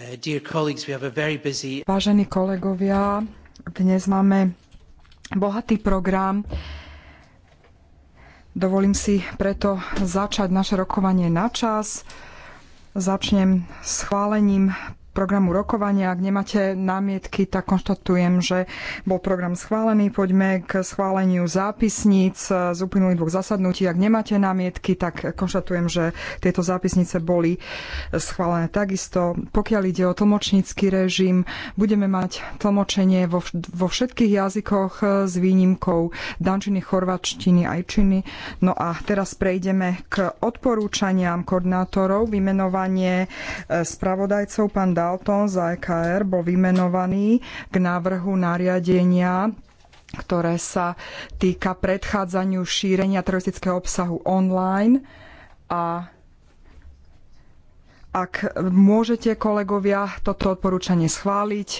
Uh, Vážení kolegovia, dnes máme bohatý program. Dovolím si preto začať naše rokovanie na čas. Začnem schválením programu rokovania. Ak nemáte námietky, tak konštatujem, že bol program schválený. Poďme k schváleniu zápisníc z uplynulých dvoch zasadnutí. Ak nemáte námietky, tak konštatujem, že tieto zápisnice boli schválené takisto. Pokiaľ ide o tlmočnícky režim, budeme mať tlmočenie vo, vo všetkých jazykoch eh, s výnimkou dančiny, chorvačtiny a činy. No a teraz prejdeme k odporúčaniam koordinátorov, vymenovanie eh, spravodajcov. Pán Dál Dalton z EKR bol vymenovaný k návrhu nariadenia ktoré sa týka predchádzaniu šírenia teroristického obsahu online a ak môžete, kolegovia, toto odporúčanie schváliť,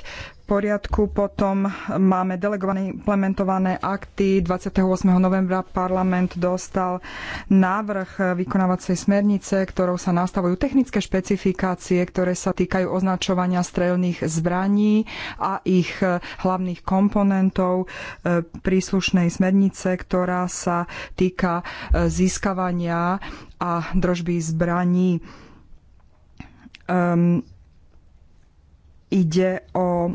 poriadku. Potom máme delegované implementované akty. 28. novembra parlament dostal návrh vykonávacej smernice, ktorou sa nastavujú technické špecifikácie, ktoré sa týkajú označovania strelných zbraní a ich eh, hlavných komponentov eh, príslušnej smernice, ktorá sa týka eh, získavania a držby zbraní. Um, ide o...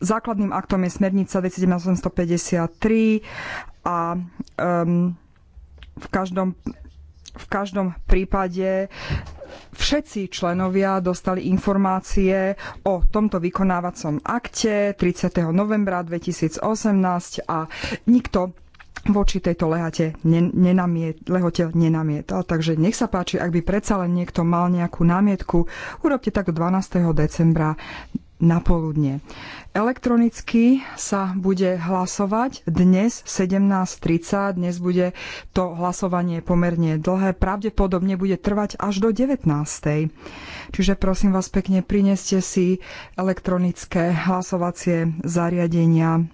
Základným aktom je smernica 2753 a um, v každom v každom prípade všetci členovia dostali informácie o tomto vykonávacom akte 30. novembra 2018 a nikto voči tejto lehate nenamiet, lehote nenamietal. Takže nech sa páči, ak by predsa len niekto mal nejakú námietku, urobte tak do 12. decembra napoludne. Elektronicky sa bude hlasovať dnes 17.30. Dnes bude to hlasovanie pomerne dlhé. Pravdepodobne bude trvať až do 19.00. Čiže prosím vás pekne, prineste si elektronické hlasovacie zariadenia.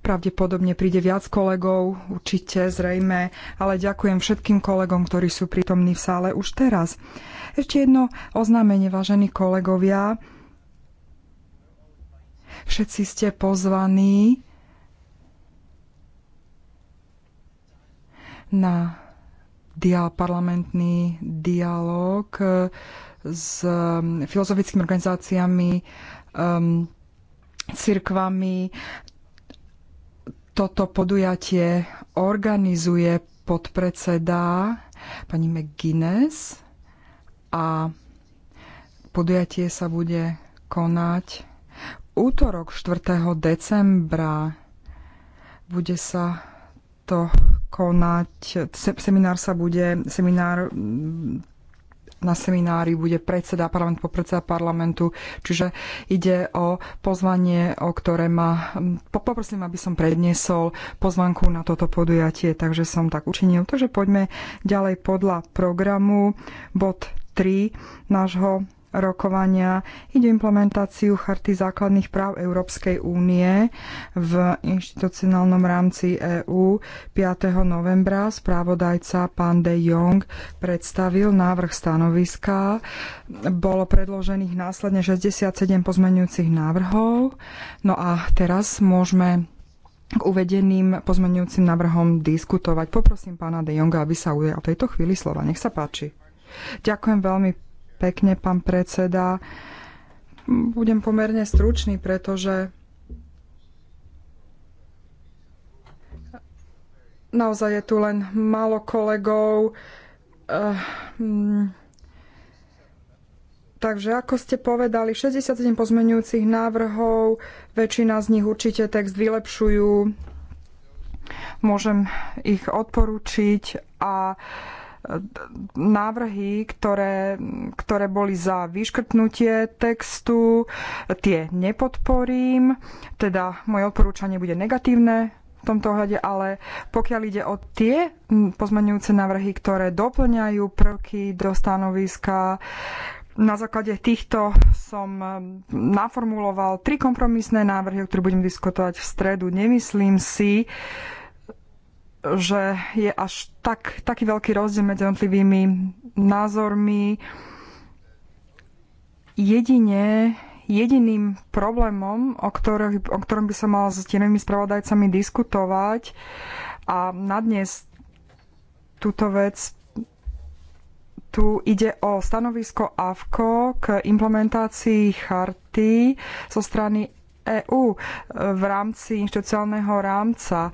Pravdepodobne príde viac kolegov, určite, zrejme, ale ďakujem všetkým kolegom, ktorí sú prítomní v sále už teraz. Ešte jedno oznámenie, vážení kolegovia. Všetci ste pozvaní na dia- parlamentný dialog s um, filozofickými organizáciami, um, cirkvami. Toto podujatie organizuje podpredseda pani McGuinness a podujatie sa bude konať útorok 4. decembra. Bude sa to konať, seminár sa bude, seminár na seminári bude predseda parlamentu, predseda parlamentu, čiže ide o pozvanie, o ktoré ma... Poprosím, aby som predniesol pozvanku na toto podujatie, takže som tak učinil. Takže poďme ďalej podľa programu. Bod 3 nášho rokovania. Ide implementáciu Charty základných práv Európskej únie v inštitucionálnom rámci EÚ. 5. novembra správodajca pán De Jong predstavil návrh stanoviska. Bolo predložených následne 67 pozmenujúcich návrhov. No a teraz môžeme k uvedeným pozmenujúcim návrhom diskutovať. Poprosím pána De Jonga, aby sa ujal tejto chvíli slova. Nech sa páči. Ďakujem veľmi pekne, pán predseda. Budem pomerne stručný, pretože naozaj je tu len málo kolegov. Eh, hm. takže ako ste povedali, 67 pozmenujúcich návrhov, väčšina z nich určite text vylepšujú. Môžem ich odporučiť a návrhy, ktoré, ktoré boli za vyškrtnutie textu, tie nepodporím, teda moje odporúčanie bude negatívne v tomto ohľade, ale pokiaľ ide o tie pozmeňujúce návrhy, ktoré doplňajú prvky do stanoviska, na základe týchto som naformuloval tri kompromisné návrhy, o ktorých budem diskutovať v stredu. Nemyslím si, že je až tak, taký veľký rozdiel medzi jednotlivými názormi. Jedine, jediným problémom, o, ktorých, o ktorom by som mal s tienovými spravodajcami diskutovať a nadnes túto vec tu ide o stanovisko AVKO k implementácii charty zo strany EÚ e, v rámci inštitucionálneho rámca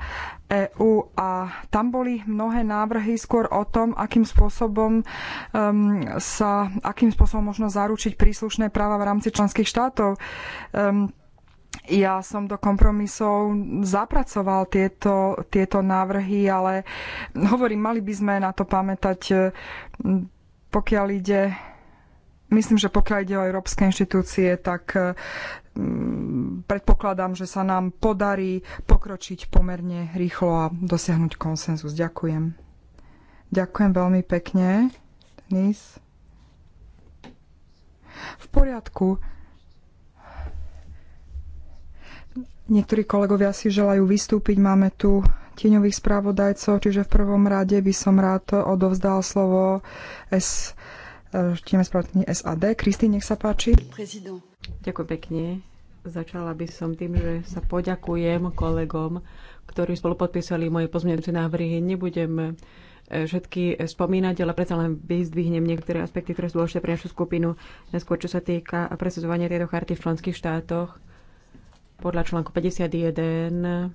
EÚ a tam boli mnohé návrhy skôr o tom, akým spôsobom um, sa, akým spôsobom možno zaručiť príslušné práva v rámci členských štátov. Um, ja som do kompromisov zapracoval tieto, tieto návrhy, ale hovorím, mali by sme na to pamätať, e, pokiaľ ide Myslím, že pokiaľ ide o európske inštitúcie, tak Mm, predpokladám, že sa nám podarí pokročiť pomerne rýchlo a dosiahnuť konsenzus. Ďakujem. Ďakujem veľmi pekne, Denis. V poriadku. Niektorí kolegovia si želajú vystúpiť. Máme tu tieňových správodajcov, čiže v prvom rade by som rád odovzdal slovo S, eh, tieňovej SAD. Kristýn, nech sa páči. Prezident. Ďakujem pekne. Začala by som tým, že sa poďakujem kolegom, ktorí spolu podpísali moje pozmeňujúce návrhy. Nebudem e, všetky e, spomínať, ale predsa len vyzdvihnem niektoré aspekty, ktoré sú dôležité pre našu skupinu. Neskôr, čo sa týka presadzovania tejto charty v členských štátoch, podľa článku 51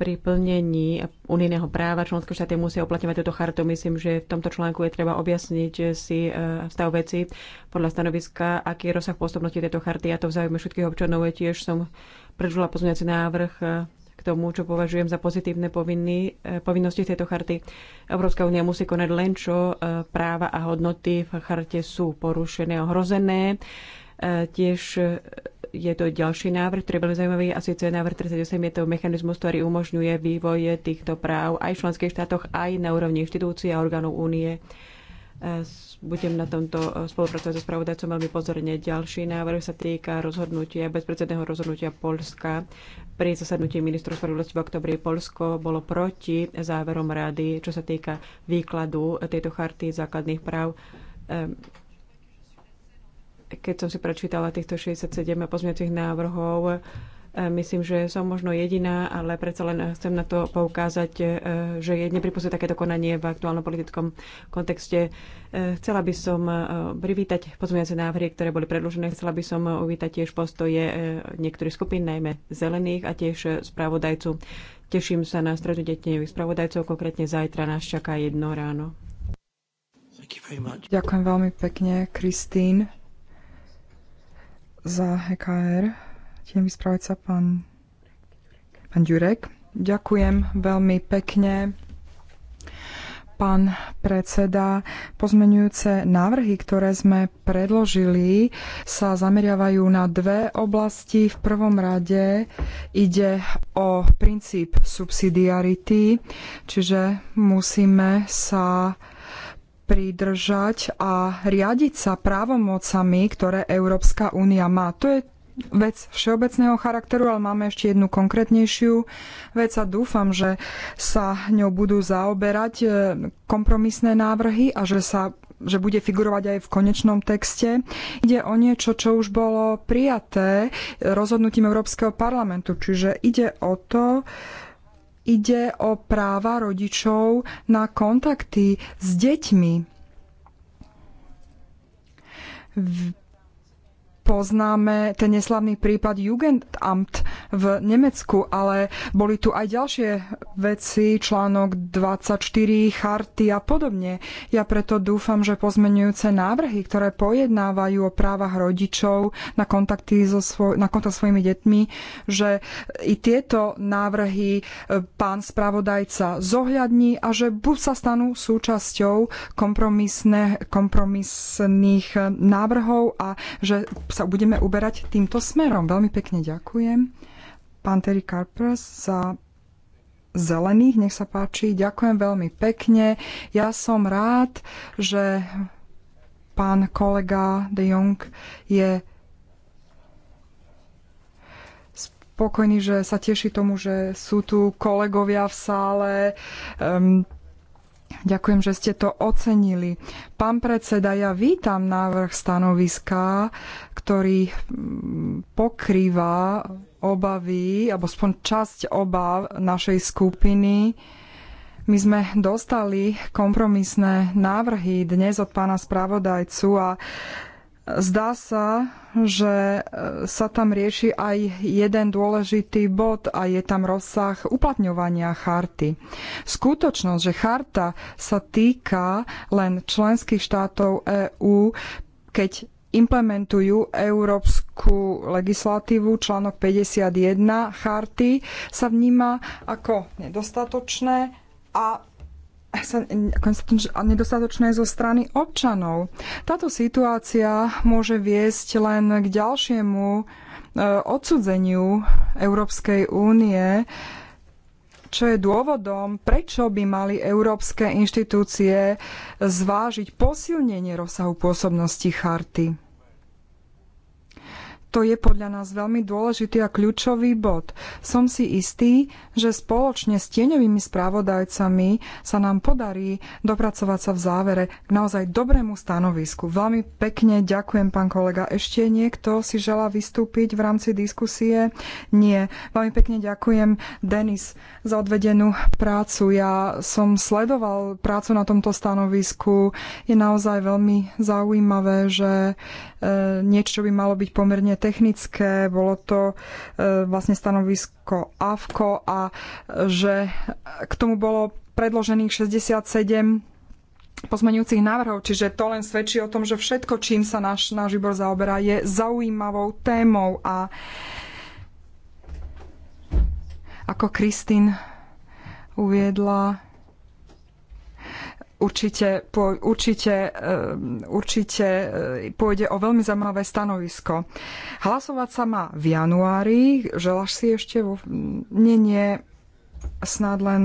pri plnení unijného práva členské štáty musia uplatňovať túto chartu. Myslím, že v tomto článku je treba objasniť eh, si eh, stav veci podľa stanoviska, aký je rozsah pôsobnosti tejto charty. Ja to v záujme všetkých občanov je tiež som predložila pozmeňací návrh eh, k tomu, čo považujem za pozitívne povinny, povinnosti tejto charty. Európska únia musí konať len, čo práva a hodnoty v charte sú porušené, ohrozené. Tiež je to ďalší návrh, ktorý bol zaujímavý, a síce návrh 38 je to mechanizmus, ktorý umožňuje vývoj týchto práv aj v členských štátoch, aj na úrovni inštitúcií a orgánov únie. E, budem na tomto e, spolupracovať so spravodajcom veľmi pozorne. Ďalší návrh sa týka rozhodnutia, bezprecedného rozhodnutia Polska. Pri zasadnutí ministrov spravodlosti v oktobri Polsko bolo proti záverom rady, čo sa týka výkladu tejto charty základných práv. E, keď som si prečítala týchto 67 pozmeňujúcich návrhov, e, myslím, že som možno jediná, ale predsa len chcem na to poukázať, e, že je nepripustné takéto konanie v aktuálnom politickom kontexte. E, chcela by som privítať pozmeňujúce návrhy, ktoré boli predložené. Chcela by som uvítať tiež postoje niektorých skupín, najmä zelených a tiež spravodajcu. Teším sa na stretnutie tieňových spravodajcov, konkrétne zajtra nás čaká jedno ráno. Ďakujem veľmi pekne, Kristín za HKR, vyspravať sa pán, pán Ďurek. Ďakujem veľmi pekne pán predseda. Pozmenujúce návrhy, ktoré sme predložili, sa zameriavajú na dve oblasti. V prvom rade ide o princíp subsidiarity, čiže musíme sa pridržať a riadiť sa právomocami, ktoré Európska únia má. To je vec všeobecného charakteru, ale máme ešte jednu konkrétnejšiu vec a dúfam, že sa ňou budú zaoberať e, kompromisné návrhy a že sa že bude figurovať aj v konečnom texte. Ide o niečo, čo už bolo prijaté rozhodnutím Európskeho parlamentu. Čiže ide o to, ide o práva rodičov na kontakty s deťmi poznáme ten neslavný prípad Jugendamt v Nemecku, ale boli tu aj ďalšie veci, článok 24, charty a podobne. Ja preto dúfam, že pozmenujúce návrhy, ktoré pojednávajú o právach rodičov na, kontakty so svoj, na kontakt svojimi deťmi, že i tieto návrhy e, pán spravodajca zohľadní a že buď sa stanú súčasťou kompromisných e, návrhov a že sa sa budeme uberať týmto smerom. Veľmi pekne ďakujem. Pán Terry Carpers za zelených, nech sa páči. Ďakujem veľmi pekne. Ja som rád, že pán kolega De Jong je spokojný, že sa teší tomu, že sú tu kolegovia v sále. Um, Ďakujem, že ste to ocenili. Pán predseda, ja vítam návrh stanoviska, ktorý mm, pokrýva obavy, alebo aspoň časť obav našej skupiny. My sme dostali kompromisné návrhy dnes od pána spravodajcu a Zdá sa, že e, sa tam rieši aj jeden dôležitý bod a je tam rozsah uplatňovania charty. Skutočnosť, že charta sa týka len členských štátov EÚ, keď implementujú európsku legislatívu článok 51 charty, sa vníma ako nedostatočné a sa nedostatočné zo strany občanov. Táto situácia môže viesť len k ďalšiemu e, odsudzeniu Európskej únie, čo je dôvodom, prečo by mali európske inštitúcie zvážiť posilnenie rozsahu pôsobnosti charty. To je podľa nás veľmi dôležitý a kľúčový bod. Som si istý, že spoločne s tieňovými správodajcami sa nám podarí dopracovať sa v závere k naozaj dobrému stanovisku. Veľmi pekne ďakujem, pán kolega. Ešte niekto si žela vystúpiť v rámci diskusie? Nie. Veľmi pekne ďakujem, Denis, za odvedenú prácu. Ja som sledoval prácu na tomto stanovisku. Je naozaj veľmi zaujímavé, že e, niečo by malo byť pomerne technické, bolo to e, vlastne stanovisko AVKO a e, že k tomu bolo predložených 67 pozmeňujúcich návrhov, čiže to len svedčí o tom, že všetko, čím sa náš, náš výbor zaoberá, je zaujímavou témou a ako Kristín uviedla, určite, po, určite, eh, určite eh, pôjde o veľmi zaujímavé stanovisko. Hlasovať sa má v januári, Želáš si ešte vo... Nie, nie, snáď len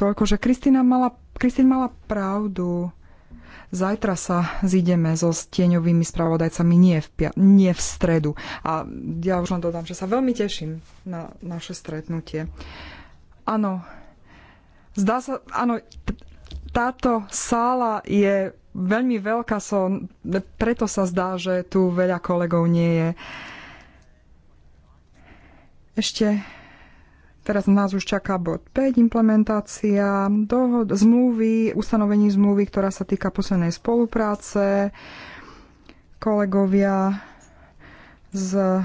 toľko, že Kristina mala, Kristín mala pravdu. Zajtra sa zídeme so stieňovými spravodajcami, nie v, pia- nie v stredu. A ja už len dodám, že sa veľmi teším na naše stretnutie. Áno, Zdá sa, áno, táto sála je veľmi veľká, so, preto sa zdá, že tu veľa kolegov nie je. Ešte teraz nás už čaká bod 5, implementácia dohod, zmluvy, ustanovení zmluvy, ktorá sa týka poslednej spolupráce. Kolegovia z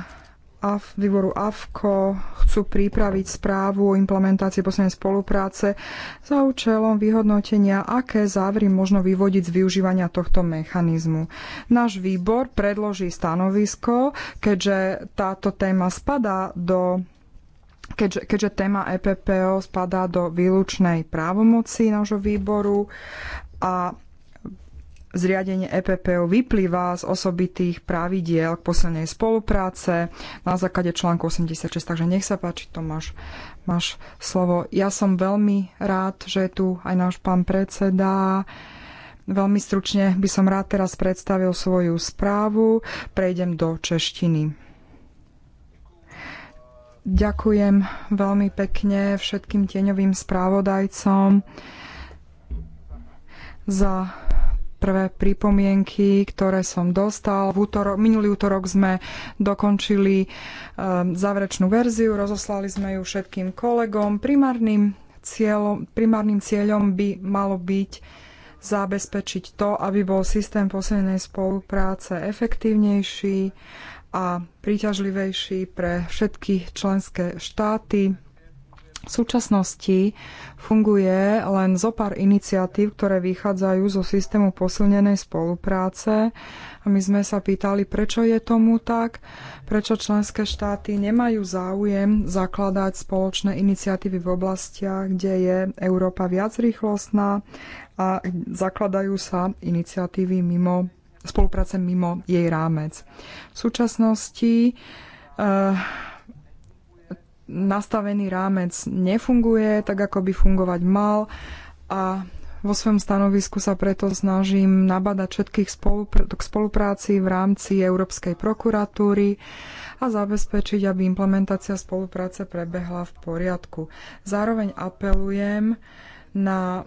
výboru AFKO chcú pripraviť správu o implementácii poslednej spolupráce za účelom vyhodnotenia, aké závery možno vyvodiť z využívania tohto mechanizmu. Náš výbor predloží stanovisko, keďže táto téma spadá do keďže, keďže téma EPPO spadá do výlučnej právomoci nášho výboru a zriadenie EPPO vyplýva z osobitých pravidiel k poslednej spolupráce na základe článku 86. Takže nech sa páči, Tomáš, máš slovo. Ja som veľmi rád, že je tu aj náš pán predseda. Veľmi stručne by som rád teraz predstavil svoju správu. Prejdem do češtiny. Ďakujem veľmi pekne všetkým tieňovým správodajcom za prvé pripomienky, ktoré som dostal. V útoro, minulý útorok sme dokončili um, záverečnú verziu, rozoslali sme ju všetkým kolegom. Primárnym cieľom, primárnym cieľom by malo byť zabezpečiť to, aby bol systém posilnenej spolupráce efektívnejší a príťažlivejší pre všetky členské štáty v súčasnosti funguje len zo pár iniciatív, ktoré vychádzajú zo systému posilnenej spolupráce. A my sme sa pýtali, prečo je tomu tak, prečo členské štáty nemajú záujem zakladať spoločné iniciatívy v oblastiach, kde je Európa viac rýchlostná a zakladajú sa iniciatívy mimo spolupráce mimo jej rámec. V súčasnosti eh, nastavený rámec nefunguje tak, ako by fungovať mal a vo svojom stanovisku sa preto snažím nabadať všetkých spolupr- k spolupráci v rámci Európskej prokuratúry a zabezpečiť, aby implementácia spolupráce prebehla v poriadku. Zároveň apelujem na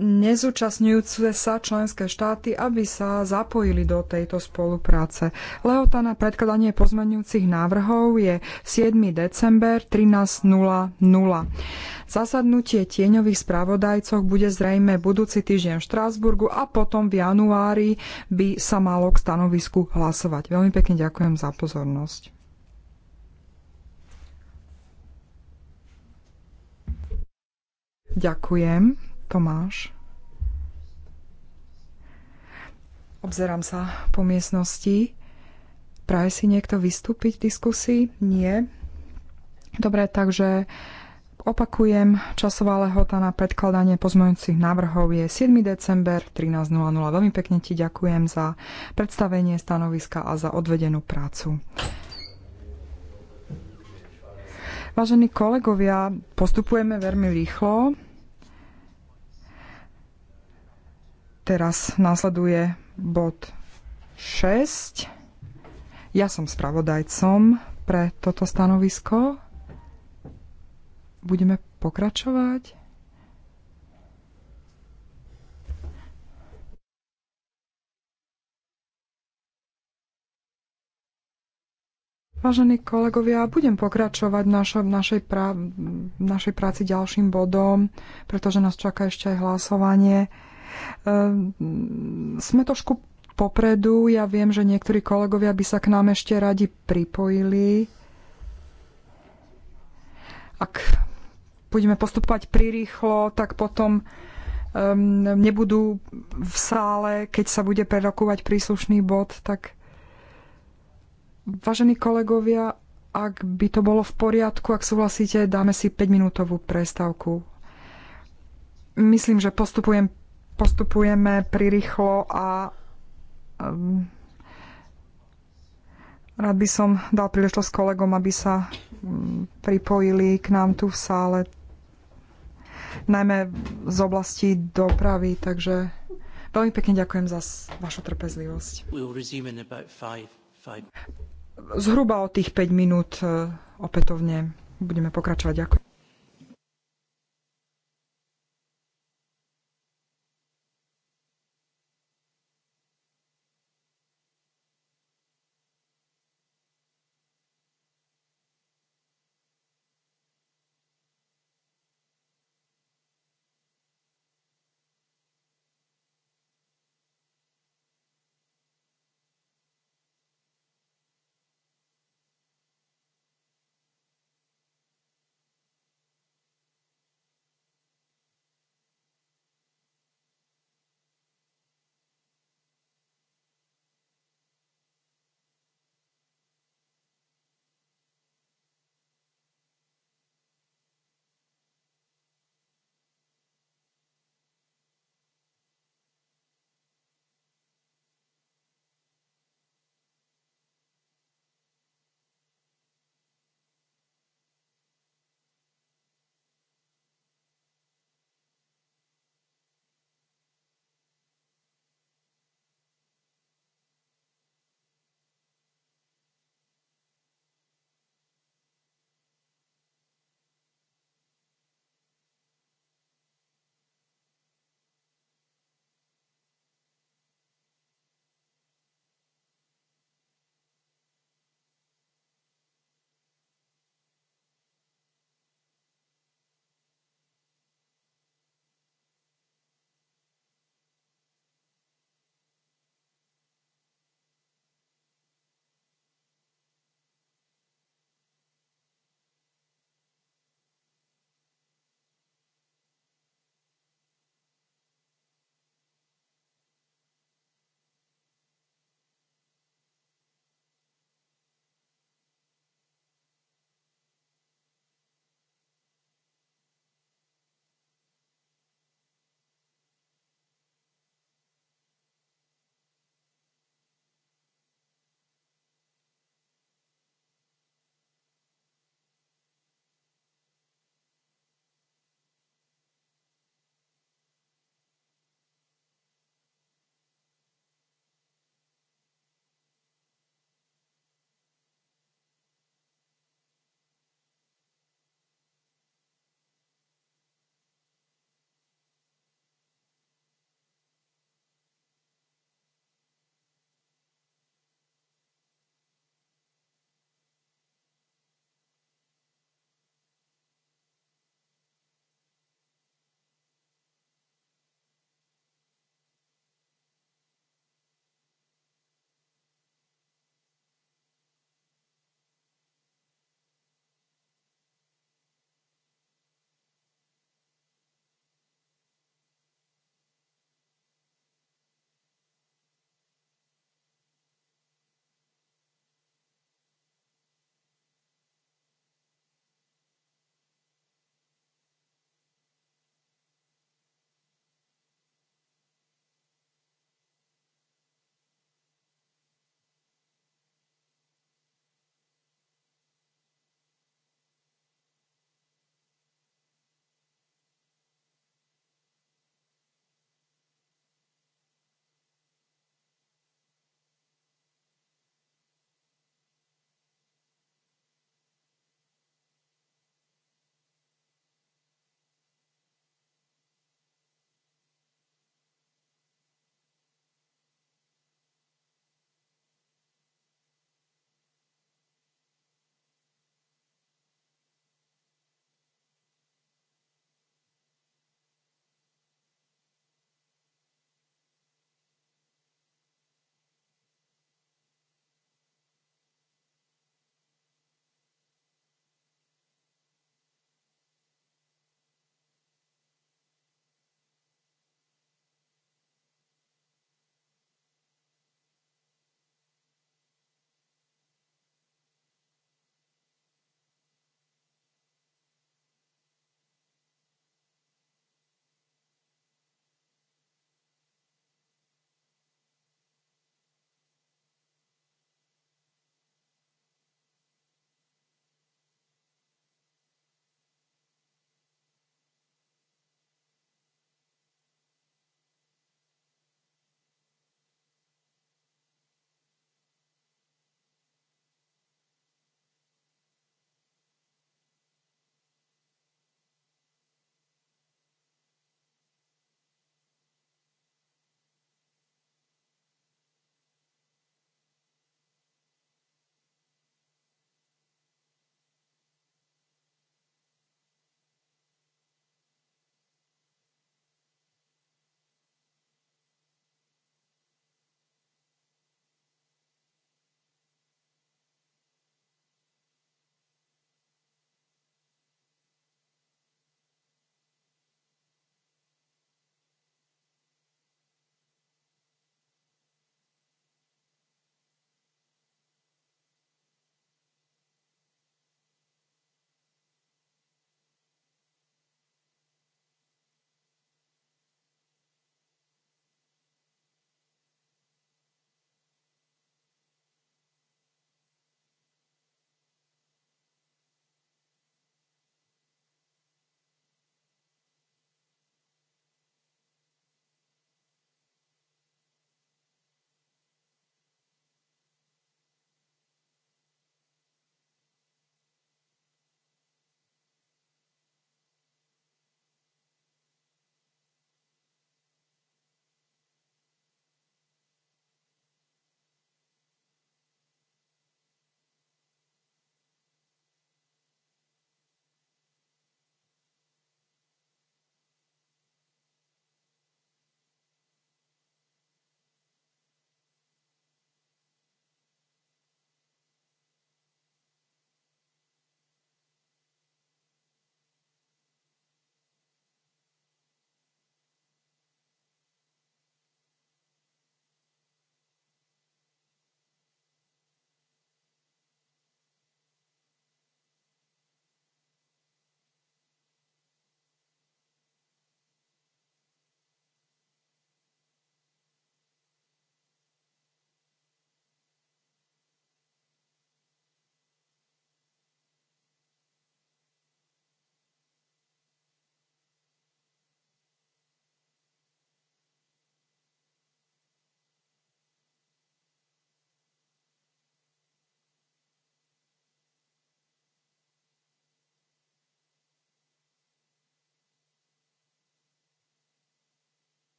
nezúčastňujúce sa členské štáty, aby sa zapojili do tejto spolupráce. Lehota na predkladanie pozmenujúcich návrhov je 7. december 13.00. Zasadnutie tieňových spravodajcov bude zrejme budúci týždeň v Štrásburgu a potom v januári by sa malo k stanovisku hlasovať. Veľmi pekne ďakujem za pozornosť. Ďakujem. Tomáš. Obzerám sa po miestnosti. Praje si niekto vystúpiť v diskusii? Nie. Dobre, takže opakujem, časová lehota na predkladanie pozmeňujúcich návrhov je 7. december 13.00. Veľmi pekne ti ďakujem za predstavenie stanoviska a za odvedenú prácu. Vážení kolegovia, postupujeme veľmi rýchlo. Teraz nasleduje bod 6. Ja som spravodajcom pre toto stanovisko. Budeme pokračovať. Vážení kolegovia, budem pokračovať v našo, našej, pra, našej práci ďalším bodom, pretože nás čaká ešte aj hlasovanie. Ehm, sme trošku popredu. Ja viem, že niektorí kolegovia by sa k nám ešte radi pripojili. Ak budeme postupovať prirýchlo, tak potom um, nebudú v sále, keď sa bude prerokovať príslušný bod, tak vážení kolegovia, ak by to bolo v poriadku, ak súhlasíte, dáme si 5-minútovú prestávku. Myslím, že postupujem postupujeme prirýchlo a um, rád by som dal príležitosť kolegom, aby sa um, pripojili k nám tu v sále, najmä z oblasti dopravy, takže veľmi pekne ďakujem za vašu trpezlivosť. Zhruba o tých 5 minút e, opätovne budeme pokračovať. Ďakujem.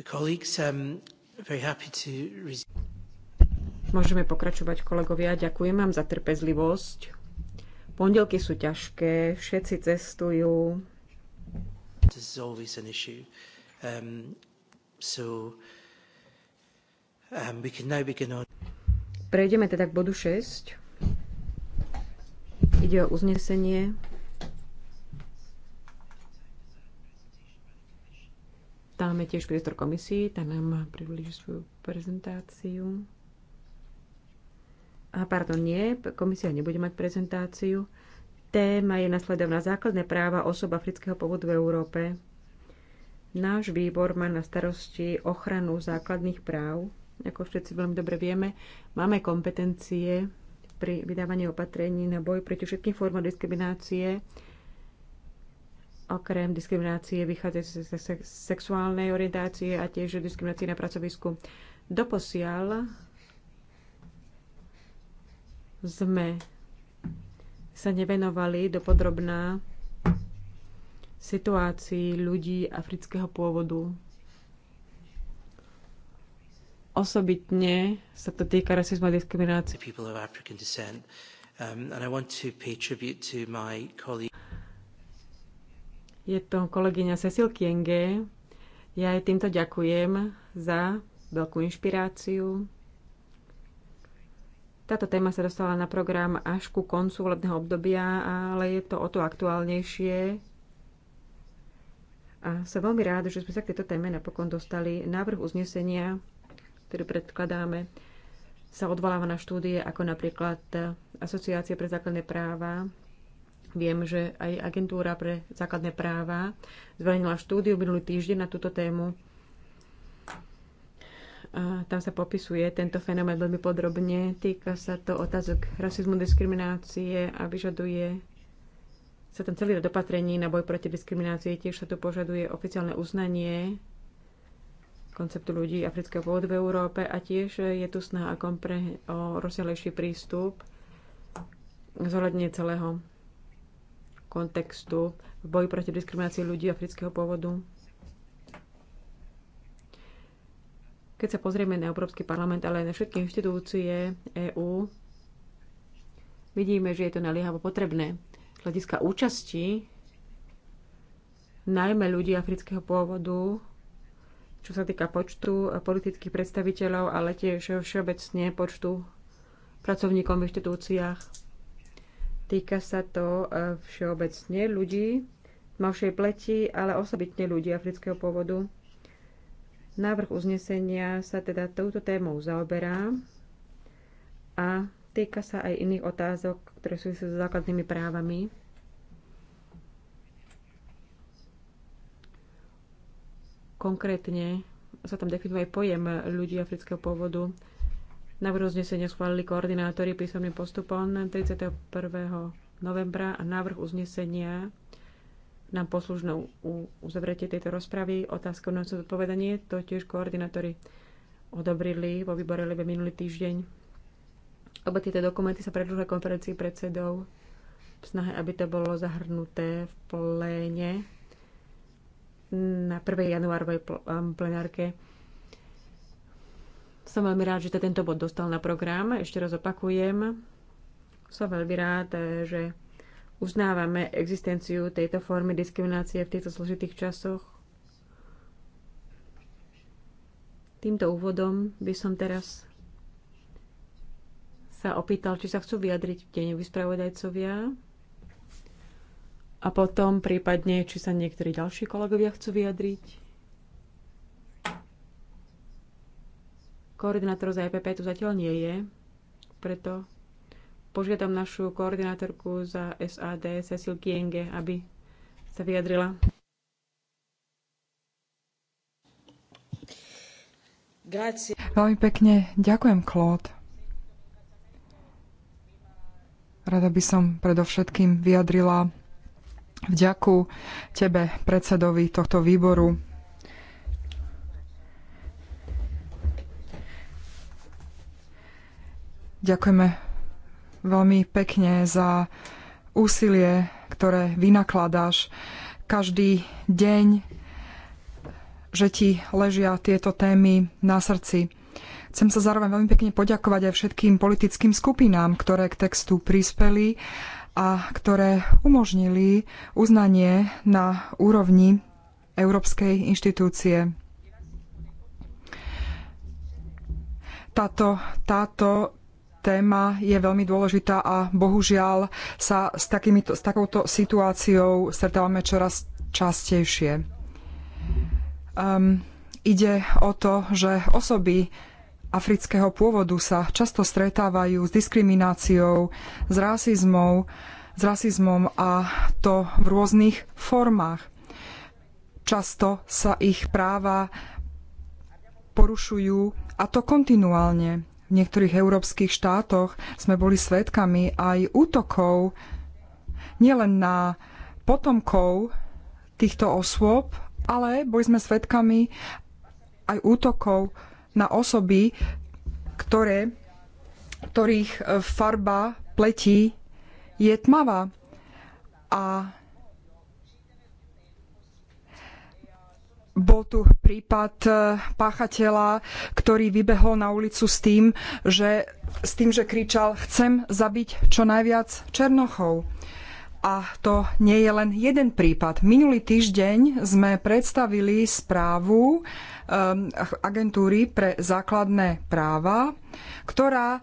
Um, Môžeme pokračovať, kolegovia. Ďakujem vám za trpezlivosť. Pondelky sú ťažké, všetci cestujú. Um, um, Prejdeme teda k bodu 6. Ide o uznesenie Dáme tiež priestor komisii, tá nám priblíži svoju prezentáciu. A pardon, nie, komisia nebude mať prezentáciu. Téma je nasledovná základné práva osob afrického pôvodu v Európe. Náš výbor má na starosti ochranu základných práv. Ako všetci veľmi dobre vieme, máme kompetencie pri vydávaní opatrení na boj proti všetkým formám diskriminácie, okrem diskriminácie vychádzajúcej z sexuálnej orientácie a tiež diskriminácie na pracovisku. Doposiaľ sme sa nevenovali dopodrobná situácii ľudí afrického pôvodu. Osobitne sa to týka rasizmu a diskriminácie. Je to kolegyňa Cecil Kienge. Ja jej týmto ďakujem za veľkú inšpiráciu. Táto téma sa dostala na program až ku koncu volebného obdobia, ale je to o to aktuálnejšie. A som veľmi rád, že sme sa k tejto téme napokon dostali. Návrh uznesenia, ktorý predkladáme, sa odvoláva na štúdie ako napríklad Asociácia pre základné práva, Viem, že aj agentúra pre základné práva zverejnila štúdiu minulý týždeň na túto tému. A tam sa popisuje tento fenomén veľmi podrobne. Týka sa to otázok rasizmu, diskriminácie a vyžaduje sa tam celý rad opatrení na boj proti diskriminácii. Tiež sa tu požaduje oficiálne uznanie konceptu ľudí afrického pôvodu v Európe a tiež je tu snaha o rozsiahlejší prístup zohľadne celého kontextu v boji proti diskriminácii ľudí afrického pôvodu. Keď sa pozrieme na Európsky parlament, ale aj na všetky inštitúcie EÚ, vidíme, že je to naliehavo potrebné. Z hľadiska účasti, najmä ľudí afrického pôvodu, čo sa týka počtu politických predstaviteľov, ale tiež všeobecne počtu pracovníkov v inštitúciách Týka sa to e, všeobecne ľudí tmavšej pleti, ale osobitne ľudí afrického pôvodu. Návrh uznesenia sa teda touto témou zaoberá a týka sa aj iných otázok, ktoré sú s základnými právami. Konkrétne sa tam definuje pojem ľudí afrického pôvodu, Návrh uznesenia schválili koordinátori písomným postupom 31. novembra a návrh uznesenia nám poslužnú uzavretie tejto rozpravy. Otázka na zodpovedanie to tiež koordinátori odobrili vo výbore lebe minulý týždeň. Oba tieto dokumenty sa predlžia konferencii predsedov v snahe, aby to bolo zahrnuté v pléne na 1. januárovej plenárke som veľmi rád, že tento bod dostal na program. Ešte raz opakujem. Som veľmi rád, že uznávame existenciu tejto formy diskriminácie v týchto zložitých časoch. Týmto úvodom by som teraz sa opýtal, či sa chcú vyjadriť deň vyspravodajcovia, a potom prípadne, či sa niektorí ďalší kolegovia chcú vyjadriť. Koordinátor za EPP tu zatiaľ nie je, preto požiadam našu koordinátorku za SAD Cecil Kienge, aby sa vyjadrila. Grazie. Veľmi pekne ďakujem, Claude. Rada by som predovšetkým vyjadrila vďaku tebe, predsedovi tohto výboru, Ďakujeme veľmi pekne za úsilie, ktoré vynakladáš každý deň, že ti ležia tieto témy na srdci. Chcem sa zároveň veľmi pekne poďakovať aj všetkým politickým skupinám, ktoré k textu prispeli a ktoré umožnili uznanie na úrovni Európskej inštitúcie. Táto, táto téma je veľmi dôležitá a bohužiaľ sa s, takýmito, s takouto situáciou stretávame čoraz častejšie. Um, ide o to, že osoby afrického pôvodu sa často stretávajú s diskrimináciou, s rasizmom, s rasizmom a to v rôznych formách. Často sa ich práva porušujú a to kontinuálne v niektorých európskych štátoch sme boli svedkami aj útokov nielen na potomkov týchto osôb, ale boli sme svedkami aj útokov na osoby, ktoré, ktorých farba pletí je tmavá. A bol tu prípad e, páchateľa, ktorý vybehol na ulicu s tým, že, s tým, že kričal chcem zabiť čo najviac Černochov. A to nie je len jeden prípad. Minulý týždeň sme predstavili správu um, agentúry pre základné práva, ktorá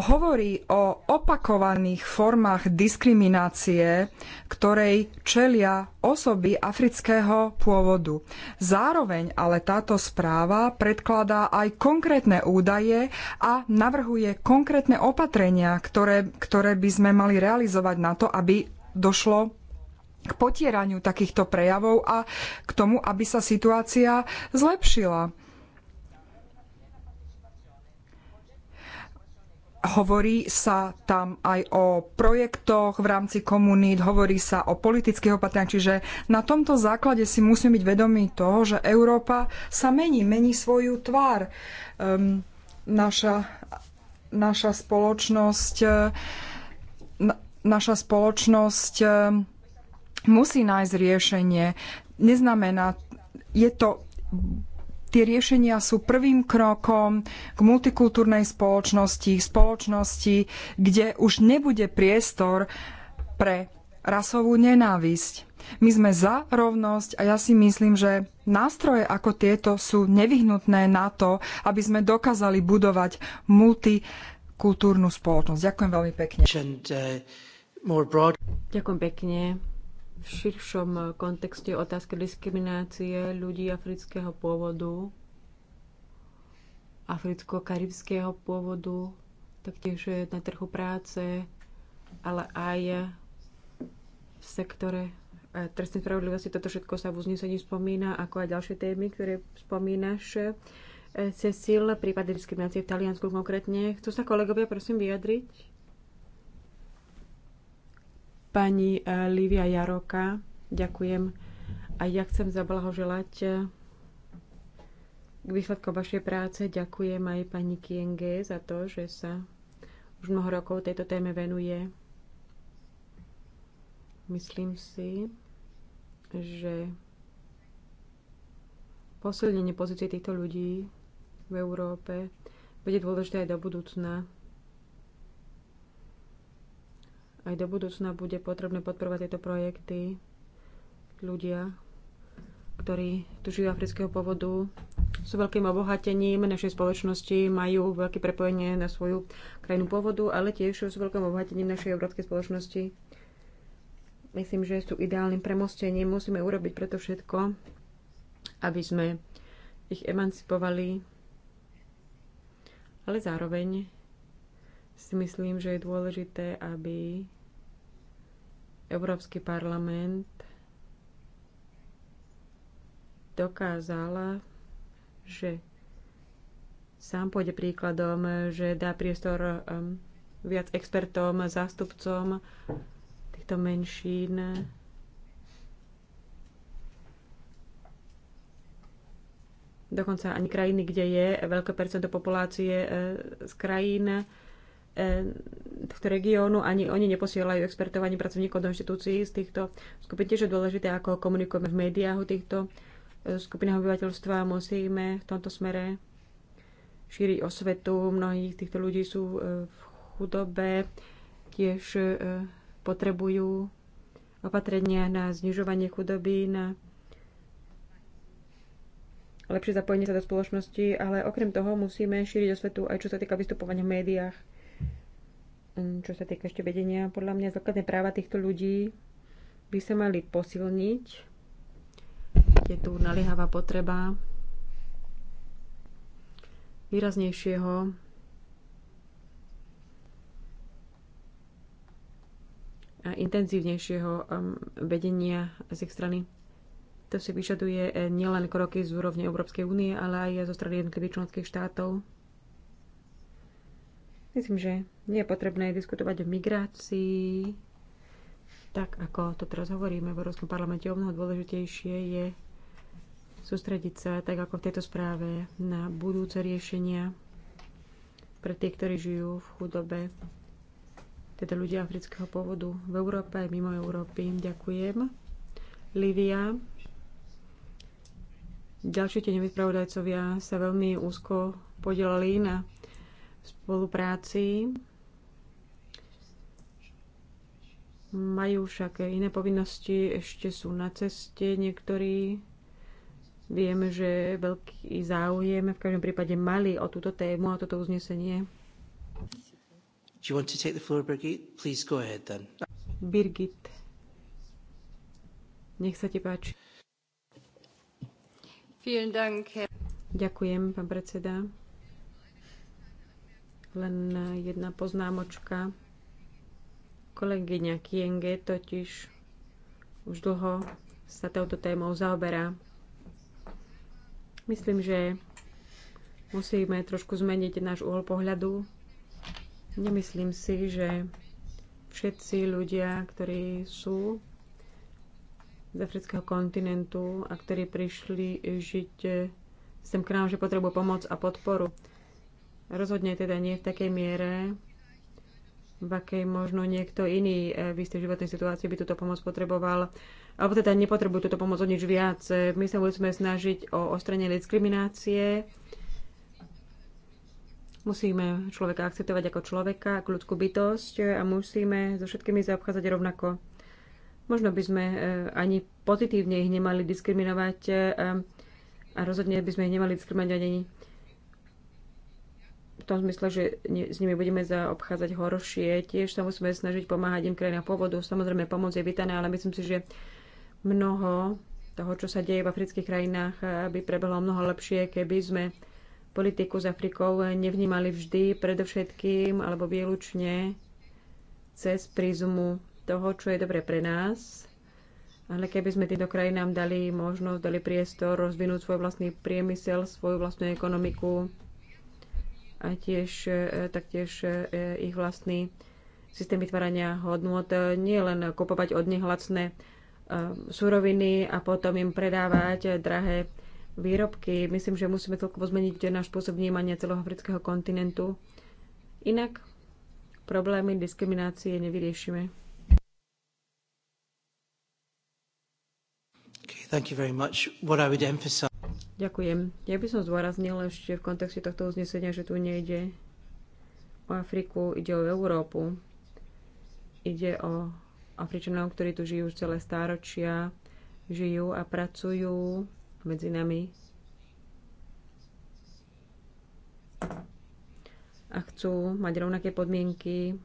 hovorí o opakovaných formách diskriminácie, ktorej čelia osoby afrického pôvodu. Zároveň ale táto správa predkladá aj konkrétne údaje a navrhuje konkrétne opatrenia, ktoré, ktoré by sme mali realizovať na to, aby došlo k potieraniu takýchto prejavov a k tomu, aby sa situácia zlepšila. Hovorí sa tam aj o projektoch v rámci komunít, hovorí sa o politických opatreniach, čiže na tomto základe si musíme byť vedomí toho, že Európa sa mení, mení svoju tvár. Um, naša, naša spoločnosť, e, na, naša spoločnosť um, musí nájsť riešenie. Neznamená, je to Tie riešenia sú prvým krokom k multikultúrnej spoločnosti, spoločnosti, kde už nebude priestor pre rasovú nenávisť. My sme za rovnosť a ja si myslím, že nástroje ako tieto sú nevyhnutné na to, aby sme dokázali budovať multikultúrnu spoločnosť. Ďakujem veľmi pekne. Uh, Ďakujem pekne v širšom kontexte otázky diskriminácie ľudí afrického pôvodu, africko-karibského pôvodu, taktiež na trhu práce, ale aj v sektore eh, trestnej spravodlivosti. Toto všetko sa v uznesení spomína, ako aj ďalšie témy, ktoré spomínaš. Eh, Cecil, prípady diskriminácie v Taliansku konkrétne. Chcú sa kolegovia prosím vyjadriť? Pani eh, Lívia Jaroka, ďakujem. A ja chcem zablahoželať eh, k výsledkom vašej práce. Ďakujem aj pani Kienge za to, že sa už mnoho rokov tejto téme venuje. Myslím si, že posilnenie pozície týchto ľudí v Európe bude dôležité aj do budúcna aj do budúcna bude potrebné podporovať tieto projekty. Ľudia, ktorí žijú afrického povodu. sú veľkým obohatením našej spoločnosti, majú veľké prepojenie na svoju krajinu povodu, ale tiež sú veľkým obohatením našej európskej spoločnosti. Myslím, že sú ideálnym premostením. Musíme urobiť preto všetko, aby sme ich emancipovali, ale zároveň si myslím, že je dôležité, aby Európsky parlament dokázala, že sám pôjde príkladom, že dá priestor um, viac expertom, zástupcom týchto menšín. Dokonca ani krajiny, kde je veľké percento populácie eh, z krajín, tohto e, regiónu, ani oni neposielajú expertov, ani pracovníkov do inštitúcií z týchto skupín. Tiež je dôležité, ako komunikujeme v médiách o týchto e, skupinách obyvateľstva. Musíme v tomto smere šíriť osvetu. Mnohých týchto ľudí sú e, v chudobe, tiež potrebujú opatrenia na znižovanie chudoby, na lepšie zapojenie sa do spoločnosti, ale okrem toho musíme šíriť osvetu aj čo sa týka vystupovania v médiách. Mm, čo sa týka ešte vedenia, podľa mňa základné práva týchto ľudí by sa mali posilniť. Je tu naliehavá potreba výraznejšieho a intenzívnejšieho um, vedenia z ich strany. To si vyžaduje eh, nielen kroky z úrovne Európskej únie, ale aj zo strany jednotlivých členských štátov. Myslím, že nie je potrebné diskutovať o migrácii. Tak, ako to teraz hovoríme v Európskom parlamente, o mnoho dôležitejšie je sústrediť sa, tak ako v tejto správe, na budúce riešenia pre tie, ktorí žijú v chudobe, teda ľudia afrického pôvodu v Európe aj mimo Európy. Ďakujem. Livia. Ďalšie tie spravodajcovia sa veľmi úzko podielali na spolupráci. Majú však iné povinnosti, ešte sú na ceste niektorí. Vieme, že veľký záujem v každom prípade mali o túto tému, o toto uznesenie. Do you want to take the floor, Birgit? Please go ahead then. Birgit, nech sa ti páči. Ďakujem, pán predseda. Len jedna poznámočka. Kolegyňa Kienge totiž už dlho sa touto témou zaoberá. Myslím, že musíme trošku zmeniť náš uhol pohľadu. Nemyslím si, že všetci ľudia, ktorí sú z afrického kontinentu a ktorí prišli žiť sem k nám, že potrebujú pomoc a podporu. Rozhodne teda nie v takej miere, v akej možno niekto iný eh, v istej životnej situácii by túto pomoc potreboval, alebo teda nepotrebujú túto pomoc o nič viac. My sa musíme snažiť o ostrenie diskriminácie. Musíme človeka akceptovať ako človeka, ako ľudskú bytosť a musíme so všetkými zaobchádzať rovnako. Možno by sme eh, ani pozitívne ich nemali diskriminovať eh, a rozhodne by sme ich nemali diskriminovať ani tom zmysle, že s nimi budeme zaobchádzať horšie. Tiež sa musíme snažiť pomáhať im krajina pôvodu. Samozrejme, pomoc je vítaná, ale myslím si, že mnoho toho, čo sa deje v afrických krajinách, by prebehlo mnoho lepšie, keby sme politiku s Afrikou nevnímali vždy, predovšetkým alebo výlučne cez prízmu toho, čo je dobre pre nás. Ale keby sme týmto krajinám dali možnosť, dali priestor rozvinúť svoj vlastný priemysel, svoju vlastnú ekonomiku, a tiež e, taktiež e, ich vlastný systém vytvárania hodnot. E, nie len kupovať od nich lacné suroviny a potom im predávať drahé výrobky. Myslím, že musíme celkovo zmeniť náš spôsob vnímania celého afrického kontinentu. Inak problémy diskriminácie nevyriešime. Okay, thank you very much. What I would emphasize... Ďakujem. Ja by som zdôraznila ešte v kontexte tohto uznesenia, že tu nejde o Afriku, ide o Európu. Ide o Afričanov, ktorí tu žijú už celé stáročia, žijú a pracujú medzi nami. A chcú mať rovnaké podmienky,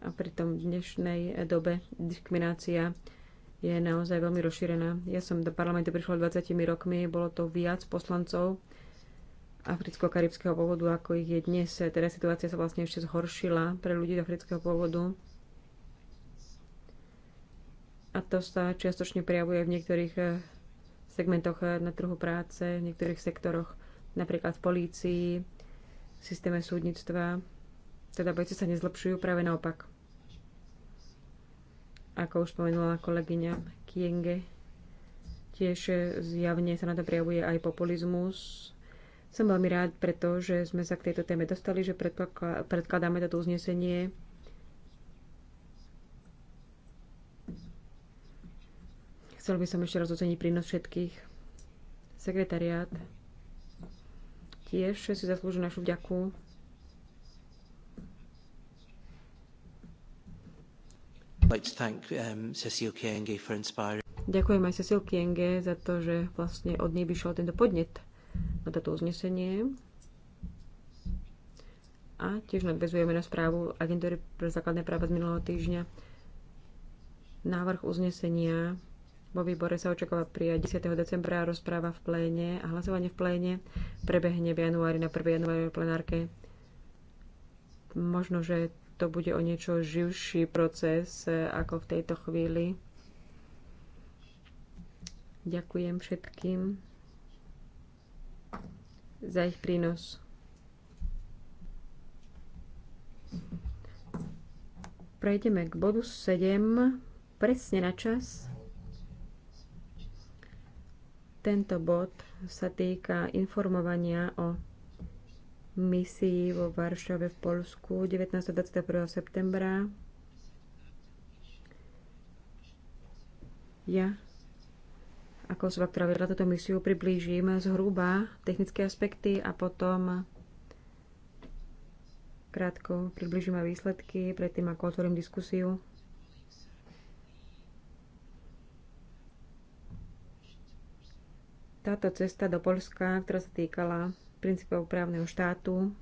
a pri v dnešnej dobe diskriminácia je naozaj veľmi rozšírená. Ja som do parlamentu prišla 20 rokmi, bolo to viac poslancov africko-karibského pôvodu, ako ich je dnes. Teda situácia sa vlastne ešte zhoršila pre ľudí z afrického pôvodu. A to sa čiastočne prejavuje v niektorých eh, segmentoch eh, na trhu práce, v niektorých sektoroch, napríklad v polícii, v systéme súdnictva. Teda bojci sa nezlepšujú, práve naopak ako už spomenula kolegyňa Kienge. Tiež zjavne sa na to prejavuje aj populizmus. Som veľmi rád, pretože sme sa k tejto téme dostali, že predkladáme toto uznesenie. Chcel by som ešte raz oceniť prínos všetkých. Sekretariát tiež si zaslúži našu vďaku like to thank um, Cecile Kienge for inspiring. Ďakujem aj Cecil Kienge za to, že vlastne od nej vyšiel tento podnet na toto uznesenie. A tiež nadvezujeme na správu Agentúry pre základné práva z minulého týždňa. Návrh uznesenia vo výbore sa očakáva prijať 10. decembra rozpráva v pléne a hlasovanie v pléne prebehne v januári na 1. januárovej plenárke. Možno, že to bude o niečo živší proces e, ako v tejto chvíli. Ďakujem všetkým za ich prínos. Prejdeme k bodu 7, presne na čas. Tento bod sa týka informovania o misií vo Varšave v Polsku 19. 21. septembra. Ja, ako osoba, ktorá vedla túto misiu, priblížim zhruba technické aspekty a potom krátko približím aj výsledky, predtým ako otvorím diskusiu. Táto cesta do Polska, ktorá sa týkala princípov právneho štátu.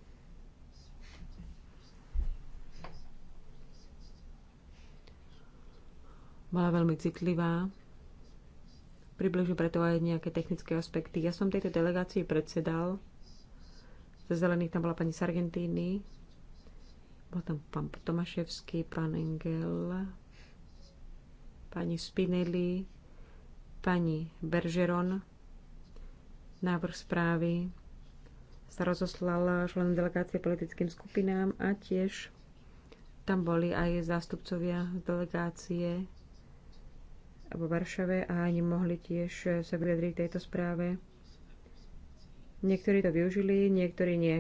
Bola veľmi citlivá. Približne preto aj nejaké technické aspekty. Ja som tejto delegácii predsedal. Ze zelených tam bola pani Sargentini, bol tam pán Tomaševský, pán Engel, pani Spinelli, pani Bergeron, návrh správy sa rozoslala členom delegácie politickým skupinám a tiež tam boli aj zástupcovia z delegácie vo Varšave a ani mohli tiež sa vyjadriť tejto správe. Niektorí to využili, niektorí nie.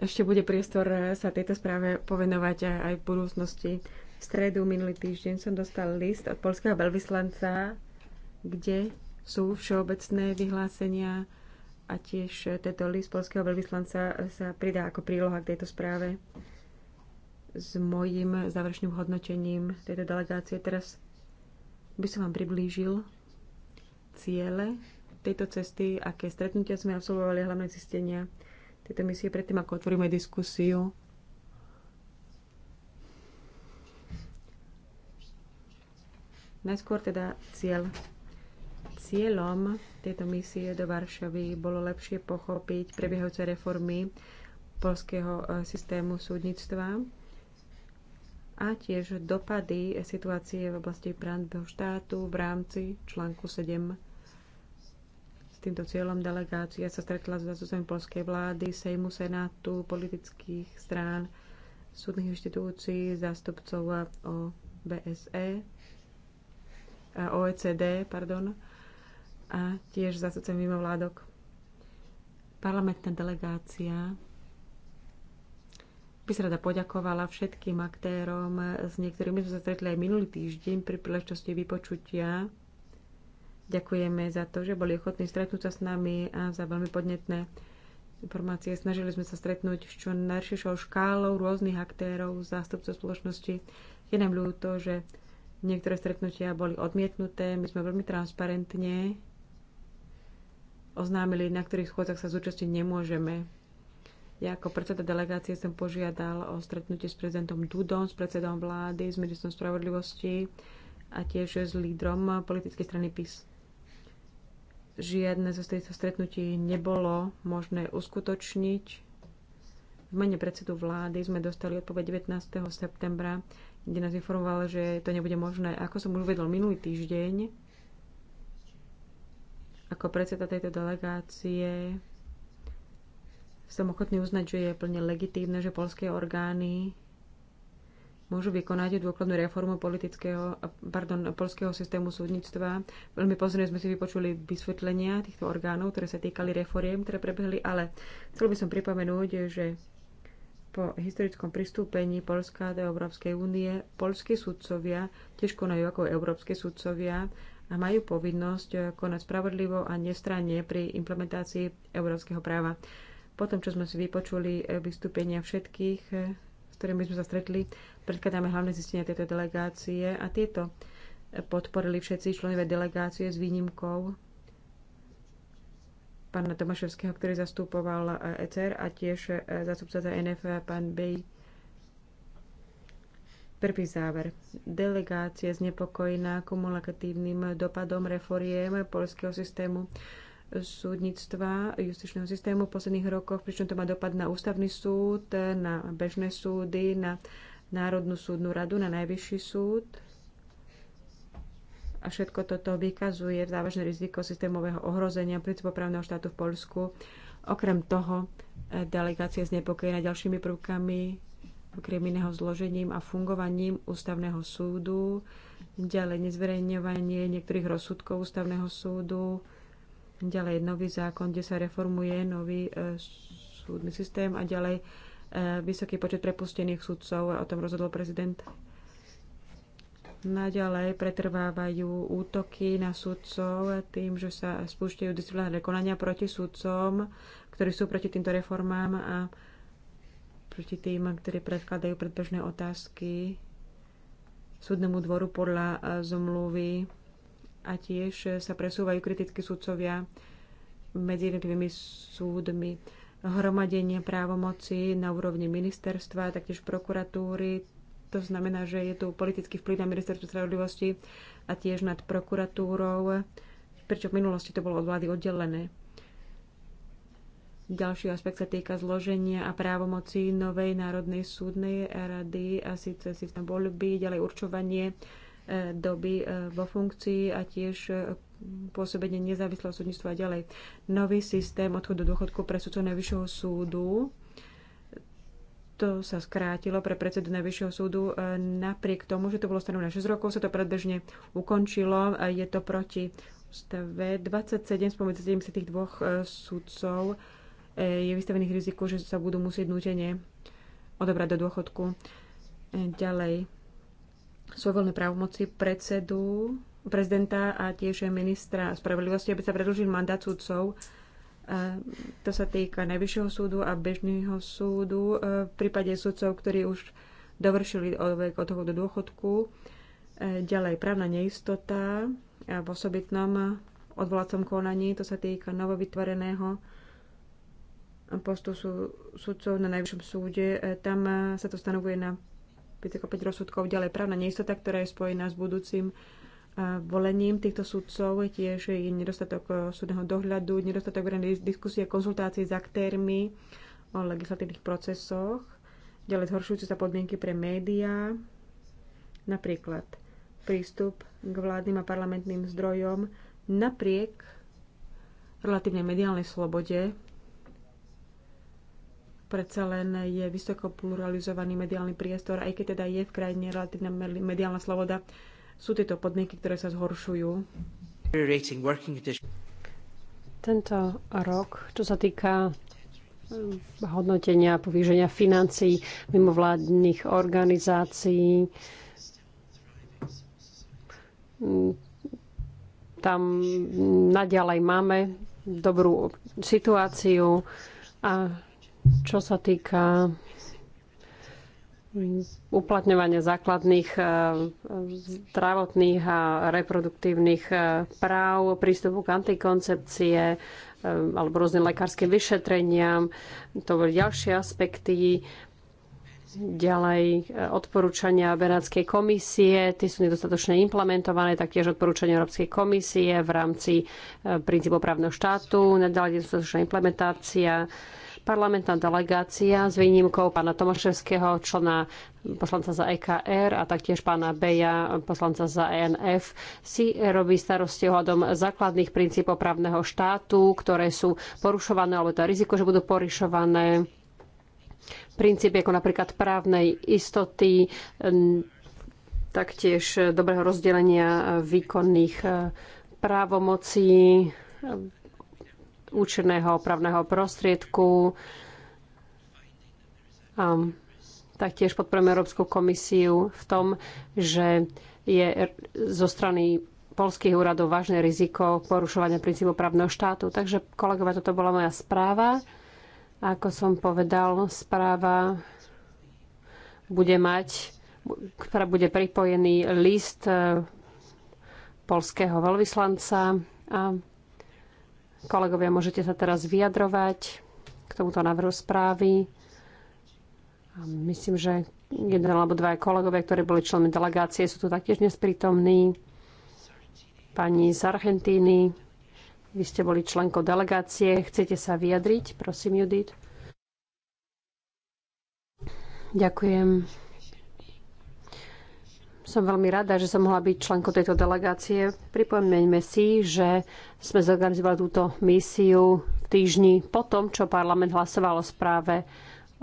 Ešte bude priestor sa tejto správe povenovať aj v budúcnosti. V stredu minulý týždeň som dostal list od polského veľvyslanca, kde sú všeobecné vyhlásenia a tiež tento list polského veľvyslanca sa pridá ako príloha k tejto správe s mojim záverečným hodnotením tejto delegácie. Teraz by som vám priblížil ciele tejto cesty, aké stretnutia sme absolvovali, hlavné zistenia tejto misie, predtým ako otvoríme diskusiu Najskôr teda cieľ. Cieľom tejto misie do Varšavy bolo lepšie pochopiť prebiehajúce reformy polského e, systému súdnictva a tiež dopady situácie v oblasti právneho štátu v rámci článku 7. S týmto cieľom delegácia sa stretla s zastupcami polskej vlády, Sejmu, Senátu, politických strán, súdnych inštitúcií, zástupcov o BSE, OECD, pardon, a tiež mimo vládok. Parlamentná delegácia by sa rada poďakovala všetkým aktérom. S niektorými sme sa stretli aj minulý týždeň pri príležitosti vypočutia. Ďakujeme za to, že boli ochotní stretnúť sa s nami a za veľmi podnetné informácie. Snažili sme sa stretnúť s čo najširšou škálou rôznych aktérov, zástupcov spoločnosti. Je nám ľúto, že Niektoré stretnutia boli odmietnuté. My sme veľmi transparentne oznámili, na ktorých schôdzach sa zúčastniť nemôžeme. Ja ako predseda delegácie som požiadal o stretnutie s prezidentom Dudom, s predsedom vlády, s ministrom spravodlivosti a tiež s lídrom politickej strany PIS. Žiadne zo týchto stretnutí nebolo možné uskutočniť. V mene predsedu vlády sme dostali odpoveď 19. septembra kde nás informoval, že to nebude možné. Ako som už uvedol minulý týždeň, ako predseda tejto delegácie som ochotný uznať, že je plne legitívne, že polské orgány môžu vykonať dôkladnú reformu politického, pardon, polského systému súdnictva. Veľmi pozorne sme si vypočuli vysvetlenia týchto orgánov, ktoré sa týkali reforiem, ktoré prebehli, ale chcel by som pripomenúť, že po historickom pristúpení Polska do Európskej únie polskí sudcovia tiež konajú ako európske sudcovia a majú povinnosť konať spravodlivo a nestranne pri implementácii európskeho práva. Po tom, čo sme si vypočuli eh, vystúpenia všetkých, eh, s ktorými sme sa stretli, predkladáme hlavné zistenia tejto delegácie a tieto eh, podporili všetci členovia delegácie s výnimkou pána Tomaševského, ktorý zastupoval ECR e a tiež e, zastupca za NF, pán Bej. Prvý záver. Delegácia znepokojená kumulatívnym dopadom reforiem polského systému súdnictva, justičného systému v posledných rokoch, pričom to má dopad na ústavný súd, na bežné súdy, na Národnú súdnu radu, na Najvyšší súd, a všetko toto vykazuje závažné riziko systémového ohrozenia princípoprávneho štátu v Polsku. Okrem toho, e, delegácia znepokojená ďalšími prvkami, okrem iného zložením a fungovaním ústavného súdu, ďalej nezverejňovanie niektorých rozsudkov ústavného súdu, ďalej nový zákon, kde sa reformuje nový e, súdny systém a ďalej e, vysoký počet prepustených sudcov, o tom rozhodol prezident Naďalej pretrvávajú útoky na sudcov tým, že sa spúšťajú disciplinárne konania proti sudcom, ktorí sú proti týmto reformám a proti tým, ktorí predkladajú predbežné otázky súdnemu dvoru podľa eh, zmluvy a tiež eh, sa presúvajú kritickí sudcovia medzi jednotlivými súdmi. Hromadenie právomoci na úrovni ministerstva, taktiež prokuratúry, to znamená, že je tu politický vplyv na ministerstvo spravodlivosti a tiež nad prokuratúrou, prečo v minulosti to bolo od vlády oddelené. Ďalší aspekt sa týka zloženia a právomoci novej Národnej súdnej rady a síce si tam by ďalej určovanie e, doby e, vo funkcii a tiež e, pôsobenie nezávislého súdnictva a ďalej. Nový systém odchodu do dôchodku pre súdcov Najvyššieho súdu to sa skrátilo pre predsedu Najvyššieho súdu. E, napriek tomu, že to bolo stanovené 6 rokov, sa to predbežne ukončilo. E, je to proti ústave. 27 spomedzi 72 súdcov je vystavených riziku, že sa budú musieť nútenie odobrať do dôchodku. E, ďalej sú voľné právomoci predsedu, prezidenta a tiež ministra spravodlivosti, aby sa predlžil mandát súdcov to sa týka Najvyššieho súdu a Bežného súdu. E, v prípade sudcov, ktorí už dovršili vek od toho do dôchodku, e, ďalej právna neistota v osobitnom odvolacom konaní, to sa týka novovytvoreného postu sudcov na Najvyššom súde. E, tam sa to stanovuje na 5 rozsudkov ďalej právna neistota, ktorá je spojená s budúcim volením týchto sudcov tiež je nedostatok eh, súdneho dohľadu, nedostatok verejnej diskusie, konzultácií s aktérmi o legislatívnych procesoch, ďalej zhoršujúce sa podmienky pre médiá, napríklad prístup k vládnym a parlamentným zdrojom napriek relatívnej mediálnej slobode. Predsa len je vysoko pluralizovaný mediálny priestor, aj keď teda je v krajine relatívna mediálna sloboda, sú tieto podmienky, ktoré sa zhoršujú. Tento rok, čo sa týka um, hodnotenia povýženia financií mimovládnych organizácií, mm, tam naďalej máme dobrú situáciu a čo sa týka uplatňovania základných eh, zdravotných a reproduktívnych eh, práv, prístupu k antikoncepcie eh, alebo rôznym lekárskym vyšetreniam. To boli ďalšie aspekty. Ďalej odporúčania Benátskej komisie, tie sú nedostatočne implementované, taktiež odporúčania Európskej komisie v rámci princípov právneho štátu, nedalej nedostatočná implementácia parlamentná delegácia s výnimkou pána Tomaševského, člena poslanca za EKR a taktiež pána Beja, poslanca za ENF, si robí starosti ohľadom základných princípov právneho štátu, ktoré sú porušované, alebo to riziko, že budú porušované princípy ako napríklad právnej istoty, taktiež dobrého rozdelenia výkonných e, právomocí, účinného opravného prostriedku. A taktiež podporujeme Európsku komisiu v tom, že je zo strany polských úradov vážne riziko porušovania princípu právneho štátu. Takže, kolegovia, toto bola moja správa. A ako som povedal, správa bude mať, ktorá bude pripojený list eh, polského veľvyslanca a Kolegovia, môžete sa teraz vyjadrovať k tomuto návrhu správy. Myslím, že jeden alebo dva kolegovia, ktorí boli členmi delegácie, sú tu taktiež dnes prítomní. Pani z Argentíny, vy ste boli členkou delegácie. Chcete sa vyjadriť? Prosím, Judith. Ďakujem. Som veľmi rada, že som mohla byť členkou tejto delegácie. Pripomeňme si, že sme zorganizovali túto misiu v týždni po tom, čo parlament hlasoval o správe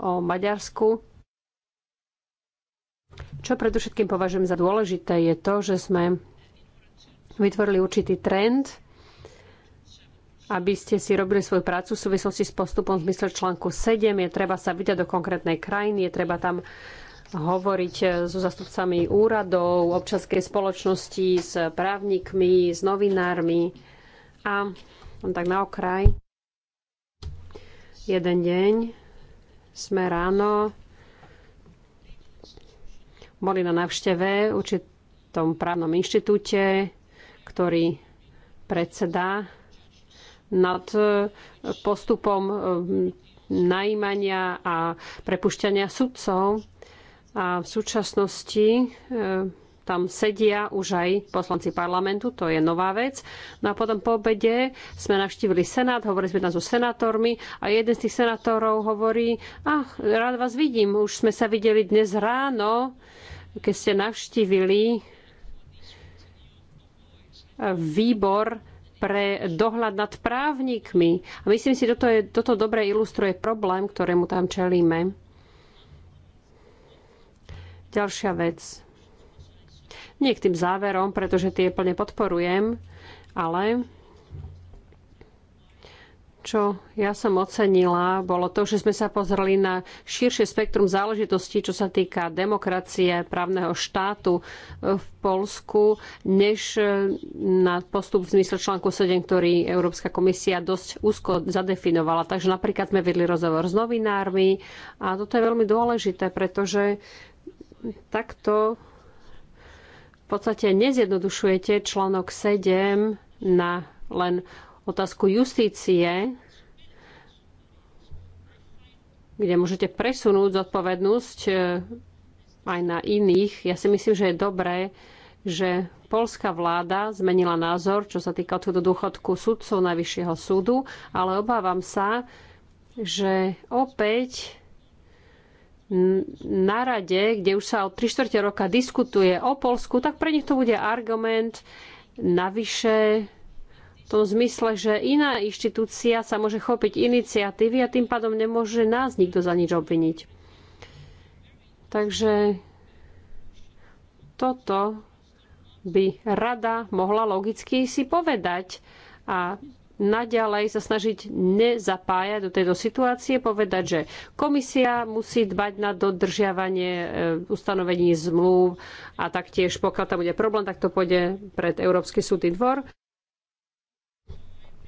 o Maďarsku. Čo predovšetkým považujem za dôležité je to, že sme vytvorili určitý trend, aby ste si robili svoju prácu v súvislosti s postupom v zmysle článku 7. Je treba sa vydať do konkrétnej krajiny, je treba tam hovoriť e, so zastupcami úradov, občanskej spoločnosti, s právnikmi, s novinármi. A on tak na okraj. Jeden deň sme ráno boli na návšteve v určitom právnom inštitúte, ktorý predseda nad e, postupom e, najímania a prepušťania sudcov. A v súčasnosti eh, tam sedia už aj poslanci parlamentu, to je nová vec. No a potom po obede sme navštívili Senát, hovorili sme tam so senátormi a jeden z tých senátorov hovorí, ach, rád vás vidím, už sme sa videli dnes ráno, keď ste navštívili eh, výbor pre dohľad nad právnikmi. A myslím si, toto, je, toto dobre ilustruje problém, ktorému tam čelíme. Ďalšia vec. Nie k tým záverom, pretože tie plne podporujem, ale čo ja som ocenila, bolo to, že sme sa pozreli na širšie spektrum záležitostí, čo sa týka demokracie, právneho štátu eh, v Polsku, než eh, na postup v zmysle článku 7, ktorý Európska komisia dosť úzko zadefinovala. Takže napríklad sme vedli rozhovor s novinármi a toto je veľmi dôležité, pretože takto v podstate nezjednodušujete článok 7 na len otázku justície, kde môžete presunúť zodpovednosť e, aj na iných. Ja si myslím, že je dobré, že polská vláda zmenila názor, čo sa týka odchodu dôchodku sudcov Najvyššieho súdu, ale obávam sa, že opäť na rade, kde už sa od 3 čtvrte roka diskutuje o Polsku, tak pre nich to bude argument navyše v tom zmysle, že iná inštitúcia sa môže chopiť iniciatívy a tým pádom nemôže nás nikto za nič obviniť. Takže toto by rada mohla logicky si povedať. A naďalej sa snažiť nezapájať do tejto situácie, povedať, že komisia musí dbať na dodržiavanie e, ustanovení zmluv a taktiež, pokiaľ tam bude problém, tak to pôjde pred Európsky súdny dvor.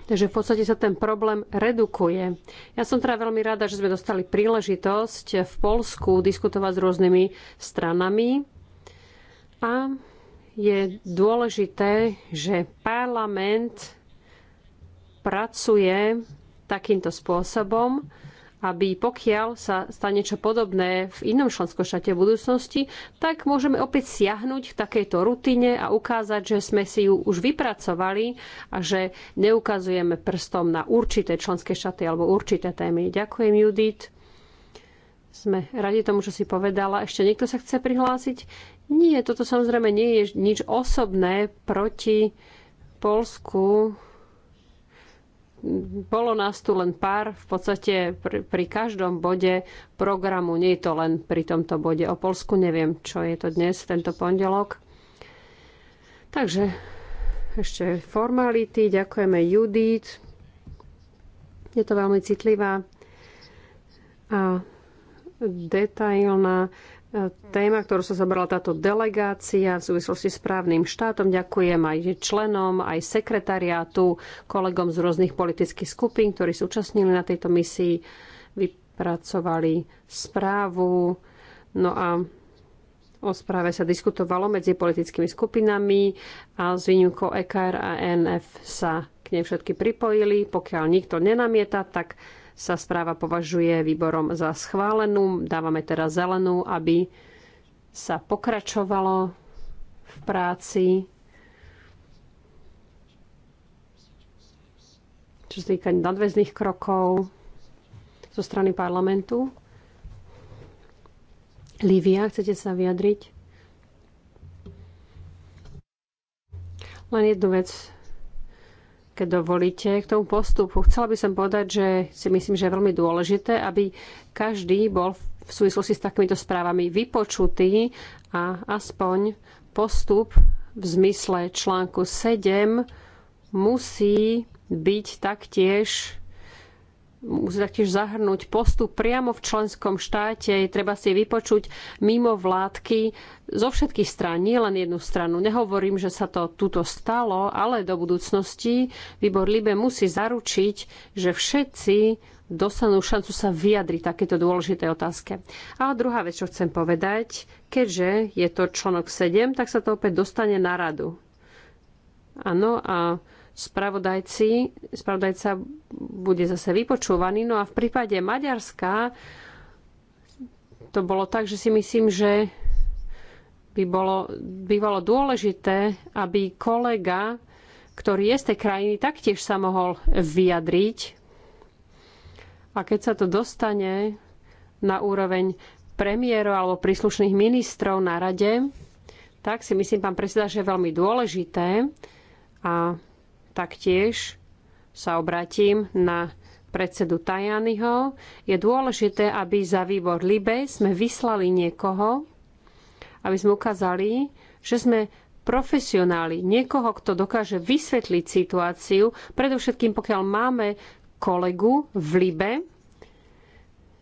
Takže v podstate sa ten problém redukuje. Ja som teda veľmi rada, že sme dostali príležitosť v Polsku diskutovať s rôznymi stranami. A je dôležité, že parlament pracuje takýmto spôsobom, aby pokiaľ sa stane niečo podobné v inom členskom štáte v budúcnosti, tak môžeme opäť siahnuť k takejto rutine a ukázať, že sme si ju už vypracovali a že neukazujeme prstom na určité členské štáty alebo určité témy. Ďakujem, Judith. Sme radi tomu, čo si povedala. Ešte niekto sa chce prihlásiť? Nie, toto samozrejme nie je nič osobné proti Polsku. Bolo nás tu len pár, v podstate pri, pri každom bode programu, nie je to len pri tomto bode o Polsku, neviem, čo je to dnes, tento pondelok. Takže ešte formality, ďakujeme Judith. Je to veľmi citlivá a detailná téma, ktorú sa zabrala táto delegácia v súvislosti s právnym štátom. Ďakujem aj členom, aj sekretariátu, kolegom z rôznych politických skupín, ktorí sa účastnili na tejto misii, vypracovali správu. No a o správe sa diskutovalo medzi politickými skupinami a s výnimkou EKR a NF sa k nej všetky pripojili. Pokiaľ nikto nenamieta, tak sa správa považuje výborom za schválenú. Dávame teraz zelenú, aby sa pokračovalo v práci. Čo sa týka nadväzných krokov zo strany parlamentu. Lívia, chcete sa vyjadriť? Len jednu vec keď dovolíte, k tomu postupu. Chcela by som povedať, že si myslím, že je veľmi dôležité, aby každý bol v súvislosti s takýmito správami vypočutý a aspoň postup v zmysle článku 7 musí byť taktiež musí taktiež zahrnúť postup priamo v členskom štáte. Treba si vypočuť mimo vládky zo všetkých strán, nie len jednu stranu. Nehovorím, že sa to tuto stalo, ale do budúcnosti výbor Libe musí zaručiť, že všetci dostanú šancu sa vyjadriť takéto dôležité otázke. A druhá vec, čo chcem povedať, keďže je to článok 7, tak sa to opäť dostane na radu. Áno, a spravodajci, spravodajca bude zase vypočúvaný. No a v prípade Maďarska to bolo tak, že si myslím, že by bolo, bývalo dôležité, aby kolega, ktorý je z tej krajiny, taktiež sa mohol vyjadriť. A keď sa to dostane na úroveň premiérov alebo príslušných ministrov na rade, tak si myslím, pán predseda, že je veľmi dôležité a taktiež sa obratím na predsedu Tajányho. Je dôležité, aby za výbor Libe sme vyslali niekoho, aby sme ukázali, že sme profesionáli, niekoho, kto dokáže vysvetliť situáciu, predovšetkým pokiaľ máme kolegu v Libe,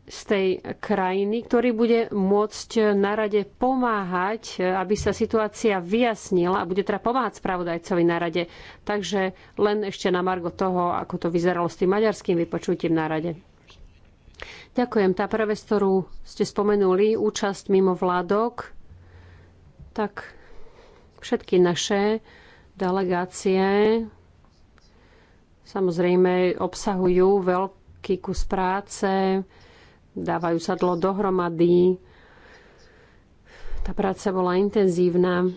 z tej krajiny, ktorý bude môcť na rade pomáhať, aby sa situácia vyjasnila a bude teda pomáhať spravodajcovi na rade. Takže len ešte na margo toho, ako to vyzeralo s tým maďarským vypočutím na rade. Ďakujem. Tá prvé, z ktorú ste spomenuli, účasť mimo vládok, tak všetky naše delegácie samozrejme obsahujú veľký kus práce, dávajú sa dlo dohromady. Tá práca bola intenzívna.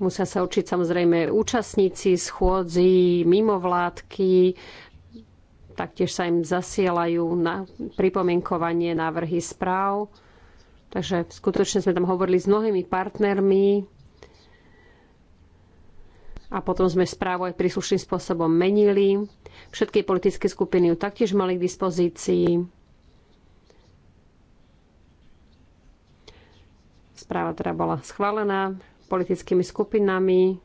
Musia sa učiť samozrejme účastníci schôdzi, mimovládky, taktiež sa im zasielajú na pripomienkovanie návrhy správ. Takže skutočne sme tam hovorili s mnohými partnermi, a potom sme správu aj príslušným spôsobom menili. Všetky politické skupiny ju taktiež mali k dispozícii. Správa teda bola schválená politickými skupinami.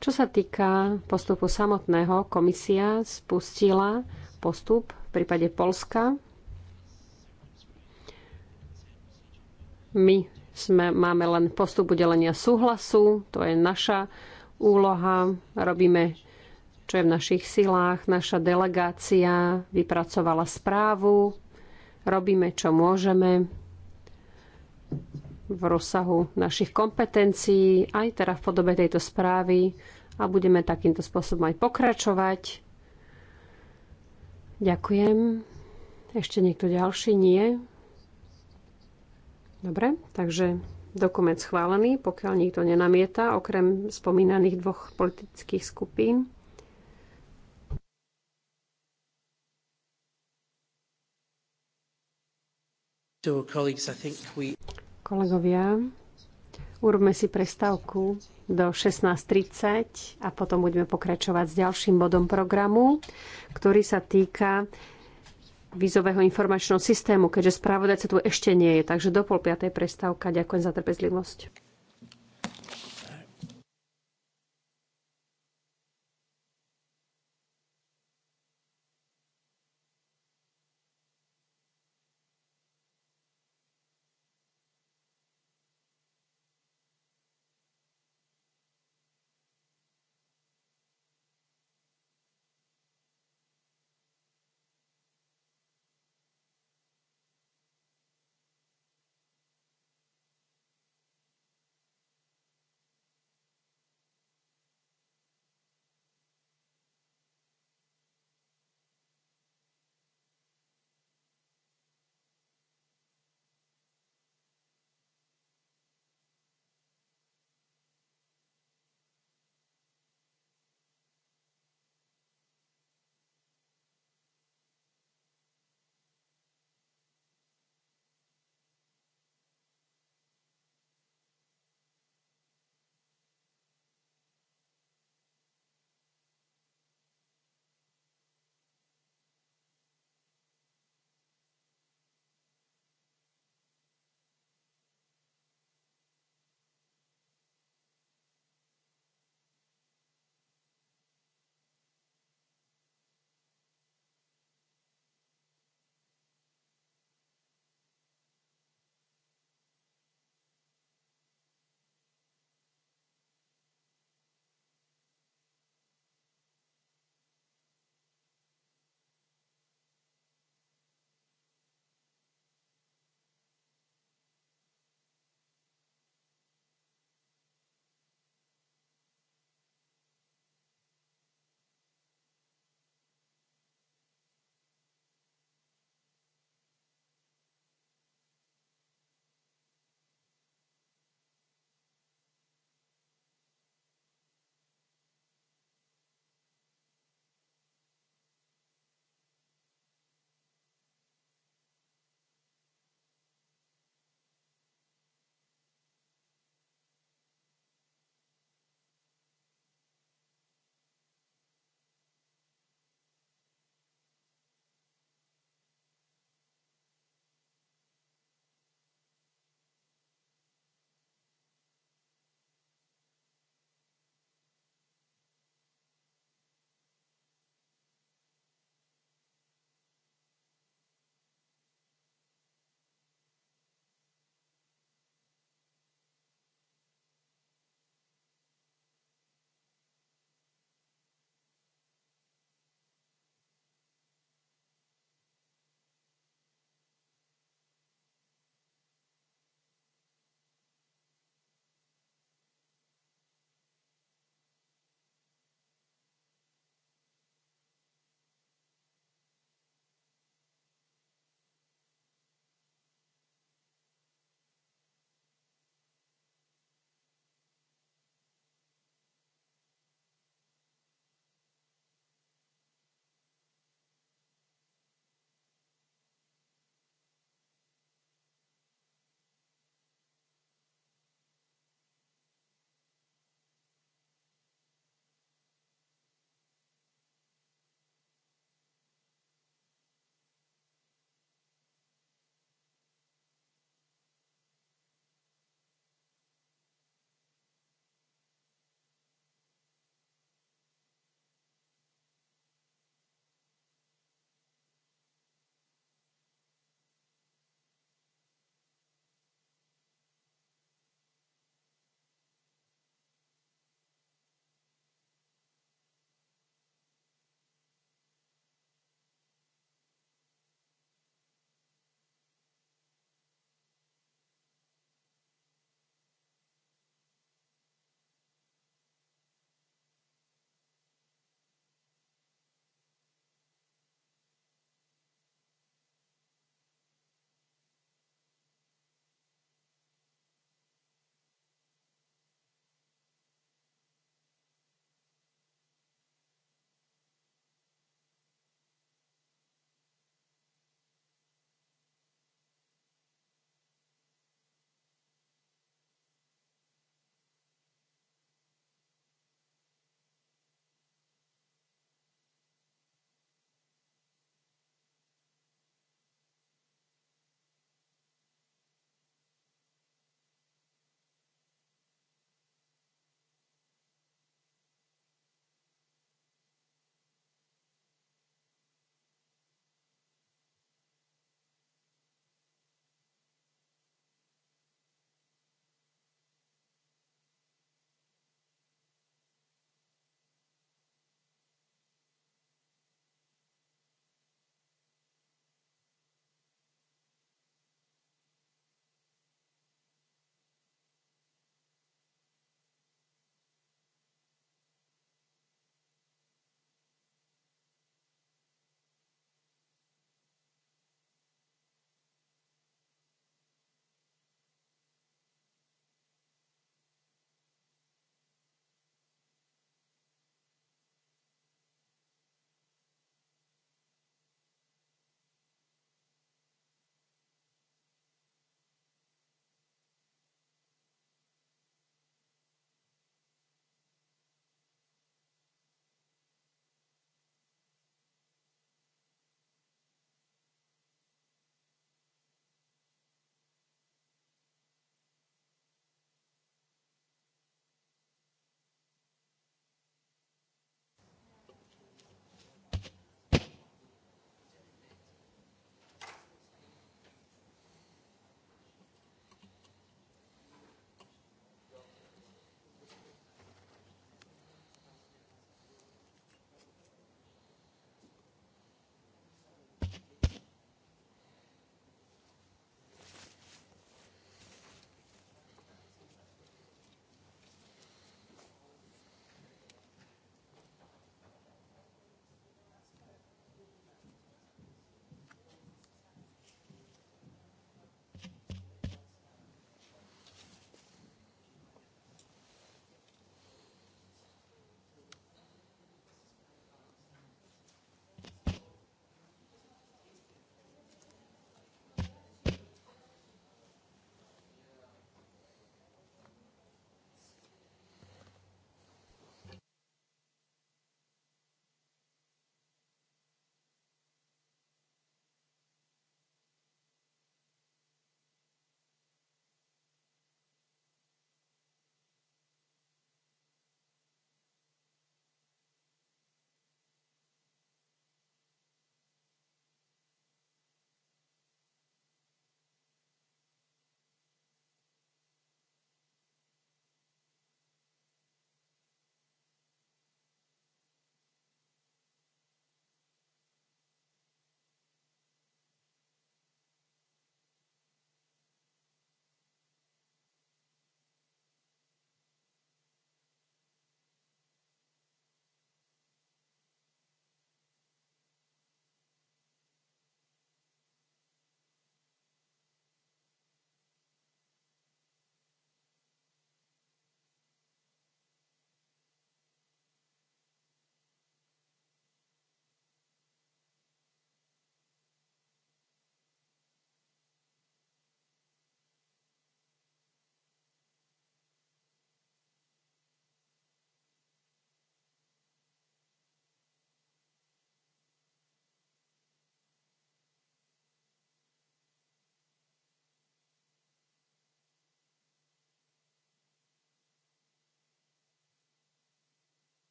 Čo sa týka postupu samotného, komisia spustila postup v prípade Polska. My sme, máme len postup udelenia súhlasu, to je naša úloha, robíme čo je v našich silách. Naša delegácia vypracovala správu, robíme čo môžeme v rozsahu našich kompetencií, aj teraz v podobe tejto správy a budeme takýmto spôsobom aj pokračovať. Ďakujem. Ešte niekto ďalší? Nie. Dobre, takže dokument schválený, pokiaľ nikto nenamieta, okrem spomínaných dvoch politických skupín. Kolegovia, urobme si prestávku do 16.30 a potom budeme pokračovať s ďalším bodom programu, ktorý sa týka vízového informačného systému, keďže správodajca tu ešte nie je. Takže do pol piatej prestávka. Ďakujem za trpezlivosť.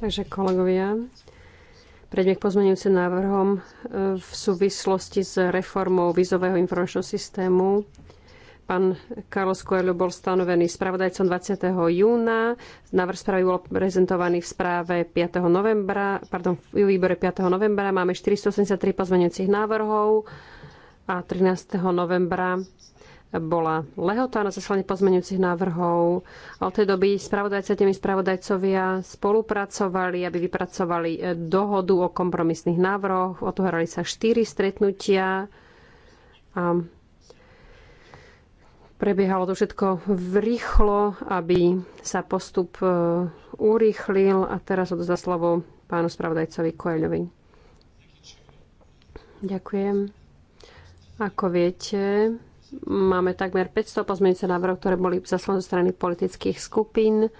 Takže kolegovia, prejdeme k pozmeňujúcim návrhom e, v súvislosti s reformou vizového informačného systému. Pán Carlos Coelho bol stanovený spravodajcom 20. júna. Návrh správy bol prezentovaný v správe 5. novembra, pardon, v výbore 5. novembra. Máme 483 pozmeňujúcich návrhov a 13. novembra bola lehota na zaslanie pozmenujúcich návrhov. Od tej doby spravodajca tými spravodajcovia spolupracovali, aby vypracovali e, dohodu o kompromisných návrhoch. Otvárali sa štyri stretnutia a prebiehalo to všetko rýchlo, aby sa postup e, urýchlil. A teraz odozdá slovo pánu spravodajcovi Koeľovi. Ďakujem. Ako viete, Máme takmer 500 pozmeňujúcich návrhov, ktoré boli zaslané zo strany politických skupín.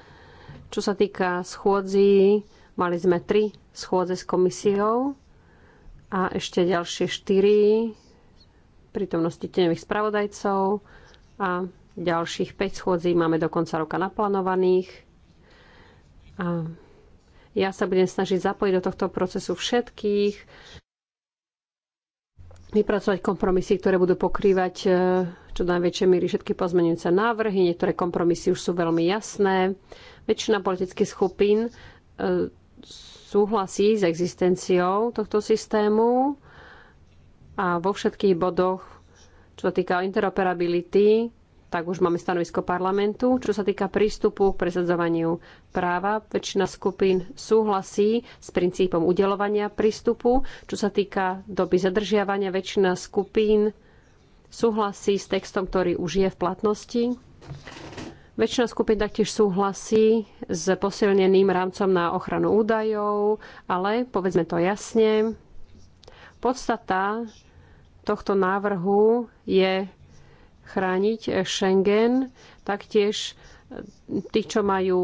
Čo sa týka schôdzi, mali sme 3 schôdze s komisiou a ešte ďalšie 4 prítomnosti tenových spravodajcov a ďalších 5 schôdzí máme do konca roka naplánovaných. A ja sa budem snažiť zapojiť do tohto procesu všetkých vypracovať kompromisy, ktoré budú pokrývať e, čo najväčšie míry všetky pozmenujúce návrhy. Niektoré kompromisy už sú veľmi jasné. Väčšina politických skupín e, súhlasí s existenciou tohto systému a vo všetkých bodoch, čo sa týka interoperability, tak už máme stanovisko parlamentu. Čo sa týka prístupu k presadzovaniu práva, väčšina skupín súhlasí s princípom udelovania prístupu. Čo sa týka doby zadržiavania, väčšina skupín súhlasí s textom, ktorý už je v platnosti. Väčšina skupín taktiež súhlasí s posilneným rámcom na ochranu údajov, ale povedzme to jasne. Podstata tohto návrhu je chrániť eh, Schengen, taktiež eh, tých, čo majú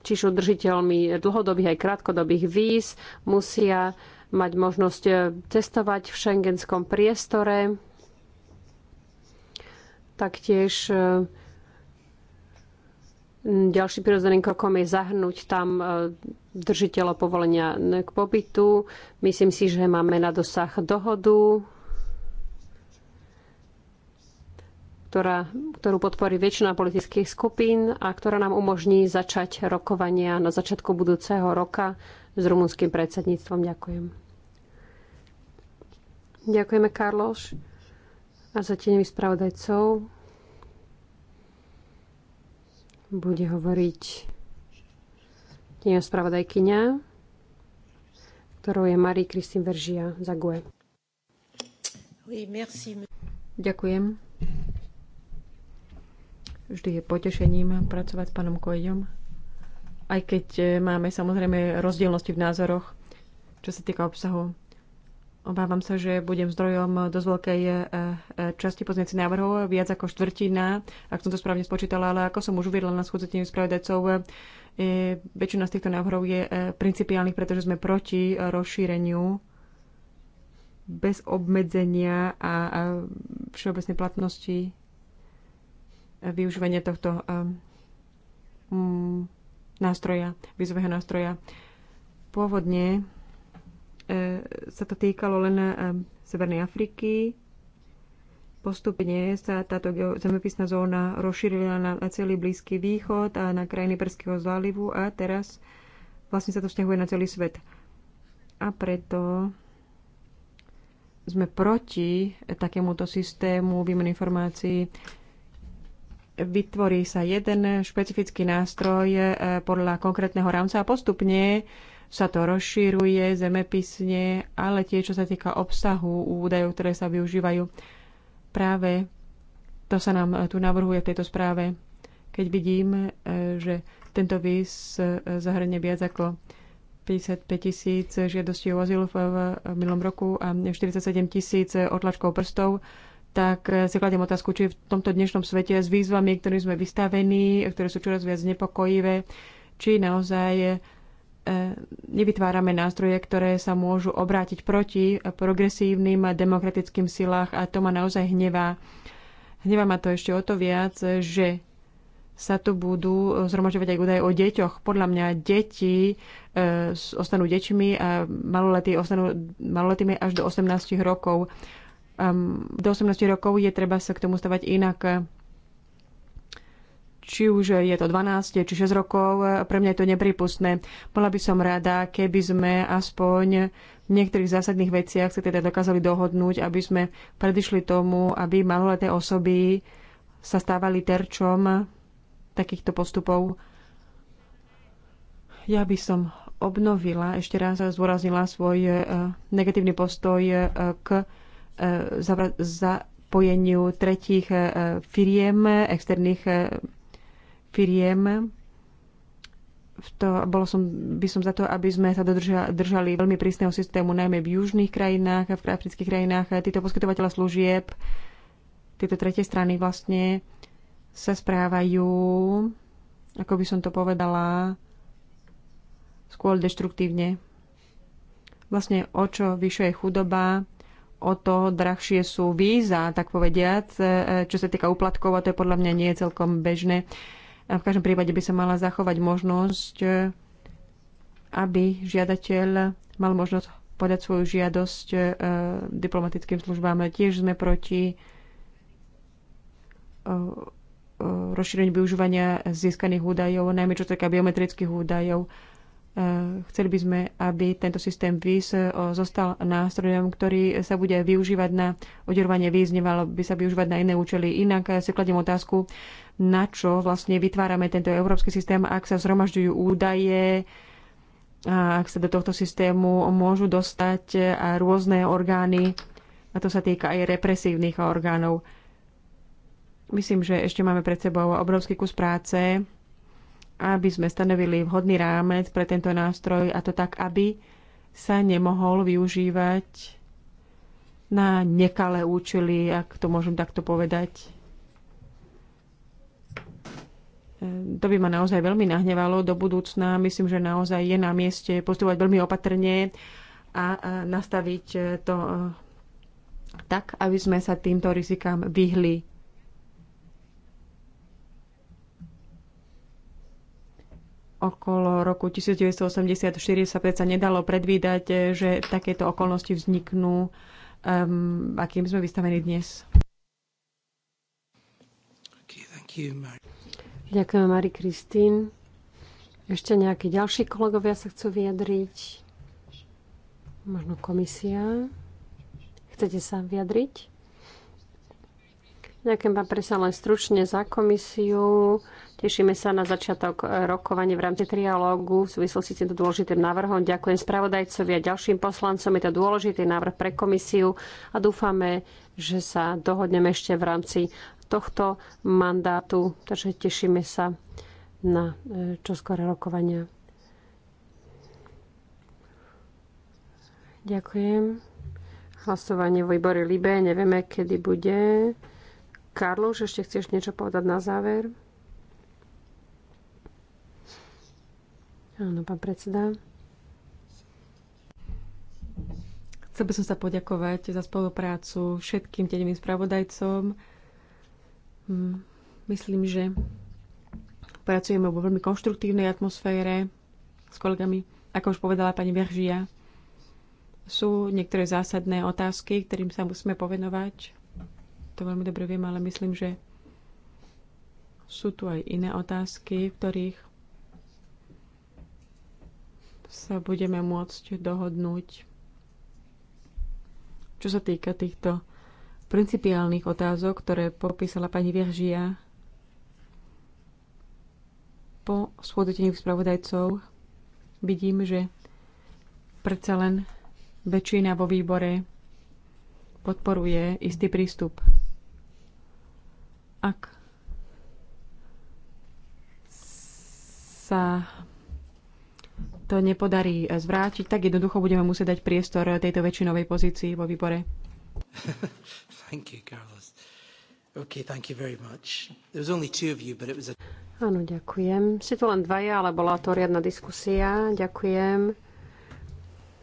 či sú držiteľmi dlhodobých aj krátkodobých víz, musia mať možnosť eh, cestovať v šengenskom priestore. Taktiež ďalším prirodzeným krokom je zahrnúť tam držiteľa povolenia k pobytu. Myslím si, že máme na dosah dohodu ktorá, ktorú podporí väčšina politických skupín a ktorá nám umožní začať rokovania na začiatku budúceho roka s rumunským predsedníctvom. Ďakujem. Ďakujeme, Karloš. A za tenými spravodajcov bude hovoriť tenivá spravodajkyňa, ktorou je Marie Kristín Veržia GUE. Oui, merci. Ďakujem. Vždy je potešením pracovať s pánom Kojom. aj keď e, máme samozrejme rozdielnosti v názoroch, čo sa týka obsahu. Obávam sa, že budem zdrojom dosť veľkej e, e, časti pozniacich návrhov, viac ako štvrtina, ak som to správne spočítala, ale ako som už uviedla na schôdze tým spravodajcov, väčšina z týchto návrhov je principiálnych, pretože sme proti rozšíreniu bez obmedzenia a všeobecnej platnosti využívanie tohto ehm, mm, nástroja, výzového nástroja. Pôvodne e, sa to týkalo len e, Severnej Afriky. Postupne sa táto zemepisná zóna rozšírila na celý Blízky východ a na krajiny Perského zálivu a teraz vlastne sa to vzťahuje na celý svet. A preto sme proti takémuto systému výmeny informácií vytvorí sa jeden špecifický nástroj e, podľa konkrétneho rámca a postupne sa to rozšíruje zemepisne, ale tie, čo sa týka obsahu údajov, ktoré sa využívajú, práve to sa nám e, tu navrhuje v tejto správe. Keď vidím, e, že tento výz zahrne viac ako 55 tisíc žiadostí o azyl v minulom roku a 47 tisíc otlačkov prstov, tak eh, si kladiem otázku, či v tomto dnešnom svete s výzvami, ktorým sme vystavení, ktoré sú čoraz viac nepokojivé, či naozaj eh, nevytvárame nástroje, ktoré sa môžu obrátiť proti progresívnym demokratickým silách a to ma naozaj hnevá. Hnevá ma to ešte o to viac, že sa tu budú eh, zhromažďovať aj údaje o deťoch. Podľa mňa deti e, ostanú deťmi a maloletí ostanú maloletými až do 18 rokov do 18 rokov je treba sa k tomu stavať inak. Či už je to 12, či 6 rokov, pre mňa je to nepripustné. Bola by som rada, keby sme aspoň v niektorých zásadných veciach sa teda dokázali dohodnúť, aby sme predišli tomu, aby maloleté osoby sa stávali terčom takýchto postupov. Ja by som obnovila, ešte raz zdôraznila svoj eh, negatívny postoj eh, k E, zapojeniu tretích e, firiem, externých e, firiem. V to, bolo som, by som za to, aby sme sa dodržali, držali veľmi prísneho systému, najmä v južných krajinách a v afrických krajinách. Títo poskytovateľa služieb, tieto tretie strany vlastne sa správajú, ako by som to povedala, skôr deštruktívne. Vlastne o čo vyššia je chudoba, o to drahšie sú víza, tak povediať, e, čo sa týka úplatkov, a to je podľa mňa nie je celkom bežné. A v každom prípade by sa mala zachovať možnosť, e, aby žiadateľ mal možnosť podať svoju žiadosť e, diplomatickým službám. Tiež sme proti rozšíreniu využívania získaných údajov, najmä čo týka biometrických údajov Eh, chceli by sme, aby tento systém víz eh, zostal nástrojom, ktorý sa bude využívať na oderovanie víz, nemalo by sa využívať na iné účely. Inak eh, si kladiem otázku, na čo vlastne vytvárame tento európsky systém, ak sa zhromažďujú údaje, a ak sa do tohto systému môžu dostať a rôzne orgány, a to sa týka aj represívnych orgánov. Myslím, že ešte máme pred sebou obrovský kus práce aby sme stanovili vhodný rámec pre tento nástroj a to tak, aby sa nemohol využívať na nekalé účely, ak to môžem takto povedať. To by ma naozaj veľmi nahnevalo do budúcna. Myslím, že naozaj je na mieste postupovať veľmi opatrne a nastaviť to eh, tak, aby sme sa týmto rizikám vyhli. okolo roku 1984 sa predsa nedalo predvídať, že takéto okolnosti vzniknú, um, akým sme vystavení dnes. Ďakujem, Mari Kristín. Ešte nejakí ďalší kolegovia sa chcú vyjadriť? Možno komisia? Chcete sa vyjadriť? Ďakujem vám presa len stručne za komisiu. Tešíme sa na začiatok e, rokovania v rámci trialógu v súvislosti s týmto dôležitým návrhom. Ďakujem spravodajcovi a ďalším poslancom. Je to dôležitý návrh pre komisiu a dúfame, že sa dohodneme ešte v rámci tohto mandátu. Takže tešíme sa na e, čoskoré rokovania. Ďakujem. Hlasovanie v výbore Libe, nevieme, kedy bude. Karlo, ešte chceš niečo povedať na záver? Áno, pán predseda. Chcel by som sa poďakovať za spoluprácu všetkým tenevým spravodajcom. Mm, myslím, že pracujeme vo veľmi konštruktívnej atmosfére s kolegami. Ako už povedala pani Veržia, sú niektoré zásadné otázky, ktorým sa musíme povenovať. To veľmi dobre viem, ale myslím, že sú tu aj iné otázky, v ktorých sa budeme môcť dohodnúť, čo sa týka týchto principiálnych otázok, ktoré popísala pani Viržia, po schôdzení spravodajcov. Vidím, že predsa len väčšina vo výbore podporuje istý prístup. Ak sa to nepodarí eh, zvrátiť, tak jednoducho budeme musieť dať priestor eh, tejto väčšinovej pozícii vo výbore. thank you, Carlos. Okay, thank you very much. There was only two of you, but it was a... Áno, ďakujem. Si tu len dvaja, ale bola to riadna diskusia. Ďakujem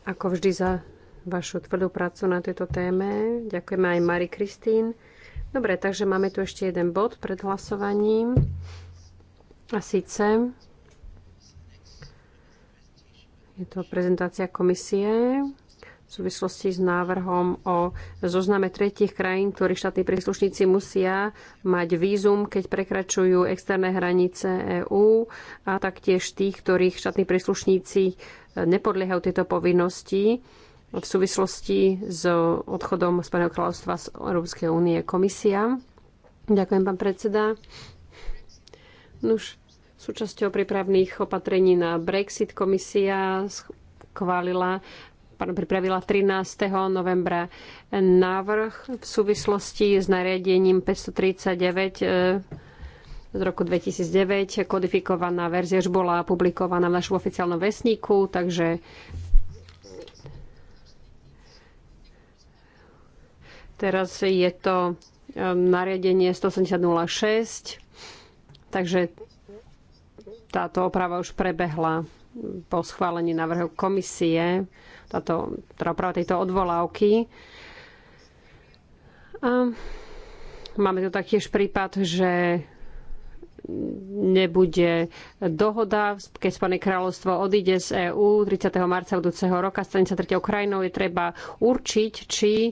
ako vždy za vašu tvrdú prácu na tejto téme. Ďakujeme aj Mari Kristín. Dobre, takže máme tu ešte jeden bod pred hlasovaním. A síce je to prezentácia komisie v súvislosti s návrhom o zozname tretich krajín, ktorí štátni príslušníci musia mať vízum, keď prekračujú externé hranice EÚ a taktiež tých, ktorých štátni príslušníci nepodliehajú tieto povinnosti v súvislosti s odchodom Spojeného kráľovstva z Európskej únie komisia. Ďakujem, pán predseda. Nuž, Súčasťou prípravných opatrení na Brexit komisia schválila pripravila 13. novembra návrh v súvislosti s nariadením 539 e, z roku 2009. Kodifikovaná verzia už bola publikovaná v našom oficiálnom vesníku, takže teraz je to e, nariadenie 180.06, takže táto oprava už prebehla po schválení návrhu komisie, táto, teda oprava tejto odvolávky. A máme tu taktiež prípad, že nebude dohoda, keď Spojené kráľovstvo odíde z EÚ 30. marca budúceho roka, stane sa tretiou krajinou, je treba určiť, či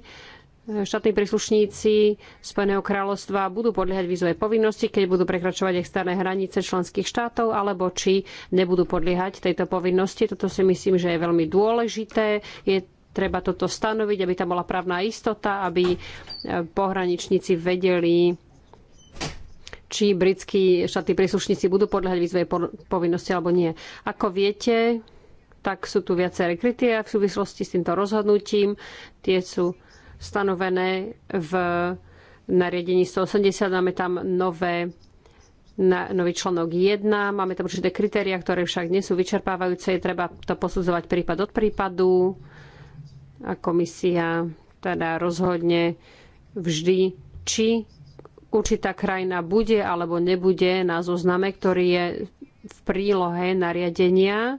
štátni príslušníci Spojeného kráľovstva budú podliehať vízovej povinnosti, keď budú prekračovať externé hranice členských štátov, alebo či nebudú podliehať tejto povinnosti. Toto si myslím, že je veľmi dôležité. Je treba toto stanoviť, aby tam bola právna istota, aby e, pohraničníci vedeli, či britskí štátni príslušníci budú podliehať vízovej povinnosti alebo nie. Ako viete, tak sú tu viaceré kritéria v súvislosti s týmto rozhodnutím. Tie sú stanovené v nariadení 180. Máme tam nové, na, nový článok 1. Máme tam určité kritéria, ktoré však nie sú vyčerpávajúce. Je treba to posudzovať prípad od prípadu. A komisia teda rozhodne vždy, či určitá krajina bude alebo nebude na zozname, ktorý je v prílohe nariadenia.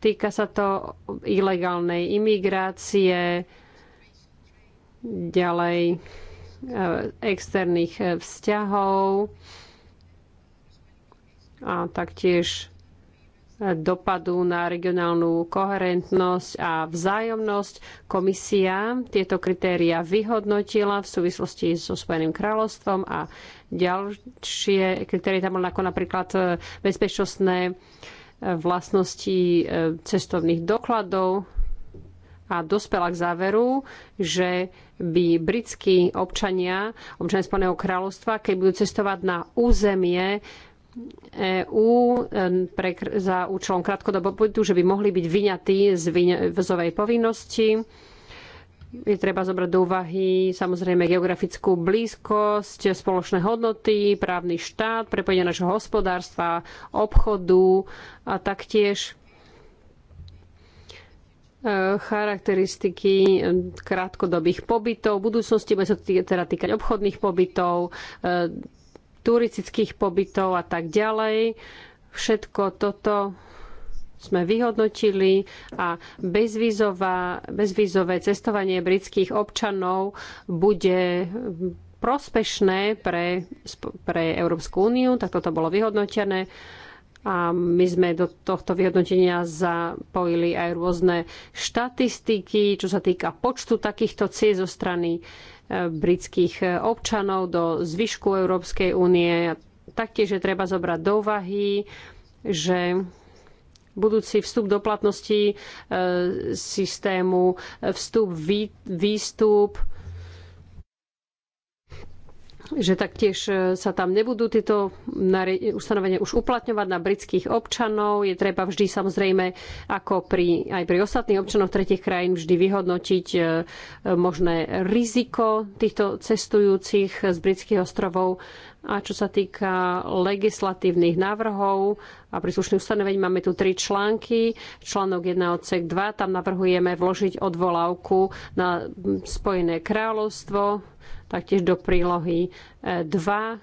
Týka sa to ilegálnej imigrácie, ďalej e, externých e, vzťahov a taktiež e, dopadu na regionálnu koherentnosť a vzájomnosť. Komisia tieto kritéria vyhodnotila v súvislosti so Spojeným kráľovstvom a ďalšie kritéria tam boli ako napríklad bezpečnostné vlastnosti cestovných dokladov a dospela k záveru, že by britskí občania, občania Spojeného kráľovstva, keď budú cestovať na územie EÚ e, za účelom krátkodobého pobytu, že by mohli byť vyňatí z vizovej povinnosti. Je treba zobrať do úvahy samozrejme geografickú blízkosť, spoločné hodnoty, právny štát, prepojenie našho hospodárstva, obchodu a taktiež E, charakteristiky e, krátkodobých pobytov. V budúcnosti bude sa teda týkať obchodných pobytov, e, turistických pobytov a tak ďalej. Všetko toto sme vyhodnotili a bezvízová, bezvízové cestovanie britských občanov bude prospešné pre, pre Európsku úniu, tak toto bolo vyhodnotené a my sme do tohto vyhodnotenia zapojili aj rôzne štatistiky, čo sa týka počtu takýchto ciest zo strany e, britských občanov do zvyšku Európskej únie. Taktiež je treba zobrať do úvahy, že budúci vstup do platnosti e, systému, e, vstup, vý, výstup, že taktiež e, sa tam nebudú tieto ustanovenia už uplatňovať na britských občanov. Je treba vždy samozrejme, ako pri, aj pri ostatných občanoch tretich krajín, vždy vyhodnotiť e, možné riziko týchto cestujúcich z britských ostrovov. A čo sa týka legislatívnych návrhov a príslušných ustanovení, máme tu tri články. Článok 1 odsek 2, tam navrhujeme vložiť odvolávku na Spojené kráľovstvo taktiež do prílohy 2, e,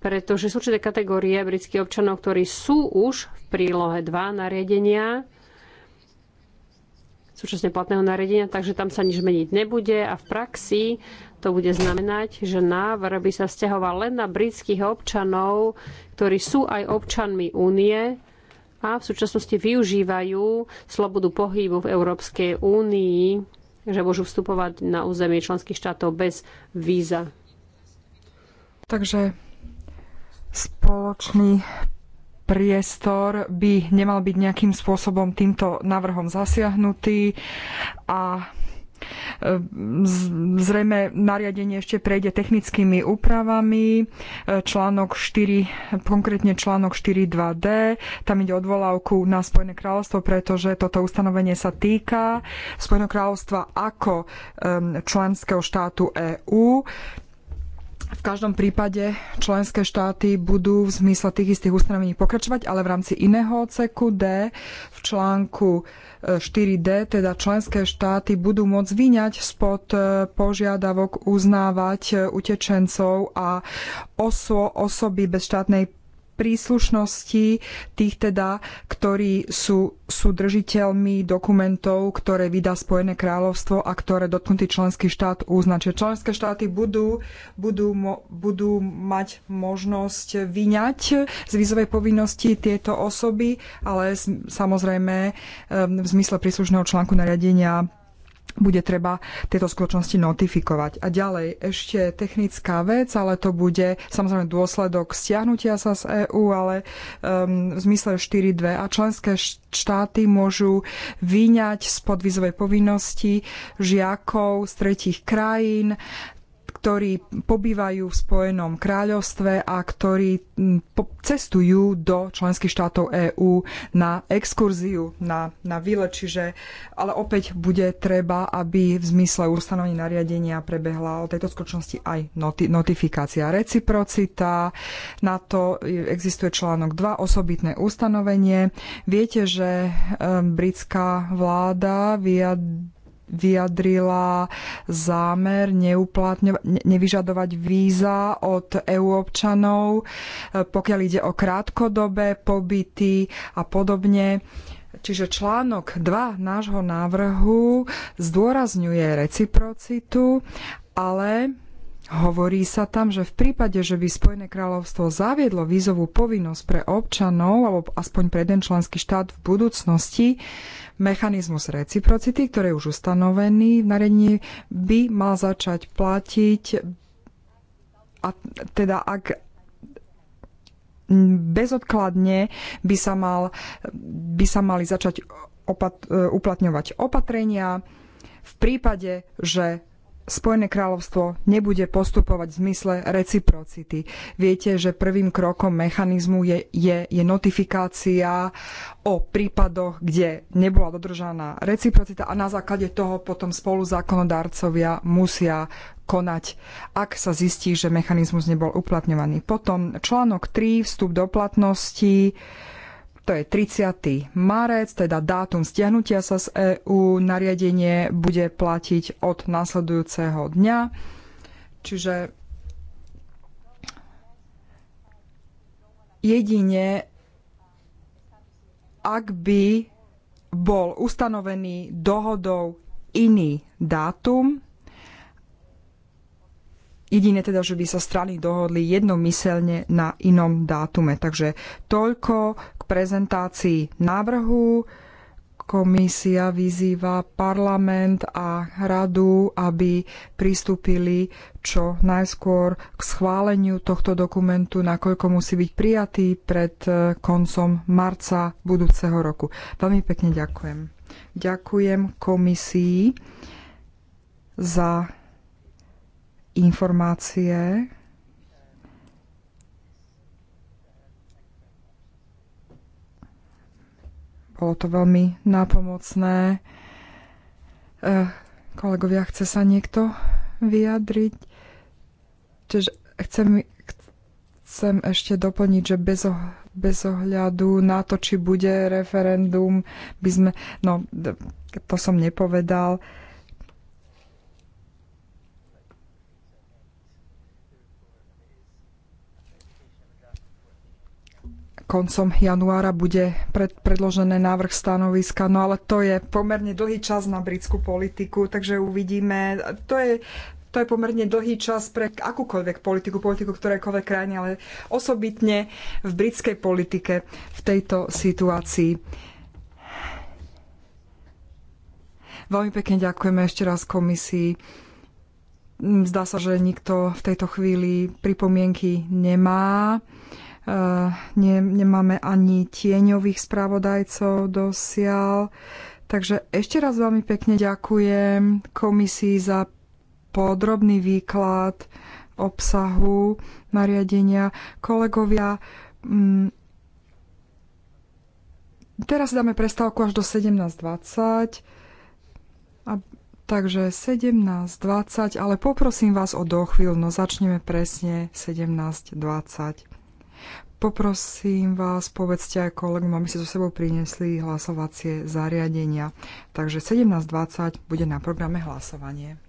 pretože sú určité kategórie britských občanov, ktorí sú už v prílohe 2 nariadenia, súčasne platného nariadenia, takže tam sa nič meniť nebude a v praxi to bude znamenať, že návrh by sa stiahoval len na britských občanov, ktorí sú aj občanmi únie a v súčasnosti využívajú slobodu pohybu v Európskej únii že môžu vstupovať na územie členských štátov bez víza. Takže spoločný priestor by nemal byť nejakým spôsobom týmto návrhom zasiahnutý a Ehm, zrejme nariadenie ešte prejde technickými úpravami. Ehm, článok 4, konkrétne článok 4.2d, tam ide odvolávku na Spojené kráľovstvo, pretože toto ustanovenie sa týka Spojeného kráľovstva ako ehm, členského štátu EÚ v každom prípade členské štáty budú v zmysle tých istých ustanovení pokračovať, ale v rámci iného odseku D v článku 4D, e, teda členské štáty budú môcť vyňať spod e, požiadavok uznávať e, utečencov a oso, osoby bez štátnej príslušnosti tých teda, ktorí sú, sú držiteľmi dokumentov, ktoré vydá Spojené kráľovstvo a ktoré dotknutý členský štát uzná. Čiže členské štáty budú, budú, budú mať možnosť vyňať z vízovej povinnosti tieto osoby, ale samozrejme v zmysle príslušného článku nariadenia bude treba tieto skutočnosti notifikovať. A ďalej ešte technická vec, ale to bude samozrejme dôsledok stiahnutia sa z EÚ, ale um, v zmysle 4.2 a členské štáty môžu vyňať z podvizovej povinnosti žiakov z tretich krajín, ktorí pobývajú v Spojenom kráľovstve a ktorí cestujú do členských štátov EÚ na exkurziu, na, na výlet. Čiže, ale opäť bude treba, aby v zmysle ustanovení nariadenia prebehla o tejto skutočnosti aj noti- notifikácia reciprocita. Na to existuje článok 2, osobitné ustanovenie. Viete, že e, britská vláda vyjadrila vyjadrila zámer nevyžadovať víza od EU občanov, e, pokiaľ ide o krátkodobé pobyty a podobne. Čiže článok 2 nášho návrhu zdôrazňuje reciprocitu, ale Hovorí sa tam, že v prípade, že by Spojené kráľovstvo zaviedlo vízovú povinnosť pre občanov, alebo aspoň pre jeden členský štát v budúcnosti, mechanizmus reciprocity, ktorý je už ustanovený v nariadení, by mal začať platiť a teda ak bezodkladne by sa, mal, by sa mali začať opat, uplatňovať opatrenia v prípade, že Spojené kráľovstvo nebude postupovať v zmysle reciprocity. Viete, že prvým krokom mechanizmu je, je, je notifikácia o prípadoch, kde nebola dodržaná reciprocita a na základe toho potom spolu zákonodárcovia musia konať, ak sa zistí, že mechanizmus nebol uplatňovaný. Potom článok 3, vstup do platnosti. Uh, to je 30. marec, teda dátum stiahnutia sa z EÚ. Nariadenie bude platiť od následujúceho dňa. Čiže jedine ak by bol ustanovený dohodou iný dátum, Jedine teda, že by sa strany dohodli jednomyselne na inom dátume. Takže toľko prezentácii návrhu. Komisia vyzýva parlament a radu, aby pristúpili čo najskôr k schváleniu tohto dokumentu, nakoľko musí byť prijatý pred eh, koncom marca budúceho roku. Veľmi pekne ďakujem. Ďakujem komisii za informácie Bolo to veľmi nápomocné. E, kolegovia, chce sa niekto vyjadriť? Čiže chcem, chcem ešte doplniť, že bez, oh- bez ohľadu na to, či bude referendum, by sme... No, to som nepovedal. E, koncom januára bude pred, predložené návrh stanoviska, no ale to je pomerne dlhý čas na britskú politiku, takže uvidíme. To je, to je pomerne dlhý čas pre akúkoľvek politiku, politiku ktorékoľvek krajiny, ale osobitne v britskej politike v tejto situácii. Veľmi pekne ďakujeme ešte raz komisii. Zdá sa, že nikto v tejto chvíli pripomienky nemá. Eh, ne, nemáme ani tieňových spravodajcov dosiaľ. Takže ešte raz veľmi pekne ďakujem komisii za podrobný výklad obsahu nariadenia. Kolegovia, mm, teraz dáme prestávku až do 17.20. A, takže 17.20, ale poprosím vás o dochvíľ, no začneme presne 17.20. Poprosím vás, povedzte aj kolegom, aby ste so sebou priniesli hlasovacie zariadenia. Takže 17.20 bude na programe hlasovanie.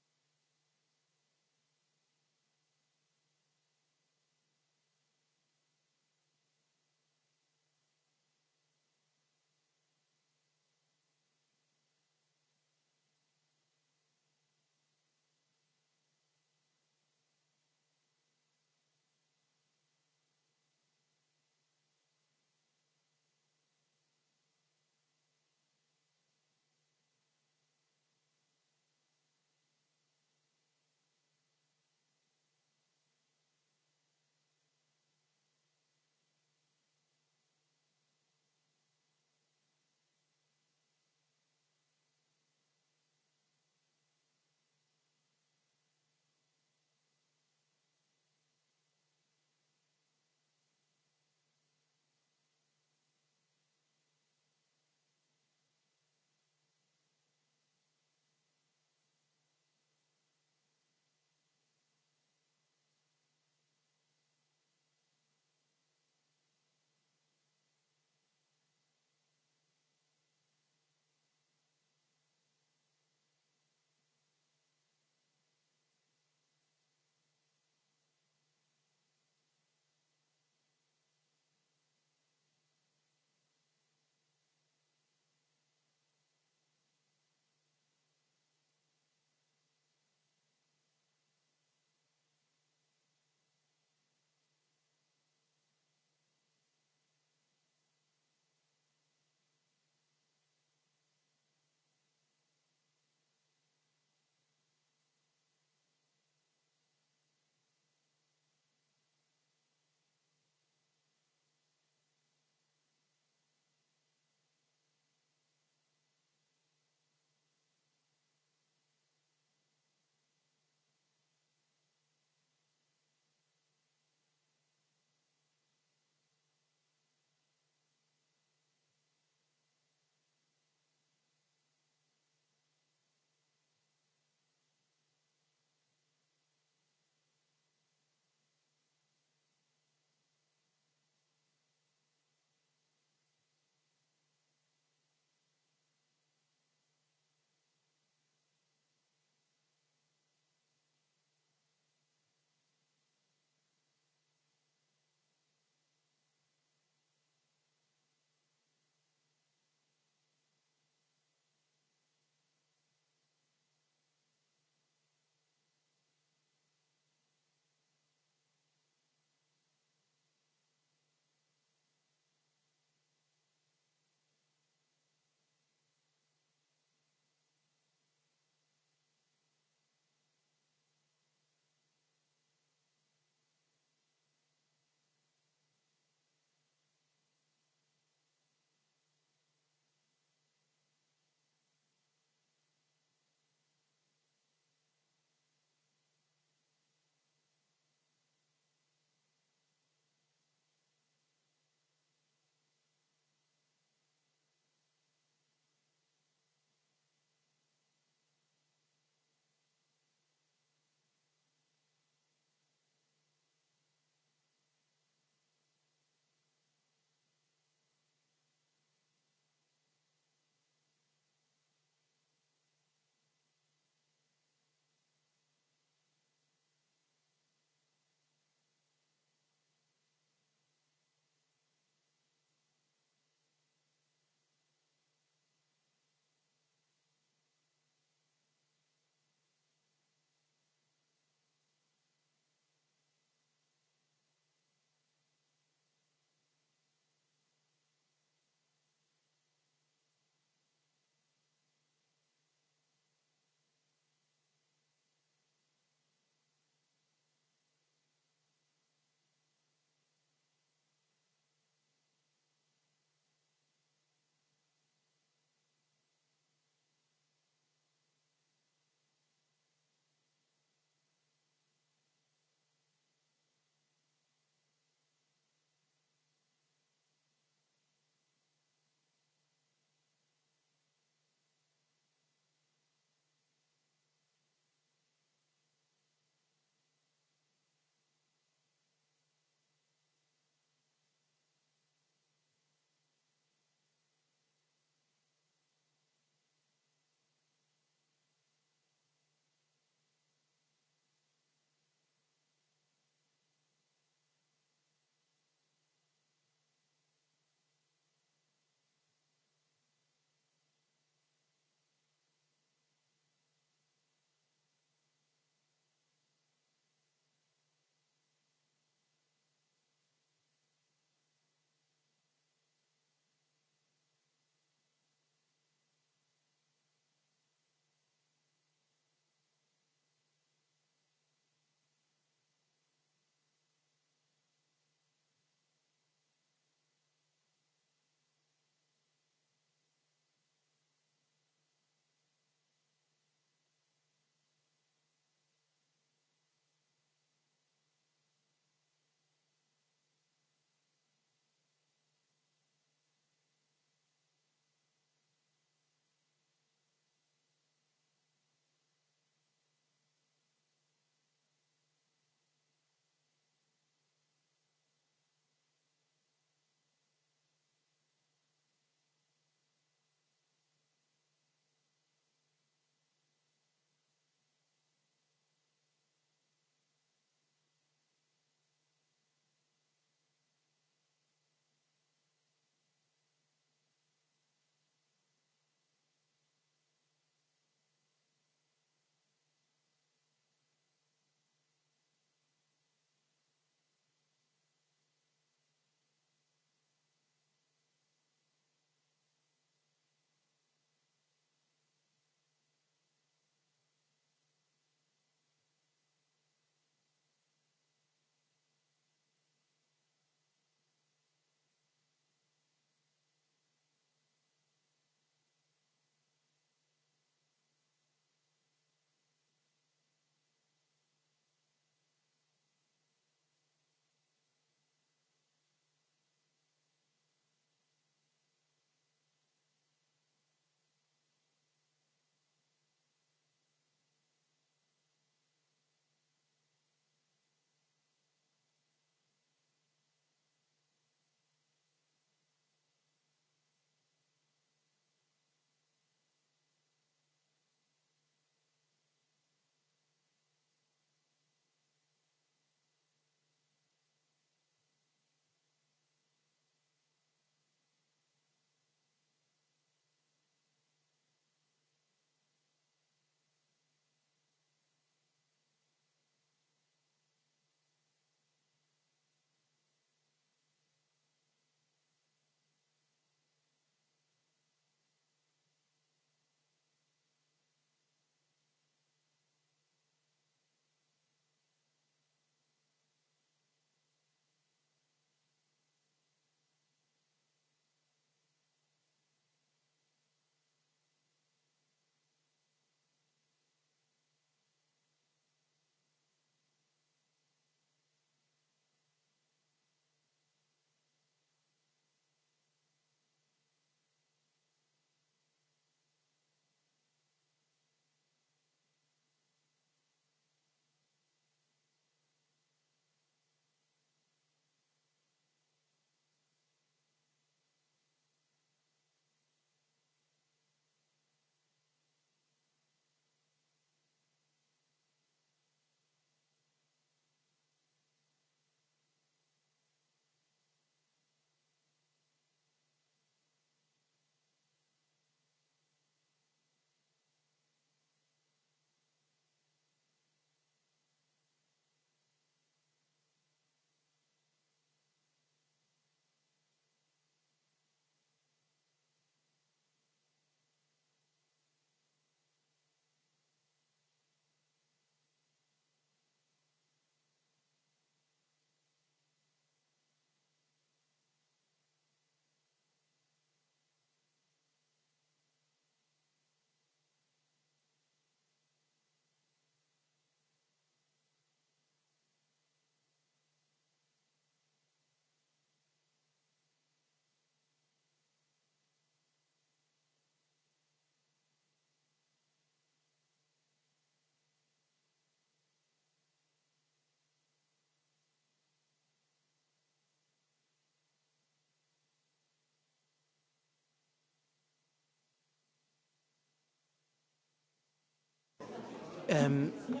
Um, uh,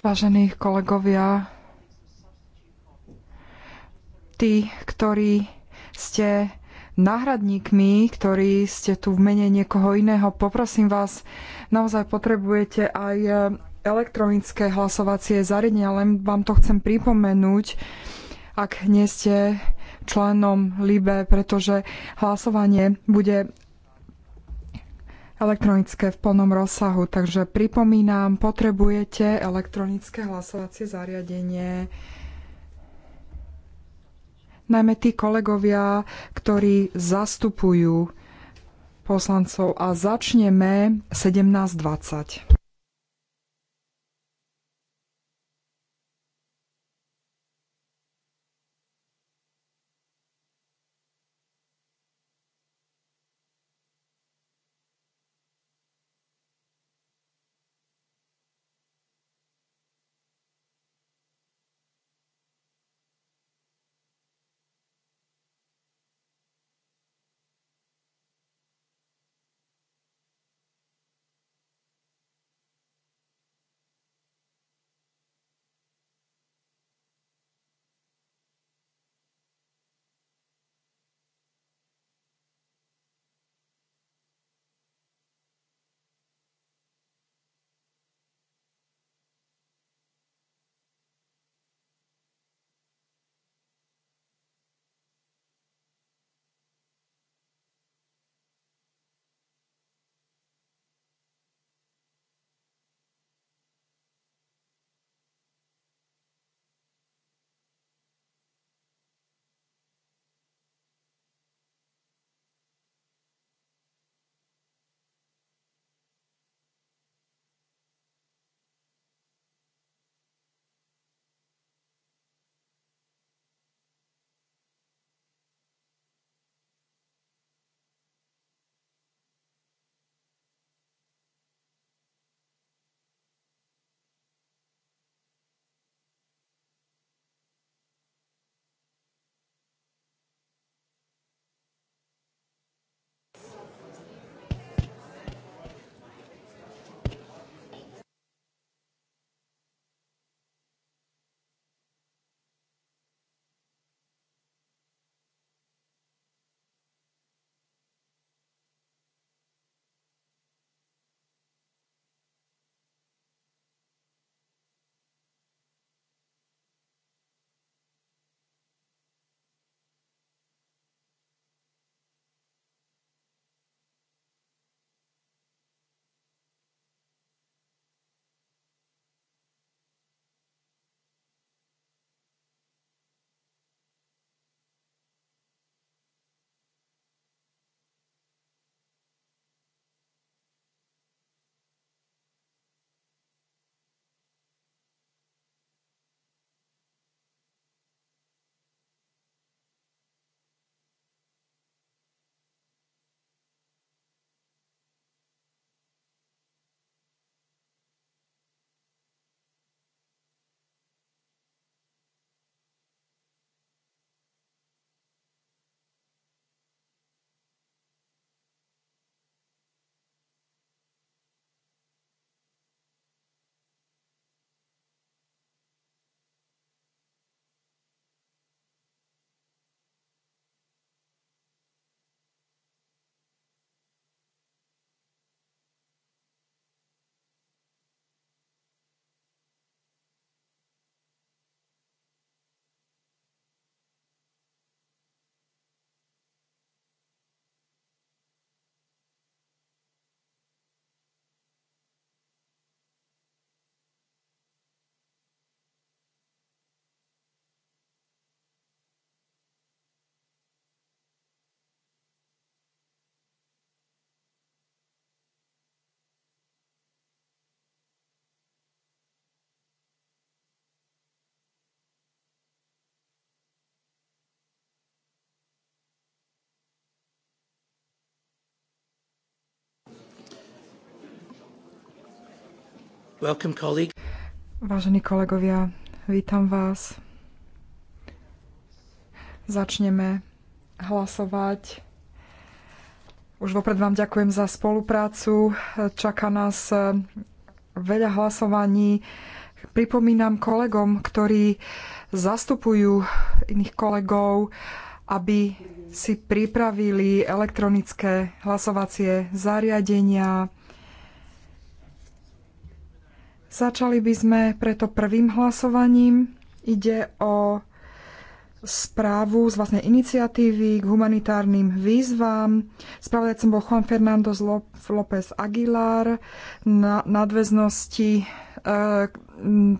Vážení kolegovia, tí, ktorí ste náhradníkmi, ktorí ste tu v mene niekoho iného, poprosím vás, naozaj potrebujete aj eh, elektronické hlasovacie zariadenia, len vám to chcem pripomenúť, ak nie ste členom LIBE, pretože hlasovanie bude elektronické v plnom rozsahu. Takže pripomínam, potrebujete elektronické hlasovacie zariadenie. Najmä tí kolegovia, ktorí zastupujú poslancov a začneme 17.20. Welcome, colleague. Vážení kolegovia, vítam vás. Začneme hlasovať. Už vopred vám ďakujem za spoluprácu. Čaká nás e, veľa hlasovaní. Pripomínam kolegom, ktorí zastupujú iných kolegov, aby si pripravili elektronické hlasovacie zariadenia, Začali by sme preto prvým hlasovaním. Ide o správu z vlastnej iniciatívy k humanitárnym výzvám. Spravodajcom bol Juan Fernando López Aguilar na nadväznosti eh,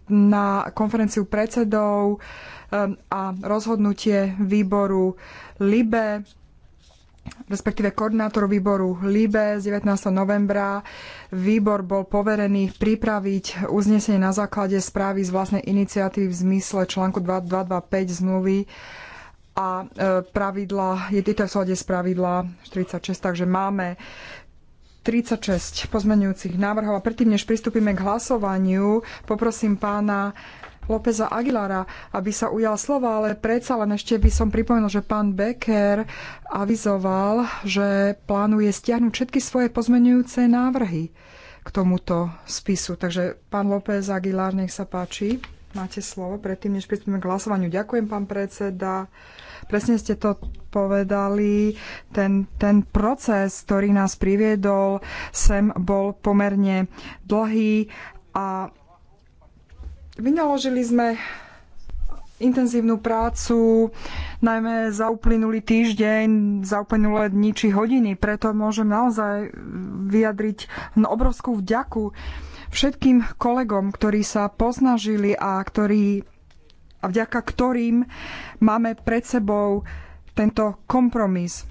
na konferenciu predsedov eh, a rozhodnutie výboru LIBE respektíve koordinátor výboru LIBE z 19. novembra. Výbor bol poverený pripraviť uznesenie na základe správy z vlastnej iniciatívy v zmysle článku 225 zmluvy a e, pravidla, je to v súlade s pravidla 46, takže máme 36 pozmenujúcich návrhov a predtým, než pristúpime k hlasovaniu, poprosím pána Lópeza Aguilara, aby sa ujal slova, ale predsa len ešte by som pripomenul, že pán Becker avizoval, že plánuje stiahnuť všetky svoje pozmenujúce návrhy k tomuto spisu. Takže pán López Aguilar, nech sa páči. Máte slovo predtým, než pristúpime k hlasovaniu. Ďakujem, pán predseda. Presne ste to povedali. Ten, ten proces, ktorý nás priviedol sem, bol pomerne dlhý a Vynaložili sme intenzívnu prácu, najmä za uplynulý týždeň, za uplynulé dni či hodiny. Preto môžem naozaj vyjadriť obrovskú vďaku všetkým kolegom, ktorí sa poznažili a, ktorí, a vďaka ktorým máme pred sebou tento kompromis.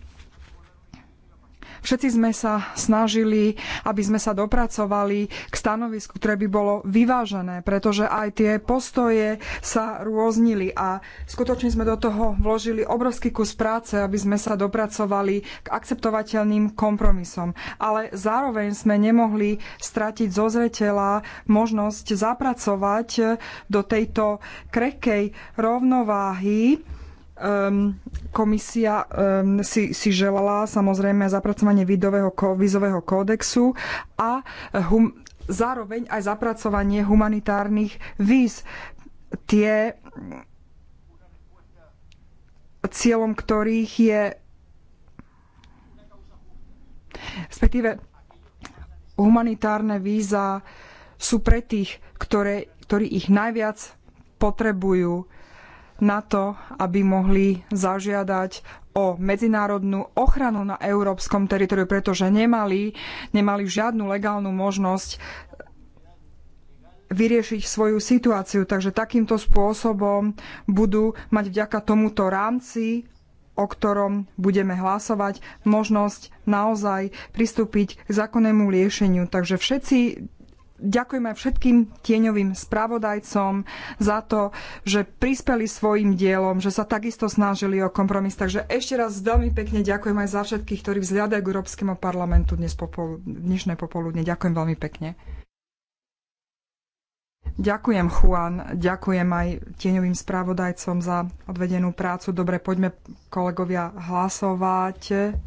Všetci sme sa snažili, aby sme sa dopracovali k stanovisku, ktoré by bolo vyvážené, pretože aj tie postoje sa rôznili a skutočne sme do toho vložili obrovský kus práce, aby sme sa dopracovali k akceptovateľným kompromisom. Ale zároveň sme nemohli stratiť zo zretela možnosť zapracovať do tejto krehkej rovnováhy Um, komisia um, si, si želala samozrejme zapracovanie vidového, vizového kódexu a hum, zároveň aj zapracovanie humanitárnych víz. Tie cieľom ktorých je respektíve humanitárne víza sú pre tých, ktoré, ktorí ich najviac potrebujú na to, aby mohli zažiadať o medzinárodnú ochranu na európskom teritoriu, pretože nemali, nemali žiadnu legálnu možnosť vyriešiť svoju situáciu. Takže takýmto spôsobom budú mať vďaka tomuto rámci o ktorom budeme hlasovať, možnosť naozaj pristúpiť k zákonnému riešeniu. Takže všetci Ďakujem aj všetkým tieňovým spravodajcom za to, že prispeli svojim dielom, že sa takisto snažili o kompromis. Takže ešte raz veľmi pekne ďakujem aj za všetkých, ktorí vzhľadajú k Európskemu parlamentu dnes popol- dnešné popoludne. Ďakujem veľmi pekne. Ďakujem, Juan. Ďakujem aj tieňovým spravodajcom za odvedenú prácu. Dobre, poďme kolegovia hlasovať.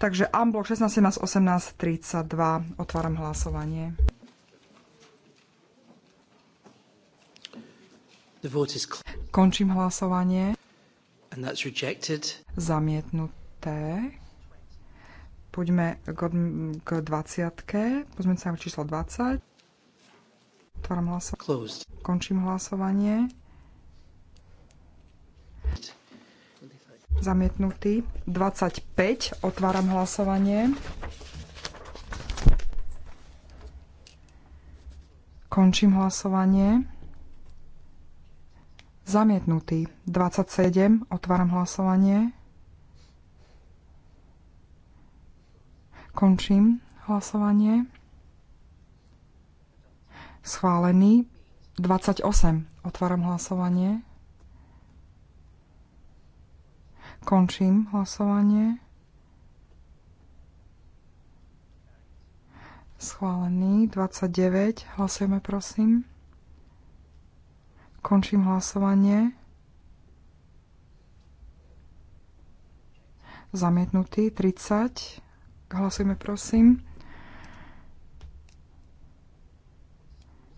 Takže Amblok 16, 17, 18, 32. Otváram hlasovanie. Končím hlasovanie. And that's rejected. Zamietnuté. Poďme k, k 20. Poďme sa číslo 20. Otváram hlasovanie. Končím hlasovanie. Zamietnutý. 25. Otváram hlasovanie. Končím hlasovanie. Zamietnutý. 27. Otváram hlasovanie. Končím hlasovanie. Schválený. 28. Otváram hlasovanie. Končím hlasovanie. Schválený 29. Hlasujeme prosím. Končím hlasovanie. Zamietnutý 30. Hlasujeme prosím.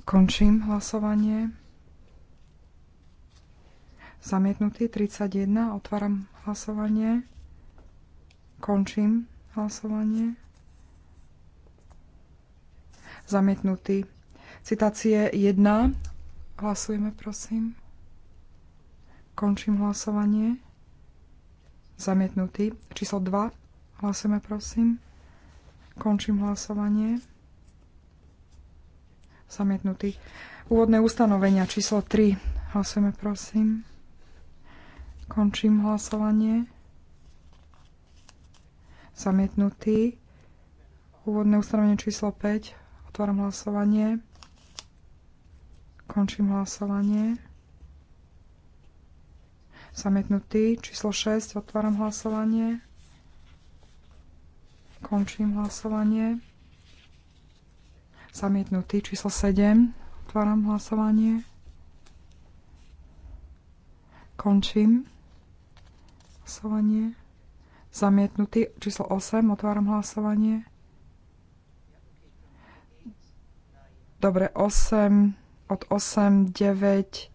Končím hlasovanie. Zamietnutý 31. Otváram hlasovanie. Končím hlasovanie. Zamietnutý. Citácie 1. Hlasujeme, prosím. Končím hlasovanie. Zamietnutý. Číslo 2. Hlasujeme, prosím. Končím hlasovanie. Zamietnutý. Úvodné ustanovenia číslo 3. Hlasujeme, prosím. Končím hlasovanie. Zamietnutý. Úvodné ustanovenie číslo 5. Otváram hlasovanie. Končím hlasovanie. Zamietnutý. Číslo 6. Otváram hlasovanie. Končím hlasovanie. Zamietnutý. Číslo 7. Otváram hlasovanie. Končím hlasovanie. Zamietnutý číslo 8. Otváram hlasovanie. Dobre, 8, od 8, 9,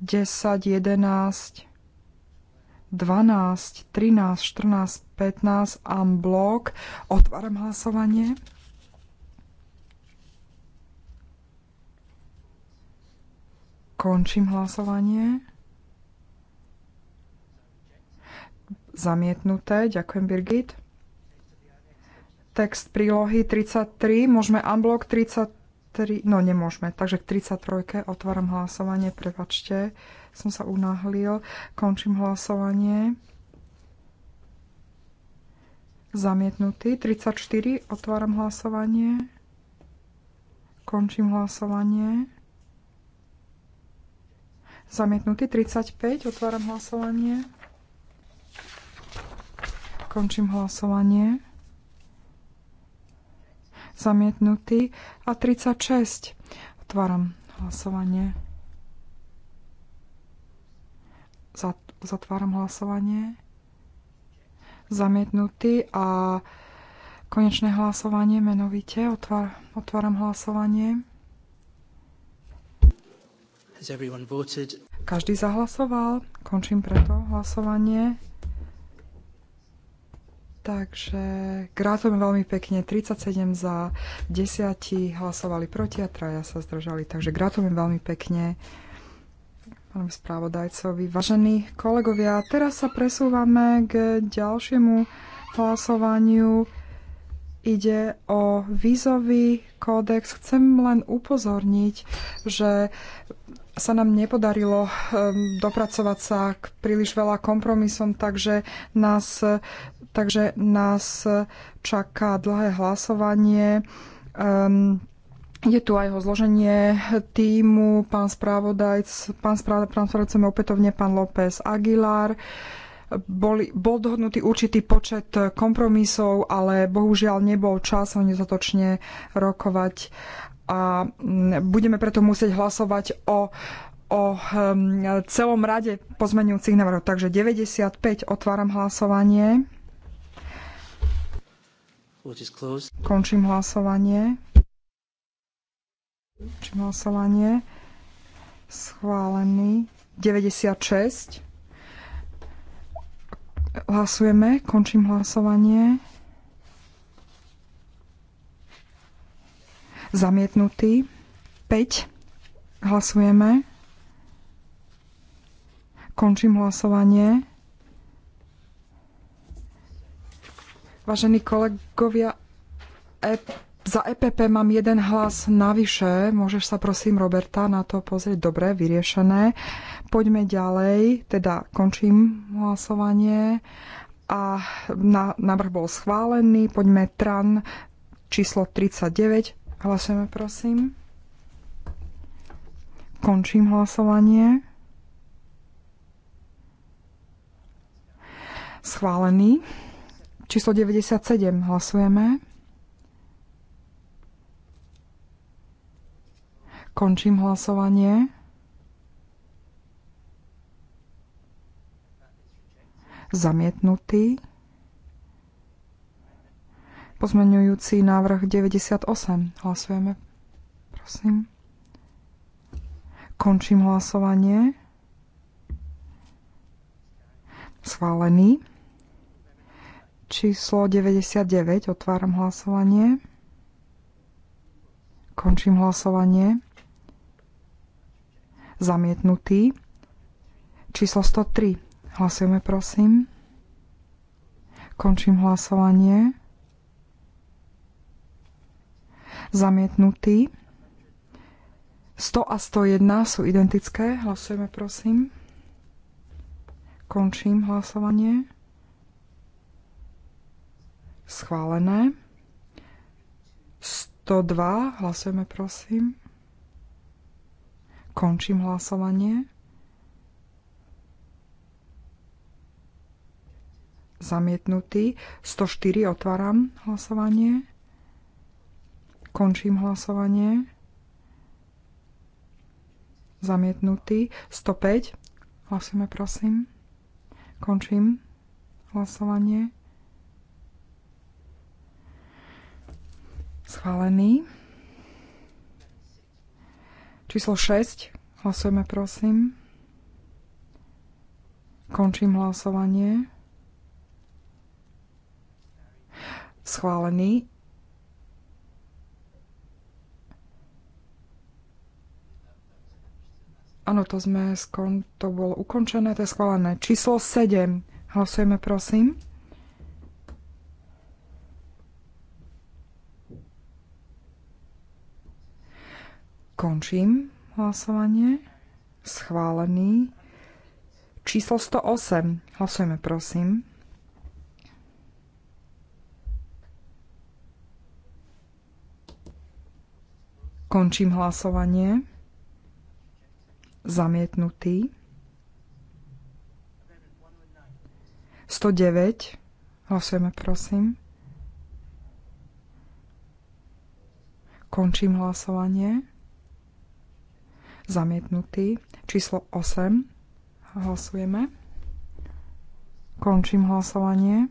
10, 11, 12, 13, 14, 15 unblock. Otváram hlasovanie. Končím hlasovanie. Zamietnuté. Ďakujem, Birgit. Text prílohy 33. Môžeme unblock 33. No, nemôžeme. Takže k 33. Otváram hlasovanie. Prepačte, som sa unahlil. Končím hlasovanie. Zamietnutý. 34. Otváram hlasovanie. Končím hlasovanie. Zamietnutý. 35. Otváram hlasovanie. Končím hlasovanie. Zamietnutý. A 36. Otváram hlasovanie. Zatváram hlasovanie. Zamietnutý a konečné hlasovanie menovite. Otvár, otváram hlasovanie. Každý zahlasoval. Končím preto hlasovanie. Takže gratulujem veľmi pekne. 37 za 10 hlasovali proti a traja sa zdržali. Takže gratulujem veľmi pekne pánovi správodajcovi. Vážení kolegovia, teraz sa presúvame k ďalšiemu hlasovaniu. Ide o vízový kódex. Chcem len upozorniť, že sa nám nepodarilo ehm, dopracovať sa k príliš veľa kompromisom, takže nás Takže nás čaká dlhé hlasovanie. Um, je tu aj ho zloženie týmu, pán spravodajc, pán spravodajcom je opätovne pán López Aguilar. Bol, bol dohodnutý určitý počet kompromisov, ale bohužiaľ nebol čas o nezatočne rokovať a mm, budeme preto musieť hlasovať o, o ehm, celom rade pozmenujúcich návrhov. Takže 95 otváram hlasovanie. Končím hlasovanie. Končím hlasovanie. Schválený. 96. Hlasujeme. Končím hlasovanie. Zamietnutý. 5. Hlasujeme. Končím hlasovanie. Vážení kolegovia, e, za EPP mám jeden hlas navyše. Môžeš sa prosím, Roberta, na to pozrieť? Dobre, vyriešené. Poďme ďalej, teda končím hlasovanie. A návrh bol schválený. Poďme TRAN číslo 39. Hlasujeme, prosím. Končím hlasovanie. Schválený. Číslo 97 hlasujeme. Končím hlasovanie. Zamietnutý. Pozmeňujúci návrh 98. Hlasujeme. Prosím. Končím hlasovanie. Schválený číslo 99. Otváram hlasovanie. Končím hlasovanie. Zamietnutý. Číslo 103. Hlasujeme, prosím. Končím hlasovanie. Zamietnutý. 100 a 101 sú identické. Hlasujeme, prosím. Končím hlasovanie Schválené. 102. Hlasujeme, prosím. Končím hlasovanie. Zamietnutý. 104. Otváram hlasovanie. Končím hlasovanie. Zamietnutý. 105. Hlasujeme, prosím. Končím hlasovanie. Schválený. Číslo 6. hlasujeme prosím. Končím hlasovanie. Schválený. Áno, to sme skon... to bolo ukončené, to je schválené. Číslo 7. Hlasujeme, prosím. Končím hlasovanie. Schválený. Číslo 108. Hlasujeme, prosím. Končím hlasovanie. Zamietnutý. 109. Hlasujeme, prosím. Končím hlasovanie zamietnutý. Číslo 8. Hlasujeme. Končím hlasovanie.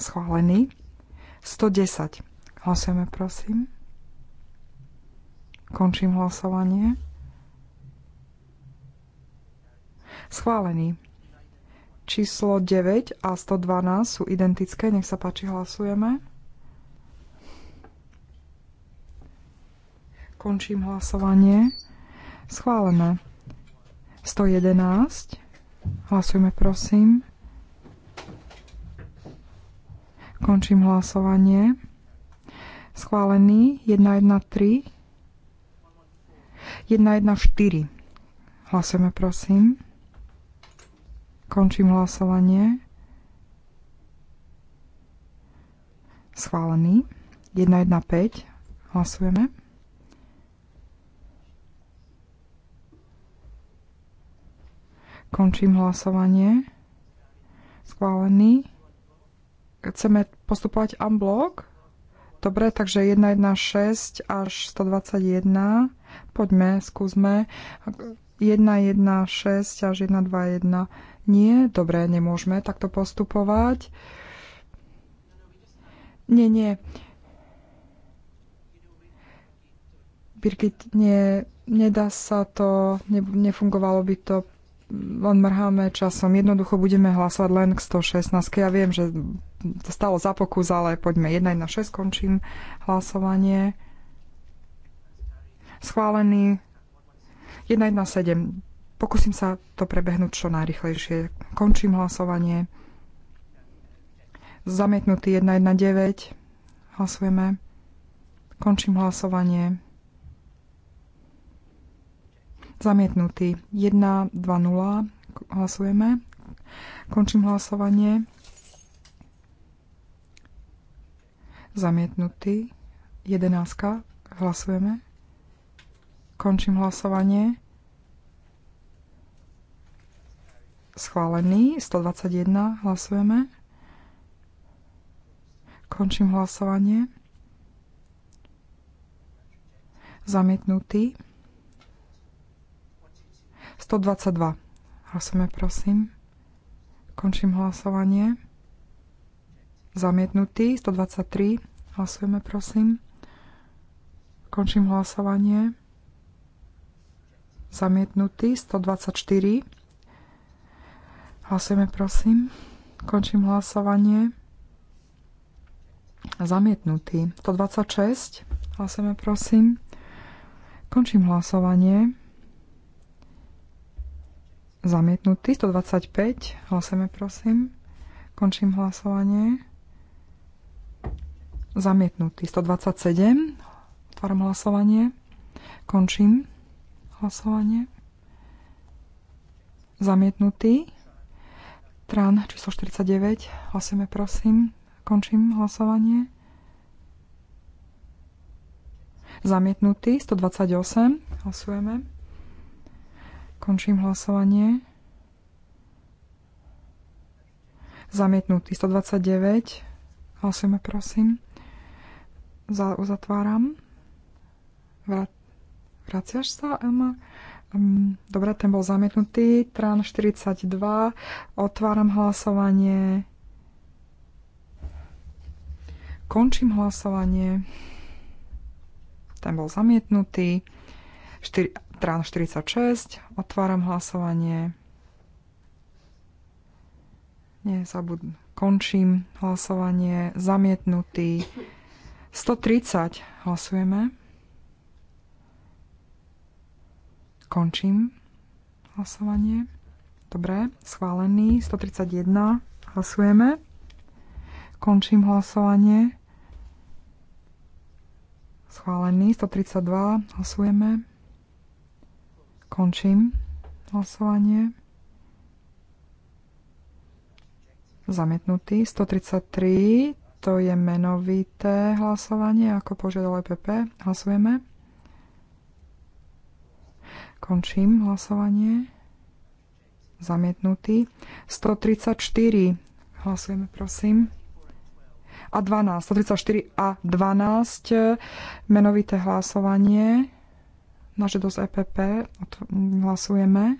Schválený. 110. Hlasujeme, prosím. Končím hlasovanie. Schválený. Číslo 9 a 112 sú identické. Nech sa páči, hlasujeme. Končím hlasovanie. Schválené. 111. Hlasujme, prosím. Končím hlasovanie. Schválený 113. 114. Hlasujeme, prosím. Končím hlasovanie. Schválený. 115. Hlasujeme. Končím hlasovanie. Schválený. Chceme postupovať unblock? Dobre, takže 116 až 121. Poďme, skúsme. 116 až 121. Nie, dobre, nemôžeme takto postupovať. Nie, nie. Birgit, nie, nedá sa to, ne, nefungovalo by to len mrháme časom. Jednoducho budeme hlasovať len k 116. Ja viem, že to stalo za pokus, ale poďme 1 na 6, končím hlasovanie. Schválený 1 na 7. Pokúsim sa to prebehnúť čo najrychlejšie. Končím hlasovanie. Zamietnutý 1 na 9. Hlasujeme. Končím hlasovanie. Zamietnutý. 1, 2, 0. Hlasujeme. Končím hlasovanie. Zamietnutý. 11. Hlasujeme. Končím hlasovanie. Schválený. 121. Hlasujeme. Končím hlasovanie. Zamietnutý. 122. Hlasujeme, prosím. Končím hlasovanie. Zamietnutý. 123. Hlasujeme, prosím. Končím hlasovanie. Zamietnutý. 124. Hlasujeme, prosím. Končím hlasovanie. Zamietnutý. 126. Hlasujeme, prosím. Končím hlasovanie. Zamietnutý. 125. Hlasujeme, prosím. Končím hlasovanie. Zamietnutý. 127. Otváram hlasovanie. Končím hlasovanie. Zamietnutý. Tran číslo 49. Hlasujeme, prosím. Končím hlasovanie. Zamietnutý. 128. Hlasujeme. Končím hlasovanie. Zamietnutý 129. Hlasujeme, prosím. Za, uzatváram. Vrat, vraciaš sa, Elma? Um, dobre, ten bol zamietnutý. Trán 42. Otváram hlasovanie. Končím hlasovanie. Ten bol zamietnutý. 4, strán 46. Otváram hlasovanie. Nie, zabud... Končím hlasovanie. Zamietnutý. 130. Hlasujeme. Končím hlasovanie. Dobre, schválený. 131. Hlasujeme. Končím hlasovanie. Schválený. 132. Hlasujeme. Končím hlasovanie. Zamietnutý. 133. To je menovité hlasovanie, ako požiadalo EPP. Hlasujeme. Končím hlasovanie. Zamietnutý. 134. Hlasujeme, prosím. A 12. 134 a 12. Menovité hlasovanie na žiadosť EPP hlasujeme.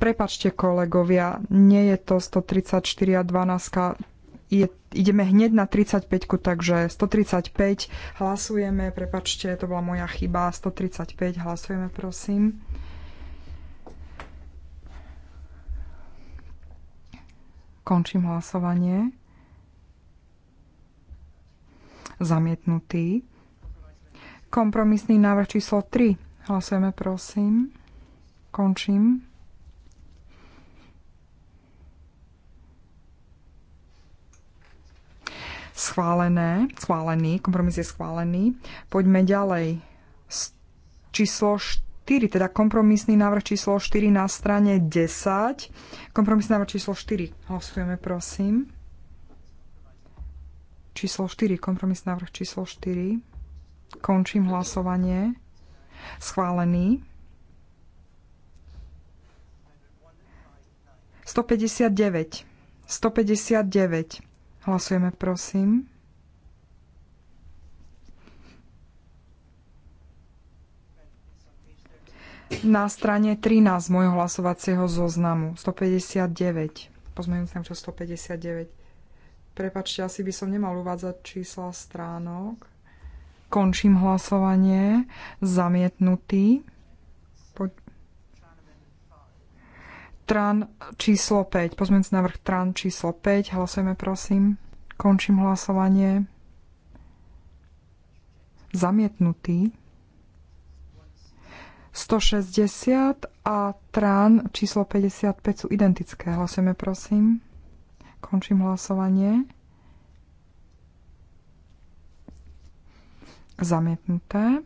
Prepačte kolegovia, nie je to 134 a 12. Je, ideme hneď na 35, takže 135 hlasujeme, prepačte, to bola moja chyba, 135 hlasujeme prosím. Končím hlasovanie zamietnutý. Kompromisný návrh číslo 3. Hlasujeme, prosím. Končím. Schválené. Schválený. Kompromis je schválený. Poďme ďalej. Číslo 4, teda kompromisný návrh číslo 4 na strane 10. Kompromisný návrh číslo 4. Hlasujeme, prosím číslo 4, kompromis návrh číslo 4. Končím hlasovanie. Schválený. 159. 159. Hlasujeme, prosím. Na strane 13 môjho hlasovacieho zoznamu. 159. Pozmeňujem tam čo 159. Prepačte, asi by som nemal uvádzať čísla stránok. Končím hlasovanie. Zamietnutý. Po... Tran číslo 5. si navrh Tran číslo 5. Hlasujeme, prosím. Končím hlasovanie. Zamietnutý. 160 a Trán číslo 55 sú identické. Hlasujeme, prosím. Končím hlasovanie. Zamietnuté.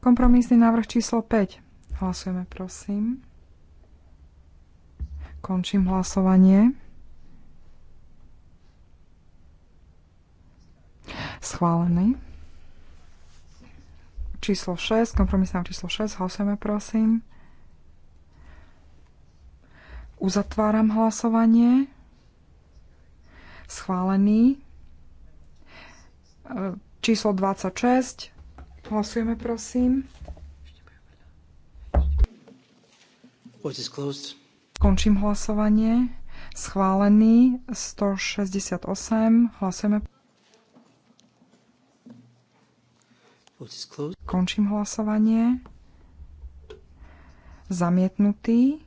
Kompromisný návrh číslo 5. Hlasujeme, prosím. Končím hlasovanie. Schválený. Číslo 6, kompromisná číslo 6, hlasujeme, prosím. Uzatváram hlasovanie schválený. E, číslo 26. Hlasujeme, prosím. Končím hlasovanie. Schválený 168. Hlasujeme. Končím hlasovanie. Zamietnutý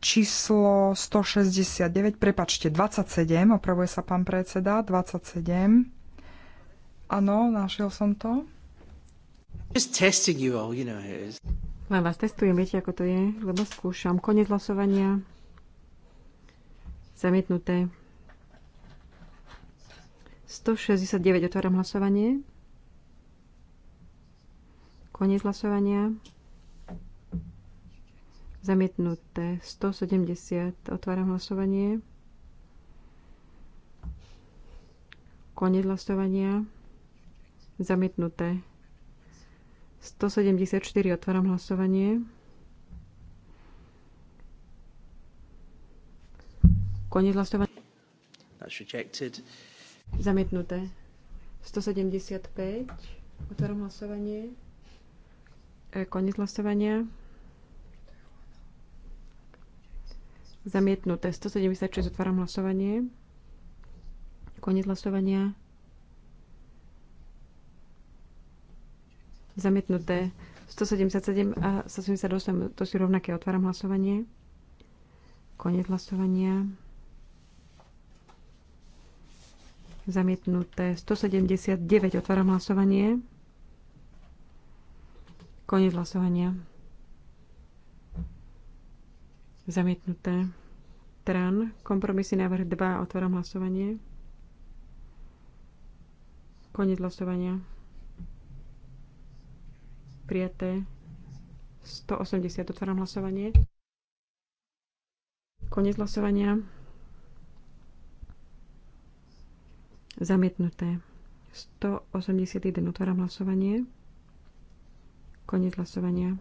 číslo 169, prepačte, 27, opravuje sa pán predseda, 27. Áno, našiel som to. Len vás testujem, viete, ako to je, lebo skúšam. Konec hlasovania. Zamietnuté. 169, otváram hlasovanie. Konec hlasovania. Zamietnuté 170. Otváram hlasovanie. Koniec hlasovania. Zamietnuté 174. Otváram hlasovanie. Koniec hlasovania. Zamietnuté. 175. Otváram hlasovanie. E, koniec hlasovania. Zamietnuté. 176. Otváram hlasovanie. Koniec hlasovania. Zamietnuté. 177 a 178, to si rovnaké. Otváram hlasovanie. Koniec hlasovania. Zamietnuté. 179. Otváram hlasovanie. Koniec hlasovania. Zamietnuté. Tran. kompromisy návrh 2. Otváram hlasovanie. Koniec hlasovania. Prijaté. 180. Otváram hlasovanie. Koniec hlasovania. Zamietnuté. 181. Otváram hlasovanie. Koniec hlasovania.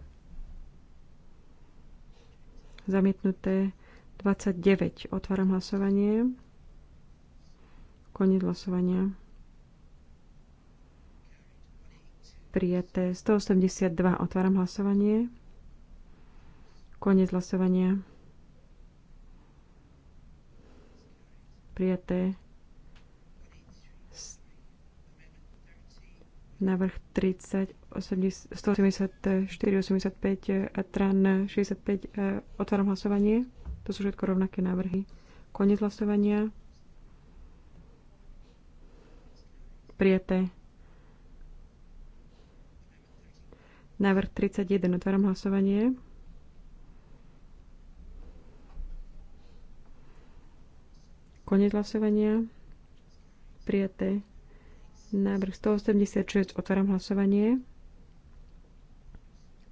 Zamietnuté 29. Otváram hlasovanie. Koniec hlasovania. Prijaté 182. Otváram hlasovanie. Koniec hlasovania. Prijaté navrh 30, 184, 85 a TRAN 65. E, e, otváram hlasovanie. To sú všetko rovnaké návrhy. Koniec hlasovania. Prijaté. Návrh 31. Otváram hlasovanie. Koniec hlasovania. Prijaté. Návrh 186. Otváram hlasovanie.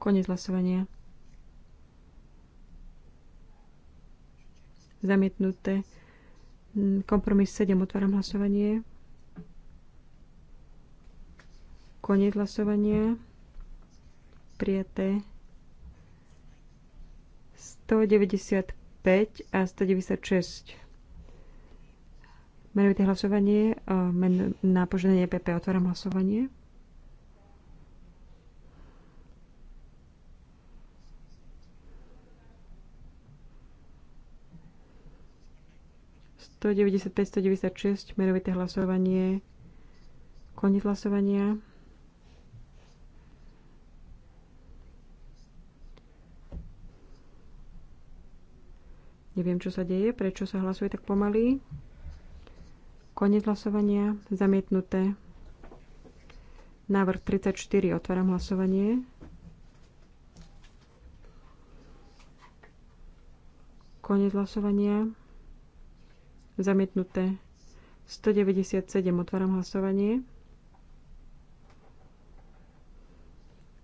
Konec hlasovania. Zamietnuté. Kompromis 7. Otváram hlasovanie. Koniec hlasovania. Prijaté. 195 a 196. Menovité hlasovanie e, na poženie PP. Otváram hlasovanie. To 95-196, merovité hlasovanie, koniec hlasovania. Neviem, čo sa deje, prečo sa hlasuje tak pomaly. Konec hlasovania. Zamietnuté. Návrh 34. Otváram hlasovanie. Konec hlasovania. Zamietnuté. 197. Otváram hlasovanie.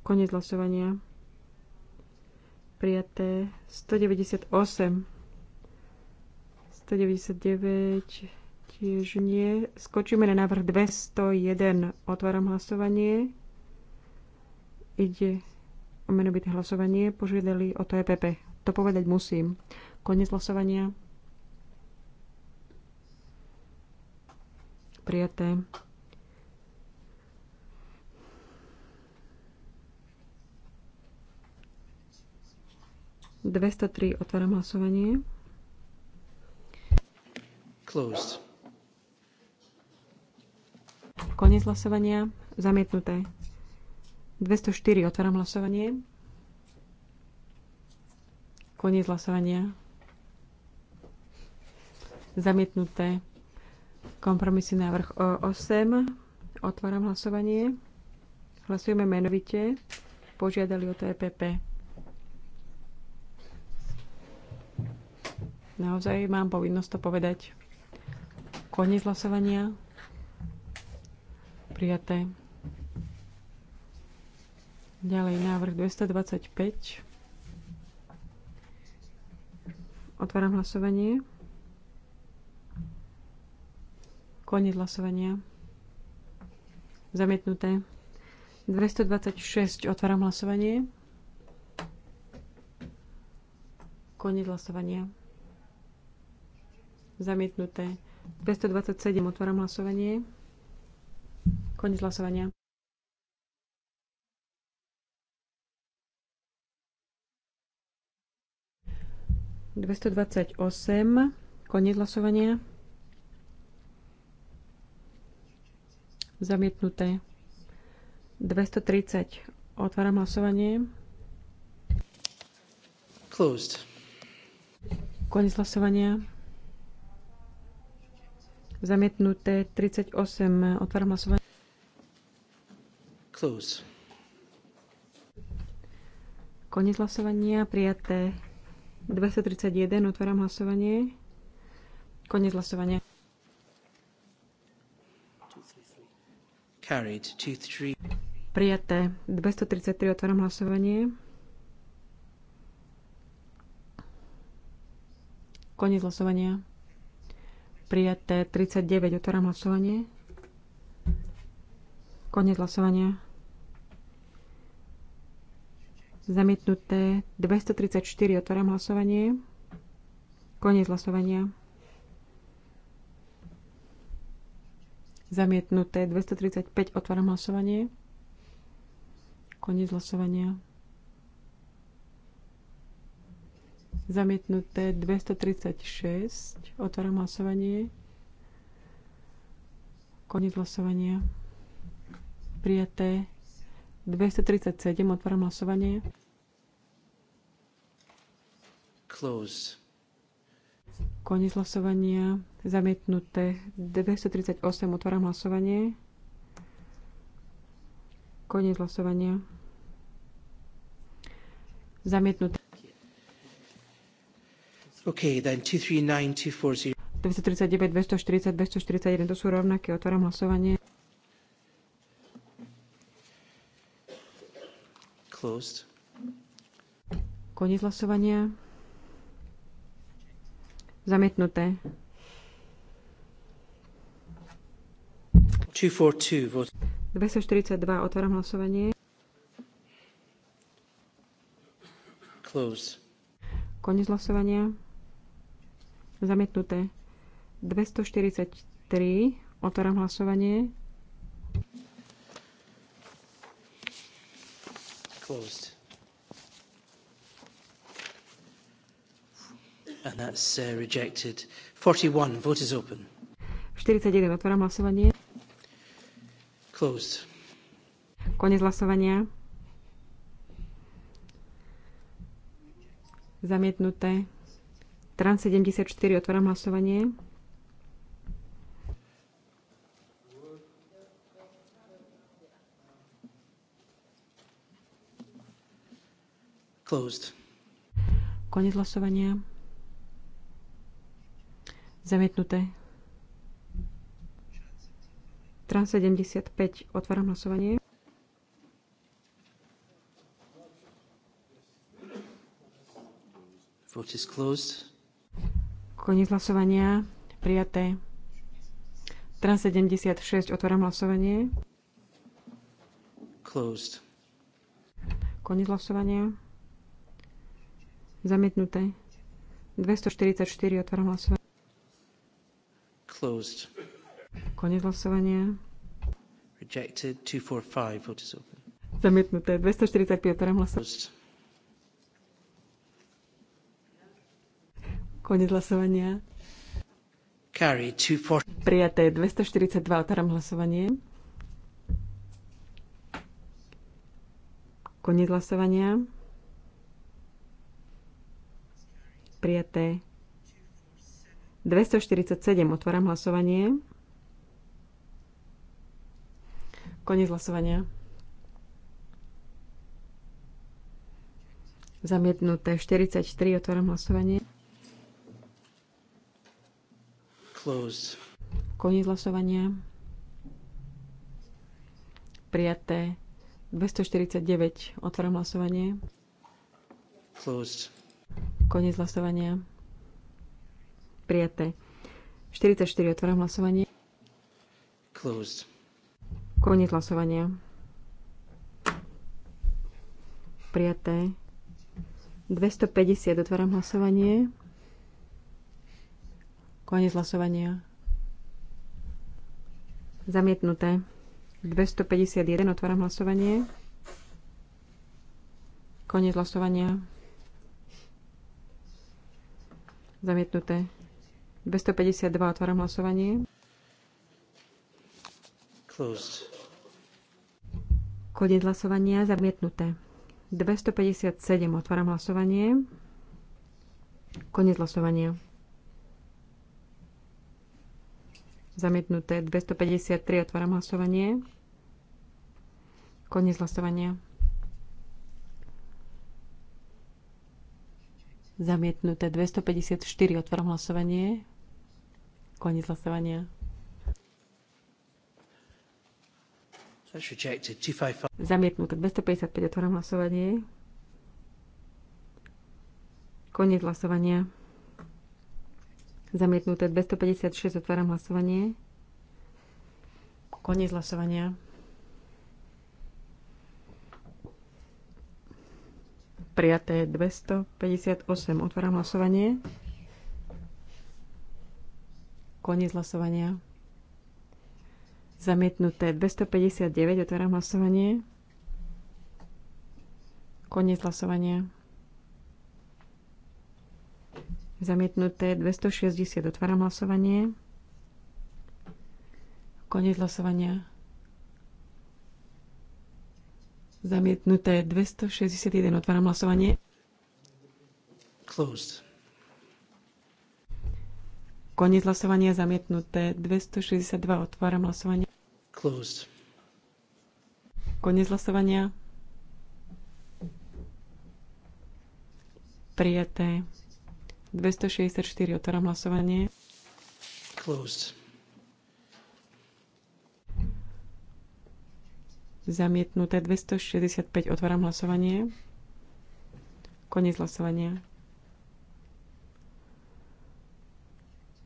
Konec hlasovania. Prijaté. 198. 199. Tiež nie. Skočíme na návrh 201. Otváram hlasovanie. Ide o menovité hlasovanie. Požiadali o to EPP. To povedať musím. Konec hlasovania. Prijaté. Dvesto tri. hlasovanie. Closed. Koniec hlasovania. Zamietnuté. 204. Otváram hlasovanie. Koniec hlasovania. Zamietnuté. Kompromisy návrh o 8. Otváram hlasovanie. Hlasujeme menovite. Požiadali o TPP. E Naozaj mám povinnosť to povedať. Koniec hlasovania prijaté. Ďalej návrh 225. Otváram hlasovanie. Koniec hlasovania. Zamietnuté. 226. Otváram hlasovanie. Koniec hlasovania. Zamietnuté. 227. Otváram hlasovanie. Koniec hlasovania. Dvesto dvadsať osem. Koniec hlasovania. Zamietnuté. tridsať Otváram hlasovanie. Closed. Koniec hlasovania. Zamietnuté osem Otváram hlasovanie close. Konec hlasovania prijaté 231. Otváram hlasovanie. Konec hlasovania. Carried, two, three. Prijaté 233. Otváram hlasovanie. Konec hlasovania. Prijaté 39. Otváram hlasovanie. Konec hlasovania. Zamietnuté 234. Otváram hlasovanie. Koniec hlasovania. Zamietnuté 235. Otváram hlasovanie. Koniec hlasovania. Zamietnuté 236. Otváram hlasovanie. Koniec hlasovania. Prijaté 237, otváram hlasovanie. Close. Koniec hlasovania. Zamietnuté 238, otváram hlasovanie. Koniec hlasovania. Zamietnuté. OK, then 239, 240. 239, 241, to sú rovnaké. Otváram hlasovanie. closed. Koniec hlasovania. Zamietnuté. 242. Otváram hlasovanie. Close. Koniec hlasovania. Zamietnuté. 243. Otváram hlasovanie. closed. And that's uh, rejected. 41, vote is open. 41, otváram hlasovanie. Closed. Konec hlasovania. Zamietnuté. Trans 74, otváram hlasovanie. closed. Konec hlasovania. Zamietnuté. Trans 75. Otváram hlasovanie. Vote is closed. Koniec hlasovania. Prijaté. Trans 76. Otváram hlasovanie. Closed. Koniec hlasovania. Zamietnuté. 244. Otváram hlasovanie. Closed. Konec hlasovania. Rejected. 245. Vote is open. Zamietnuté. 245. Otváram hlasovanie. Konec hlasovania. Carry, two, Prijaté 242. Otváram hlasovanie. Konec hlasovania. prijaté. 247. Otváram hlasovanie. Koniec hlasovania. Zamietnuté 43. Otváram hlasovanie. Closed. Koniec hlasovania. Prijaté 249. Otváram hlasovanie. Closed. Koniec hlasovania. Prijaté. 44. Otváram hlasovanie. Closed. Koniec hlasovania. Prijaté. 250. Otváram hlasovanie. Koniec hlasovania. Zamietnuté. 251. Otváram hlasovanie. Koniec hlasovania. Zamietnuté. 252. Otváram hlasovanie. Closed. Koniec hlasovania. Zamietnuté. 257. Otváram hlasovanie. Koniec hlasovania. Zamietnuté. 253. Otváram hlasovanie. Koniec hlasovania. Zamietnuté 254. otvorom hlasovanie. Koniec hlasovania. Zamietnuté 255. otvorom hlasovanie. Koniec hlasovania. Zamietnuté 256. Otváram hlasovanie. Koniec hlasovania. Prijaté 258. Otváram hlasovanie. Koniec hlasovania. Zamietnuté 259. Otváram hlasovanie. Koniec hlasovania. Zamietnuté 260. Otváram hlasovanie. Koniec hlasovania. Zamietnuté 261. Otváram hlasovanie. Closed. Koniec hlasovania zamietnuté 262. Otváram hlasovanie. Closed. Koniec hlasovania. Prijaté. 264. Otváram hlasovanie. Closed. Zamietnuté 265. Otváram hlasovanie. Koniec hlasovania.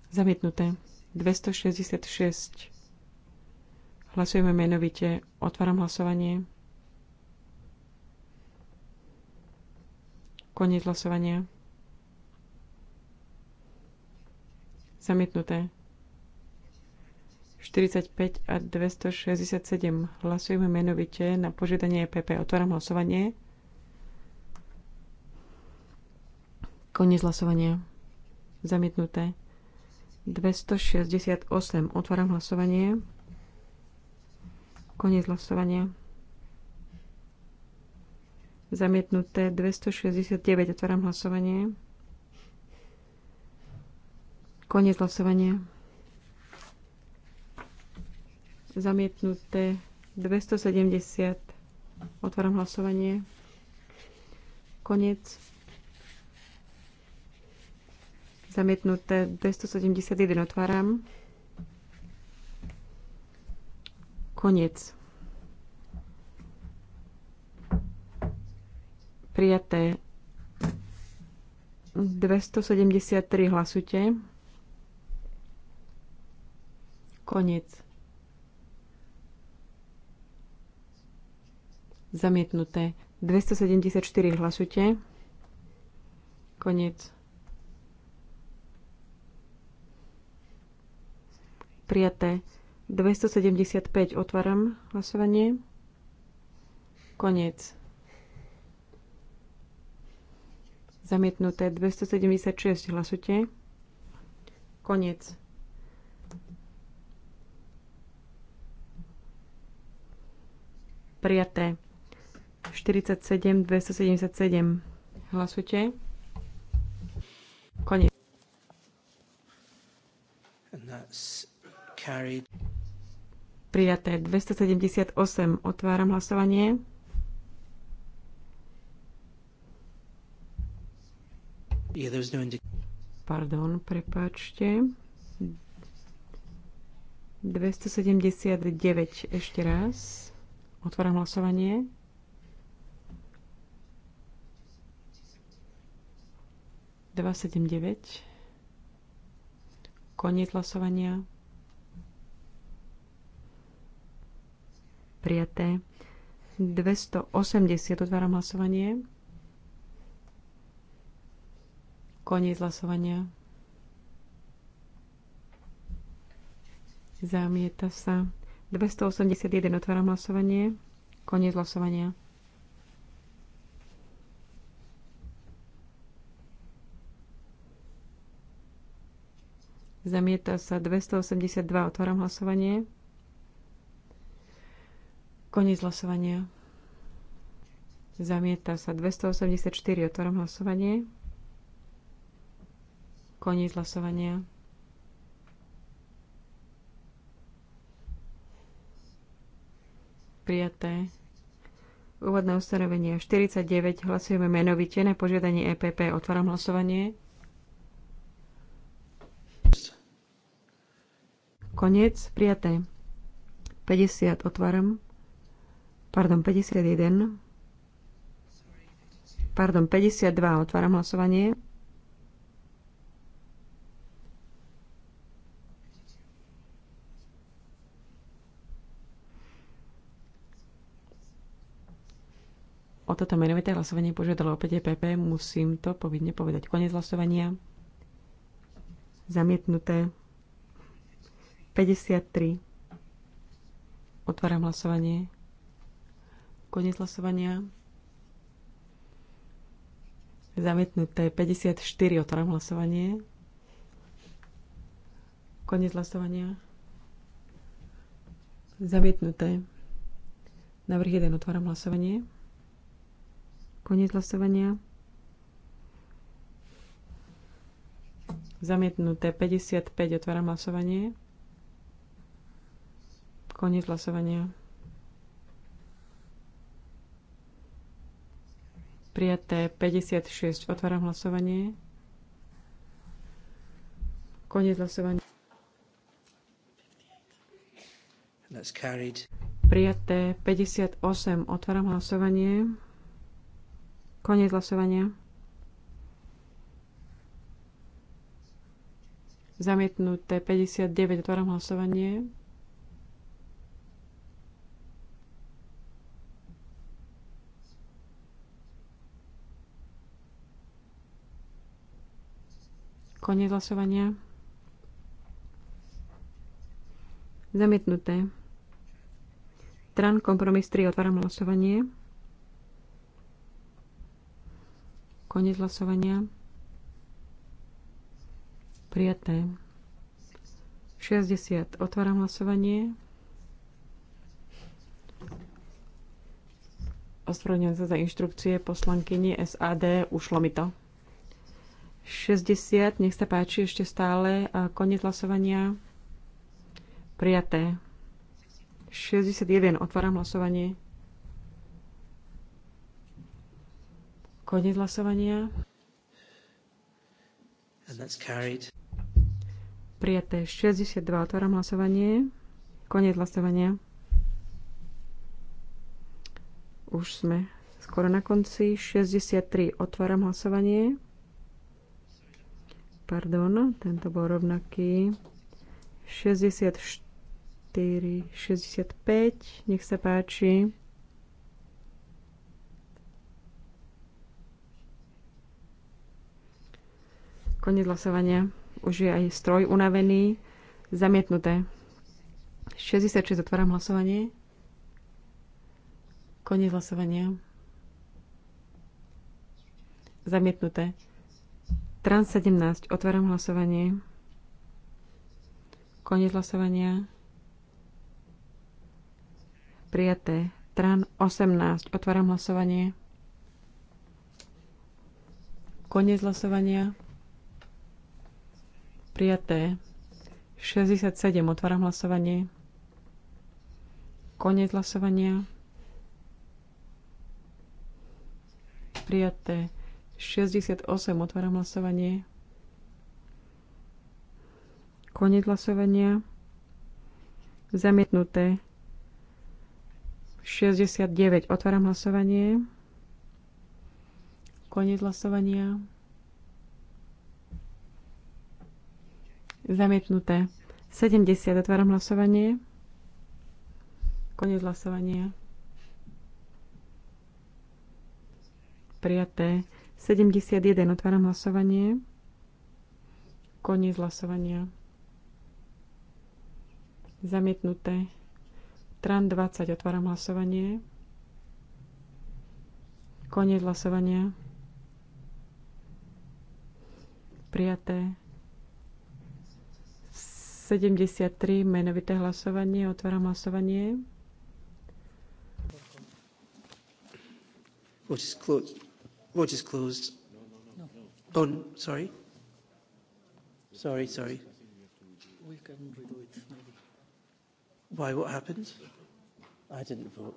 Zamietnuté 266. Hlasujeme menovite. Otváram hlasovanie. Koniec hlasovania. Zamietnuté 45 a 267. Hlasujeme menovite na požiadanie PP. E Otváram hlasovanie. Koniec hlasovania. Zamietnuté. 268. Otváram hlasovanie. Koniec hlasovania. Zamietnuté. 269. Otváram hlasovanie. Koniec hlasovania. Zamietnuté 270. Otváram hlasovanie. Konec. Zamietnuté 271. Otváram. Konec. Prijaté 273 hlasujte. Koniec. Zamietnuté. 274 hlasujte. Koniec. Prijaté. 275 otváram hlasovanie. Koniec. Zamietnuté 276 hlasujte. Koniec. Prijaté 47, 277. Hlasujte. Koniec. Prijaté 278. Otváram hlasovanie. No Pardon, prepáčte. 279 ešte raz. Otváram hlasovanie. 279. Koniec hlasovania. Prijaté. 280. Otváram hlasovanie. Koniec hlasovania. Zamieta sa. 281. Otváram hlasovanie. Koniec hlasovania. Zamieta sa 282. Otváram hlasovanie. Koniec hlasovania. Zamieta sa 284. Otváram hlasovanie. Koniec hlasovania. Prijaté. Úvodné ustanovenie 49. Hlasujeme menovite na požiadanie EPP. Otváram hlasovanie. Koniec. Prijaté. 50. Otváram. Pardon, 51. Pardon, 52. Otváram hlasovanie. O toto menovité hlasovanie požiadalo opäť EPP. Musím to povinne povedať. Konec hlasovania. Zamietnuté. 53. Otváram hlasovanie. Koniec hlasovania. Zamietnuté 54. Otváram hlasovanie. Koniec hlasovania. Zamietnuté. Navrh 1. Otváram hlasovanie. Koniec hlasovania. Zamietnuté 55. Otváram hlasovanie. Koniec hlasovania. Prijaté 56. Otváram hlasovanie. Koniec hlasovania. Prijaté 58. Otváram hlasovanie. Koniec hlasovania. Zamietnuté 59. Otváram hlasovanie. Koniec hlasovania. Zamietnuté. Tran kompromis 3. Otváram hlasovanie. Koniec hlasovania. Prijaté. 60. Otváram hlasovanie. Ospravedlňujem sa za inštrukcie poslankyni SAD. Ušlo mi to. 60, nech sa páči, ešte stále. Koniec hlasovania. Prijaté. 61, otváram hlasovanie. Koniec hlasovania. And that's carried. Prijaté 62, otváram hlasovanie. Koniec hlasovania. Už sme skoro na konci. 63, otváram hlasovanie pardon, tento bol rovnaký. 64, 65, nech sa páči. Koniec hlasovania. Už je aj stroj unavený. Zamietnuté. 66, otváram hlasovanie. Koniec hlasovania. Zamietnuté. Trans 17. Otváram hlasovanie. Koniec hlasovania. Prijaté. Tran 18. Otváram hlasovanie. Koniec hlasovania. Prijaté. 67. Otváram hlasovanie. Koniec hlasovania. Prijaté. 68. Otváram hlasovanie. Koniec hlasovania. Zamietnuté. 69. Otváram hlasovanie. Koniec hlasovania. Zamietnuté. 70. Otváram hlasovanie. Koniec hlasovania. Prijaté. 71. Otváram hlasovanie. Koniec hlasovania. Zamietnuté. Tran 20. Otváram hlasovanie. Koniec hlasovania. Prijaté. 73. Menovité hlasovanie. Otváram hlasovanie. Vote is Vote is closed. No. no, no. Oh, sorry. Sorry, sorry. We can redo it, maybe. Why, what happened? I didn't vote.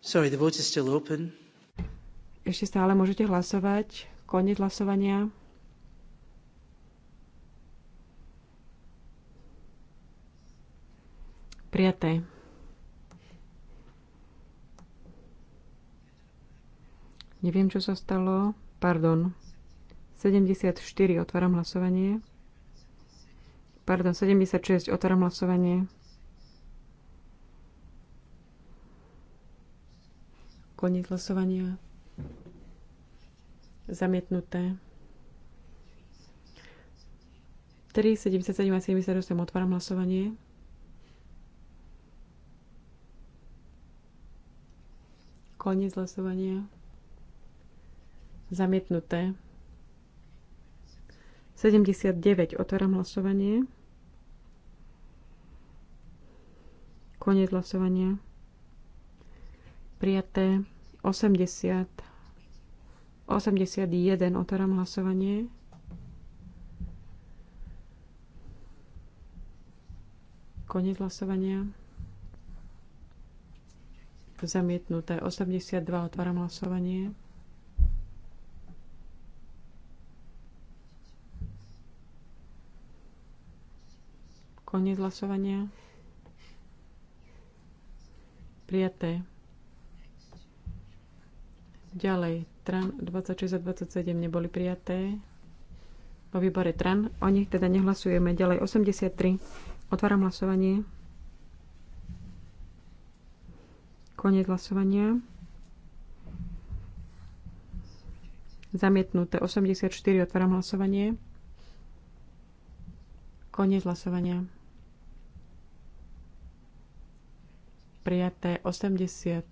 Sorry, the vote is still open. Ešte stále môžete hlasovať. Koniec hlasovania. Prijaté. Neviem, čo sa stalo. Pardon. 74. Otváram hlasovanie. Pardon, 76. Otváram hlasovanie. Koniec hlasovania. Zamietnuté. 3, 77 a 78. Otváram hlasovanie. Koniec hlasovania. Zamietnuté. 79. Otváram hlasovanie. Koniec hlasovania. Prijaté. 80. 81. Otváram hlasovanie. Koniec hlasovania. Zamietnuté. 82. Otváram hlasovanie. Koniec hlasovania. Prijaté. Ďalej, TRAN 26 a 27 neboli prijaté. Vo výbore TRAN. O nich teda nehlasujeme. Ďalej 83. Otváram hlasovanie. Koniec hlasovania. Zamietnuté 84. Otváram hlasovanie. Koniec hlasovania. Prijaté 86.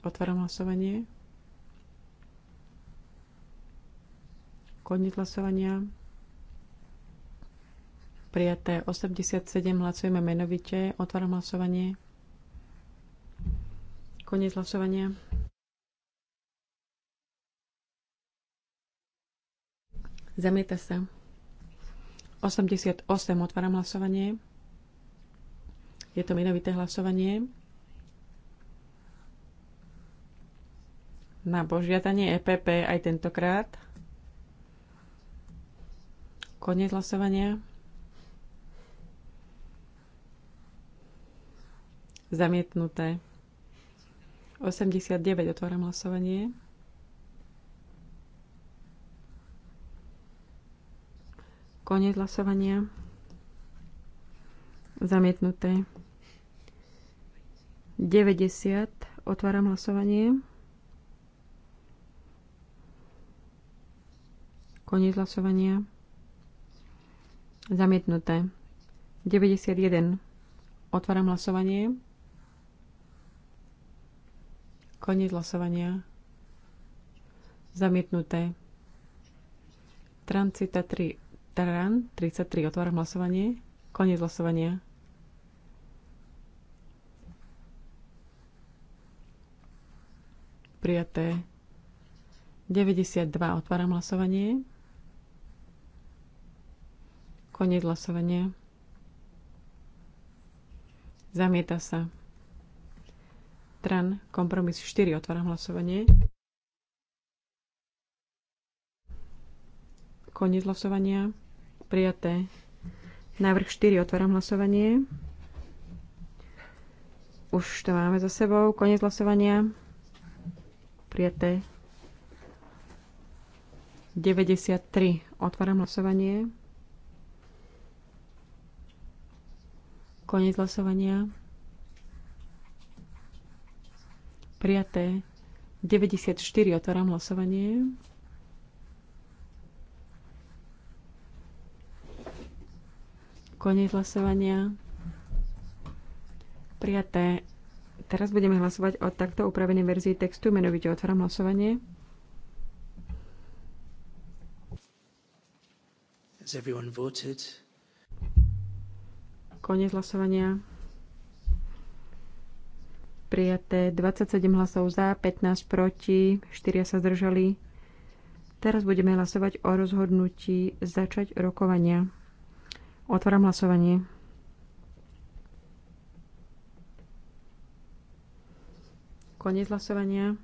Otváram hlasovanie. Koniec hlasovania. Prijaté 87. Hlasujeme menovite. Otváram hlasovanie. Koniec hlasovania. Zamieta sa. 88. Otváram hlasovanie. Je to menovité hlasovanie. Na požiadanie EPP aj tentokrát. Koniec hlasovania. Zamietnuté. 89 otváram hlasovanie. Koniec hlasovania. Zamietnuté. 90. Otváram hlasovanie. Koniec hlasovania. Zamietnuté. 91. Otváram hlasovanie. Koniec hlasovania. Zamietnuté. Transita 3. Taran 33. Otváram hlasovanie. Koniec hlasovania. Prijaté. 92. Otváram hlasovanie. Koniec hlasovania. Zamieta sa. Tran. Kompromis 4. Otváram hlasovanie. Koniec hlasovania. Prijaté. Návrh 4. Otváram hlasovanie. Už to máme za sebou. Koniec hlasovania. Prijaté. 93. Otváram hlasovanie. Koniec hlasovania. Prijaté. 94. Otváram hlasovanie. Koniec hlasovania. Prijaté. Teraz budeme hlasovať o takto upravenej verzii textu. Menovite otváram hlasovanie. Has everyone voted? Konec hlasovania. Prijaté 27 hlasov za, 15 proti, 4 sa zdržali. Teraz budeme hlasovať o rozhodnutí začať rokovania. Otváram hlasovanie. Koniec hlasovania.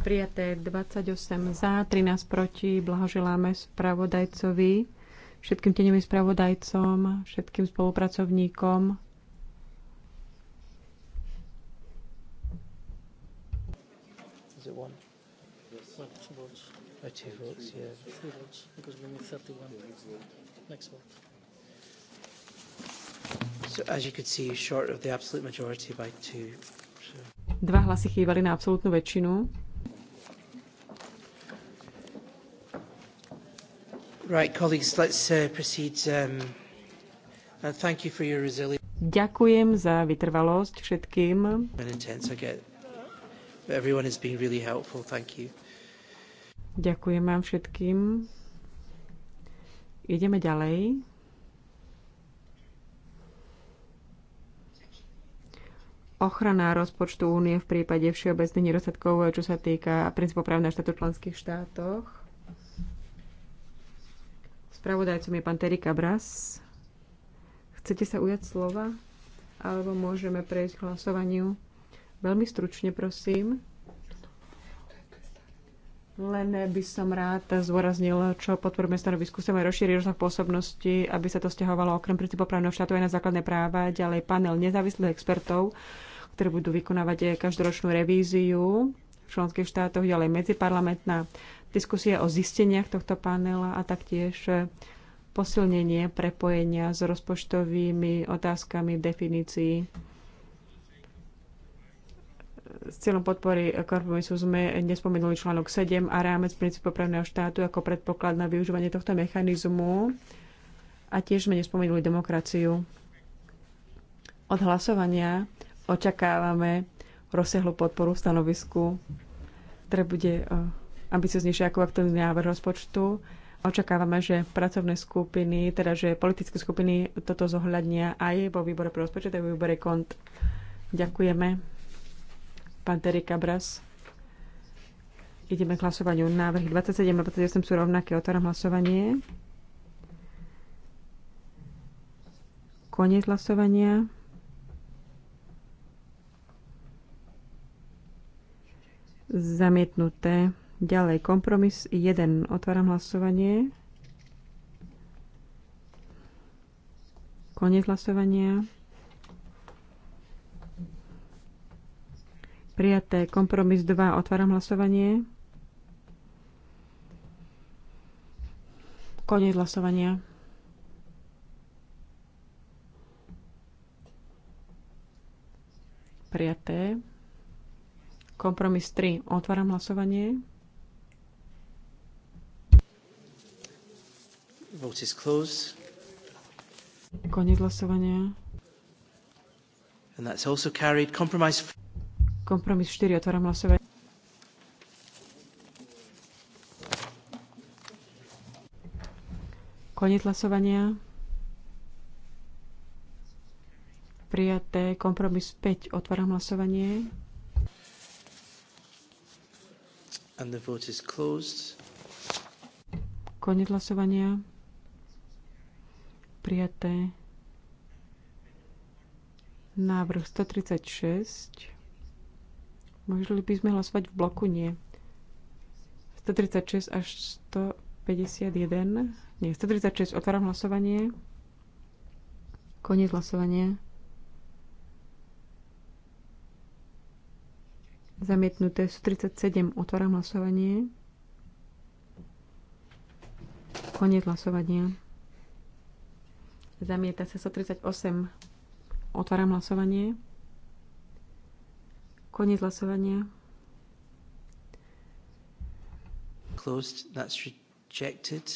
Prijaté 28 za, 13 proti. Blahoželáme spravodajcovi, všetkým tenevým spravodajcom, všetkým spolupracovníkom. Yes. Two votes, oh, yeah. Three votes, because we need 31. Next vote. So, as you could see, short of the absolute majority by two. Dva hlasy chýbali na absolútnu väčšinu. Right, colleagues, let's uh, proceed. Um, and thank you for your resilience. Ďakujem za vytrvalosť všetkým. Ďakujem vám všetkým. Ideme ďalej. Ochrana rozpočtu únie v prípade všeobecných nedostatkov, čo sa týka princípov právneho štátu v členských štátoch. Spravodajcom je pán Terry Cabras. Chcete sa ujať slova? Alebo môžeme prejsť k hlasovaniu? Veľmi stručne, prosím. Len by som rád zdôraznil, čo podporujeme stanovisku, chceme rozšíriť rozsah pôsobnosti, aby sa to stiahovalo okrem princípov právneho štátu aj na základné práva, ďalej panel nezávislých expertov, ktorí budú vykonávať každoročnú revíziu v členských štátoch, ďalej medziparlamentná diskusia o zisteniach tohto panela a taktiež posilnenie prepojenia s rozpočtovými otázkami definícií s cieľom podpory kompromisu sme nespomenuli článok 7 a rámec princípu právneho štátu ako predpoklad na využívanie tohto mechanizmu a tiež sme nespomenuli demokraciu. Od hlasovania očakávame rozsiahlu podporu v stanovisku, ktoré bude eh, ambicioznejšie ako aktuálny návrh rozpočtu. Očakávame, že pracovné skupiny, teda že politické skupiny toto zohľadnia aj vo výbore pre rozpočet a vo výbore kont. Ďakujeme. Pán Terry Cabras. Ideme k hlasovaniu. Návrhy 27 a 28 sú rovnaké. Otváram hlasovanie. Koniec hlasovania. Zamietnuté. Ďalej kompromis 1. Otváram hlasovanie. Koniec hlasovania. Prijaté. Kompromis 2. Otváram hlasovanie. Koniec hlasovania. Prijaté. Kompromis 3. Otváram hlasovanie. Vote is closed. Koniec hlasovania. And that's also carried. Compromise Kompromis 4. Otváram hlasovanie. Koniec hlasovania. Prijaté. Kompromis 5. Otváram hlasovanie. And the vote is closed. Koniec hlasovania. Prijaté. Návrh 136. Mohli by sme hlasovať v bloku? Nie. 136 až 151. Nie, 136. Otváram hlasovanie. Koniec hlasovania. Zamietnuté 137. Otváram hlasovanie. Koniec hlasovania. Zamieta sa 138. Otváram hlasovanie. Koniec hlasovania. Closed. That's rejected.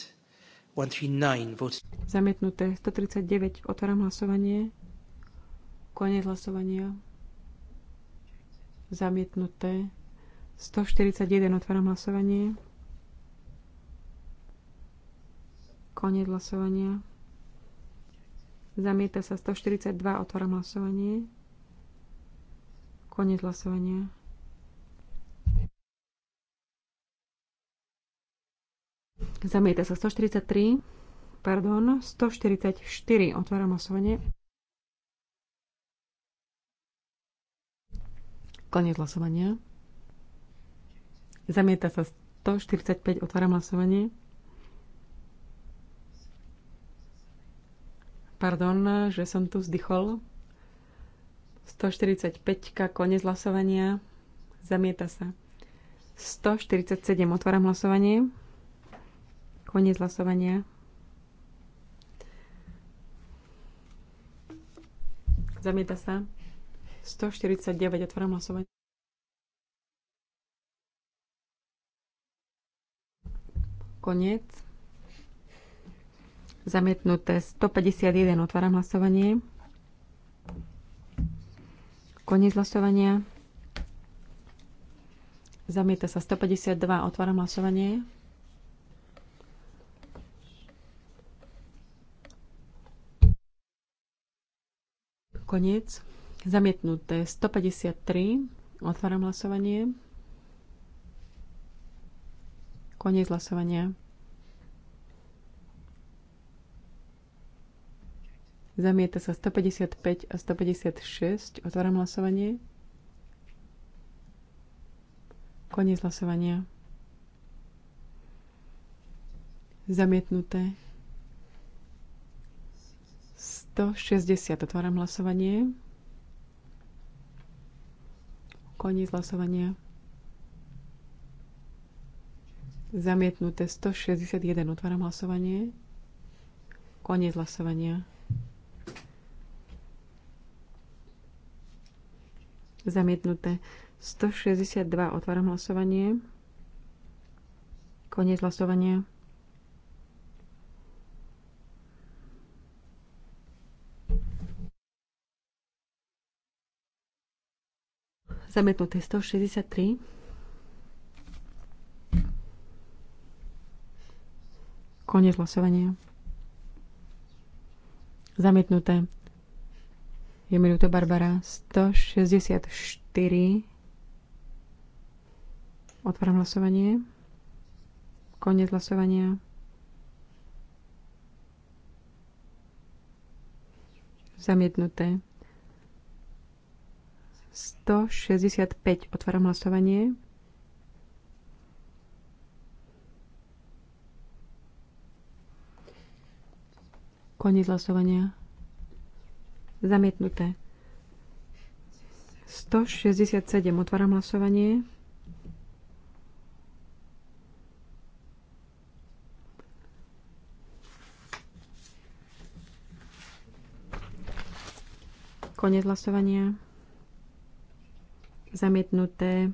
139. Voted. Zamietnuté. 139. Otváram hlasovanie. Koniec hlasovania. Zamietnuté. 141. Otváram hlasovanie. Koniec hlasovania. Zamieta sa 142. Otváram hlasovanie. Koniec hlasovania. Zamieta sa 143, pardon, 144. Otváram hlasovanie. Koniec hlasovania. Zamieta sa 145. Otváram hlasovanie. Pardon, že som tu vzdychol. 145, konec hlasovania, zamieta sa. 147, otváram hlasovanie, konec hlasovania. Zamieta sa. 149, otváram hlasovanie. Koniec. Zamietnuté 151, otváram hlasovanie. Koniec hlasovania. Zamieta sa 152. Otváram hlasovanie. Koniec. Zamietnuté 153. Otváram hlasovanie. Koniec hlasovania. Zamieta sa 155 a 156. Otváram hlasovanie. Koniec hlasovania. Zamietnuté. 160. Otváram hlasovanie. Koniec hlasovania. Zamietnuté 161. Otváram hlasovanie. Koniec hlasovania. Zamietnuté. 162. Otváram hlasovanie. Koniec hlasovania. Zamietnuté 163. Koniec hlasovania. Zamietnuté je mi ľúto, Barbara. 164. Otváram hlasovanie. Koniec hlasovania. Zamietnuté. 165. Otváram hlasovanie. Koniec hlasovania. Zamietnuté. 167. Otváram hlasovanie. Konec hlasovania. Zamietnuté.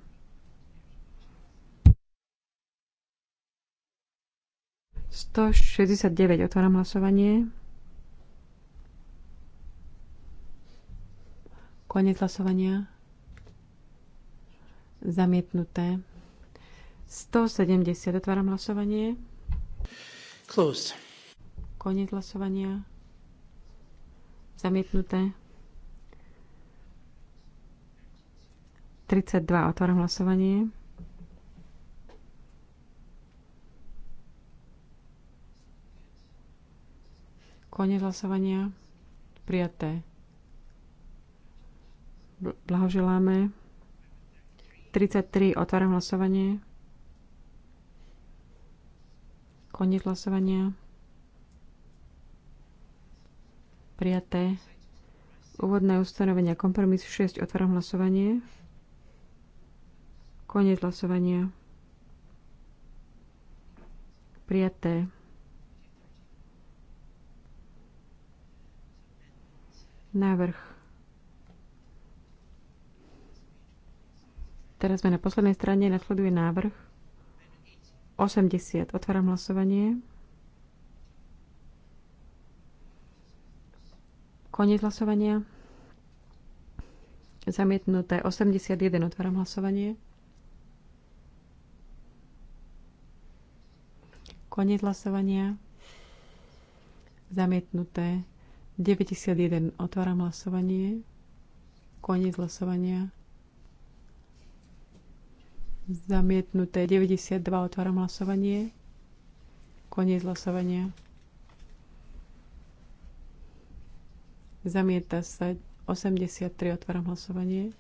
Sto šesťdesiat deväť. Otváram hlasovanie. Koniec hlasovania. Zamietnuté. 170. Otváram hlasovanie. Closed. Koniec hlasovania. Zamietnuté. 32. Otváram hlasovanie. Koniec hlasovania. Prijaté. Blahoželáme. 33. Otváram hlasovanie. Koniec hlasovania. Prijaté. Úvodné ustanovenia. Kompromis 6. Otváram hlasovanie. Koniec hlasovania. Prijaté. Návrh Teraz sme na poslednej strane, nasleduje návrh 80. Otváram hlasovanie. Koniec hlasovania. Zamietnuté 81. Otváram hlasovanie. Koniec hlasovania. Zamietnuté 91. Otváram hlasovanie. Koniec hlasovania. Zamietnuté 92. Otváram hlasovanie. Koniec hlasovania. Zamieta sa 83. Otváram hlasovanie.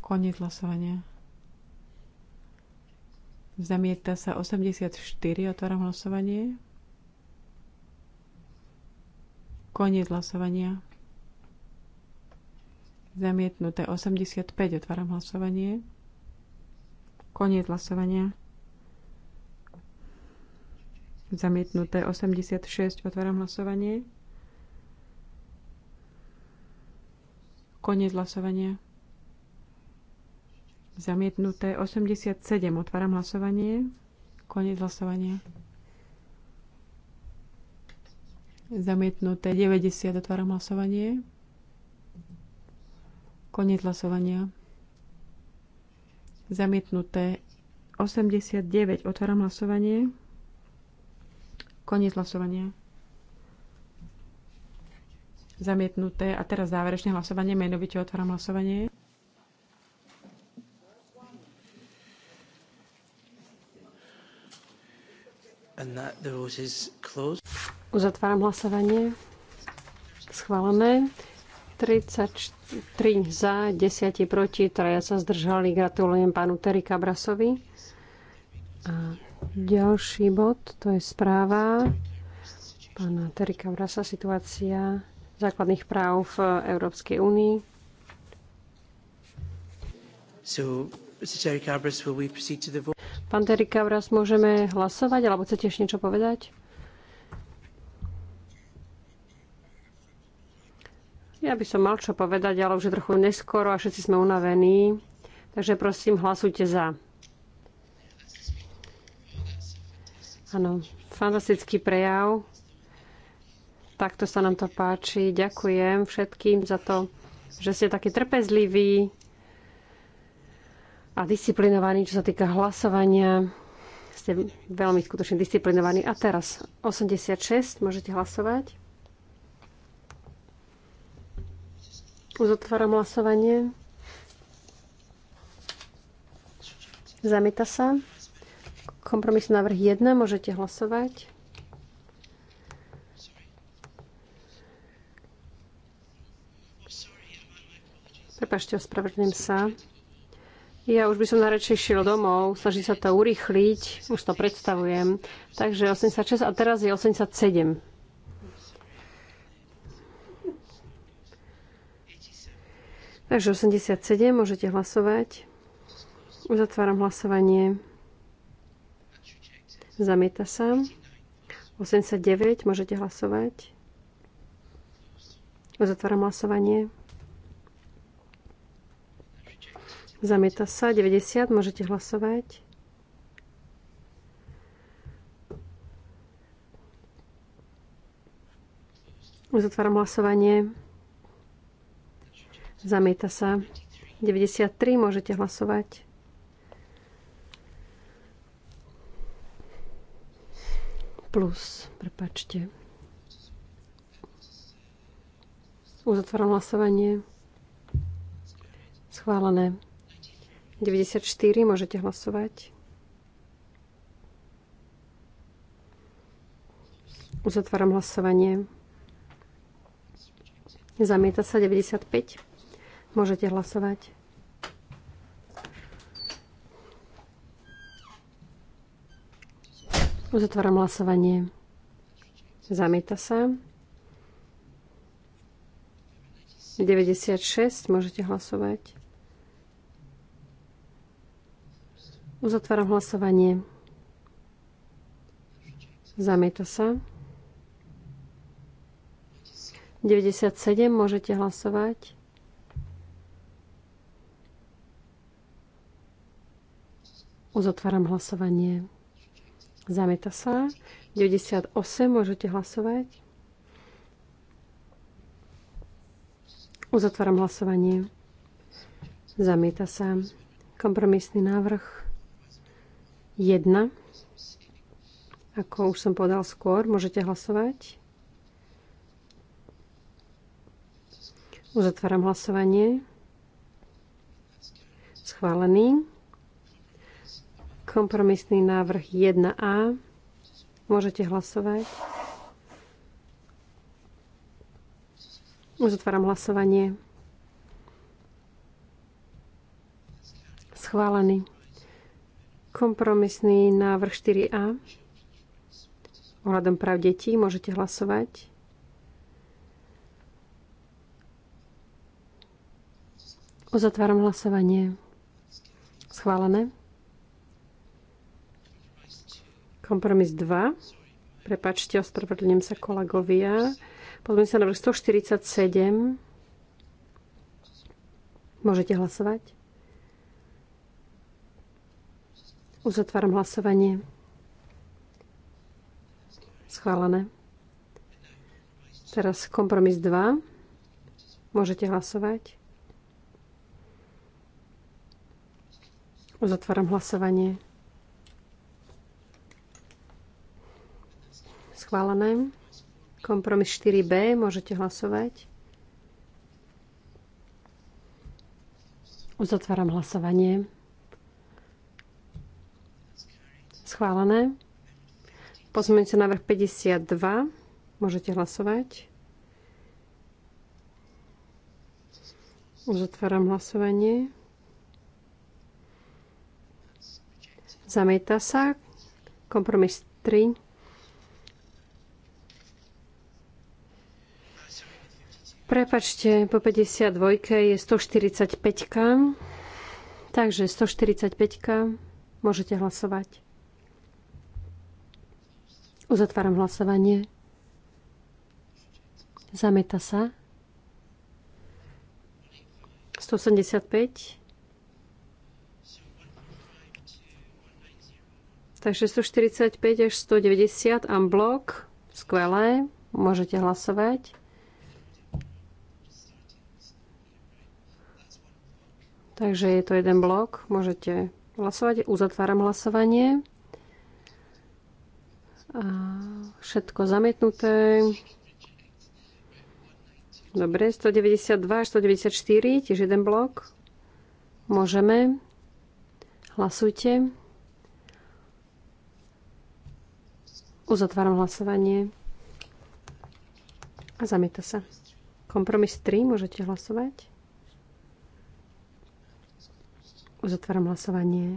Koniec hlasovania. Zamieta sa 84. Otváram hlasovanie. Koniec hlasovania. Zamietnuté 85. Otváram hlasovanie. Koniec hlasovania. Zamietnuté 86. Otváram hlasovanie. Koniec hlasovania. Zamietnuté 87. Otváram hlasovanie. Koniec hlasovania. Zamietnuté 90. Otváram hlasovanie. Koniec hlasovania. Zamietnuté 89. Otváram hlasovanie. Koniec hlasovania. Zamietnuté. A teraz záverečné hlasovanie. Menovite otváram hlasovanie. Uzatváram hlasovanie. Schválené. 33 za, 10 proti, traja sa zdržali. Gratulujem pánu Terika Brasovi. A ďalší bod, to je správa pána Terika Brasa, situácia základných práv v Európskej únii. Pán Terika Bras, môžeme hlasovať, alebo chcete ešte niečo povedať? Ja by som mal čo povedať, ale už je trochu neskoro a všetci sme unavení. Takže prosím, hlasujte za. Áno, fantastický prejav. Takto sa nám to páči. Ďakujem všetkým za to, že ste takí trpezliví a disciplinovaní, čo sa týka hlasovania. Ste veľmi skutočne disciplinovaní. A teraz 86, môžete hlasovať. Uzatváram hlasovanie. Zamieta sa. Kompromis návrh 1. Môžete hlasovať. Prepašte, ospravedlňujem sa. Ja už by som najradšej šiel domov, snaží sa to urýchliť, už to predstavujem. Takže 86 a teraz je 87. Takže 87, môžete hlasovať. Uzatváram hlasovanie. Zamieta sa. 89, môžete hlasovať. Uzatváram hlasovanie. Zamieta sa. 90, môžete hlasovať. Uzatváram hlasovanie. Zamieta sa. 93, môžete hlasovať. Plus, prepačte. Uzatváram hlasovanie. Schválené. 94, môžete hlasovať. Uzatváram hlasovanie. Zamieta sa 95. Môžete hlasovať. Uzatváram hlasovanie. Zamieta sa. 96, môžete hlasovať. Uzatváram hlasovanie. Zamieta sa. 97, môžete hlasovať. Uzatváram hlasovanie. Zamieta sa. 98, môžete hlasovať. Uzatváram hlasovanie. Zamieta sa. Kompromisný návrh 1. Ako už som podal skôr, môžete hlasovať. Uzatváram hlasovanie. Schválený. Kompromisný návrh 1A. Môžete hlasovať. Uzatváram hlasovanie. Schválený. Kompromisný návrh 4A. Ohľadom práv detí môžete hlasovať. Uzatváram hlasovanie. Schválené. Kompromis 2. Prepačte, ospravedlňujem sa kolegovia. Pozrieme sa na vrch 147. Môžete hlasovať. Uzatváram hlasovanie. Schválené. Teraz kompromis 2. Môžete hlasovať. Uzatváram hlasovanie. schválené. Kompromis 4B, môžete hlasovať. Uzatváram hlasovanie. Schválené. Pozmeňujúci návrh 52. Môžete hlasovať. Uzatváram hlasovanie. Zamieta sa. Kompromis 3. Prepačte, po 52 je 145. Takže 145 môžete hlasovať. Uzatváram hlasovanie. Zameta sa. 185. Takže 145 až 190 unblock. Skvelé. Môžete hlasovať. Takže je to jeden blok. Môžete hlasovať. Uzatváram hlasovanie. A všetko zamietnuté. Dobre, 192 až 194, tiež jeden blok. Môžeme. Hlasujte. Uzatváram hlasovanie. A zamieta sa. Kompromis 3, môžete hlasovať. Uzatváram hlasovanie.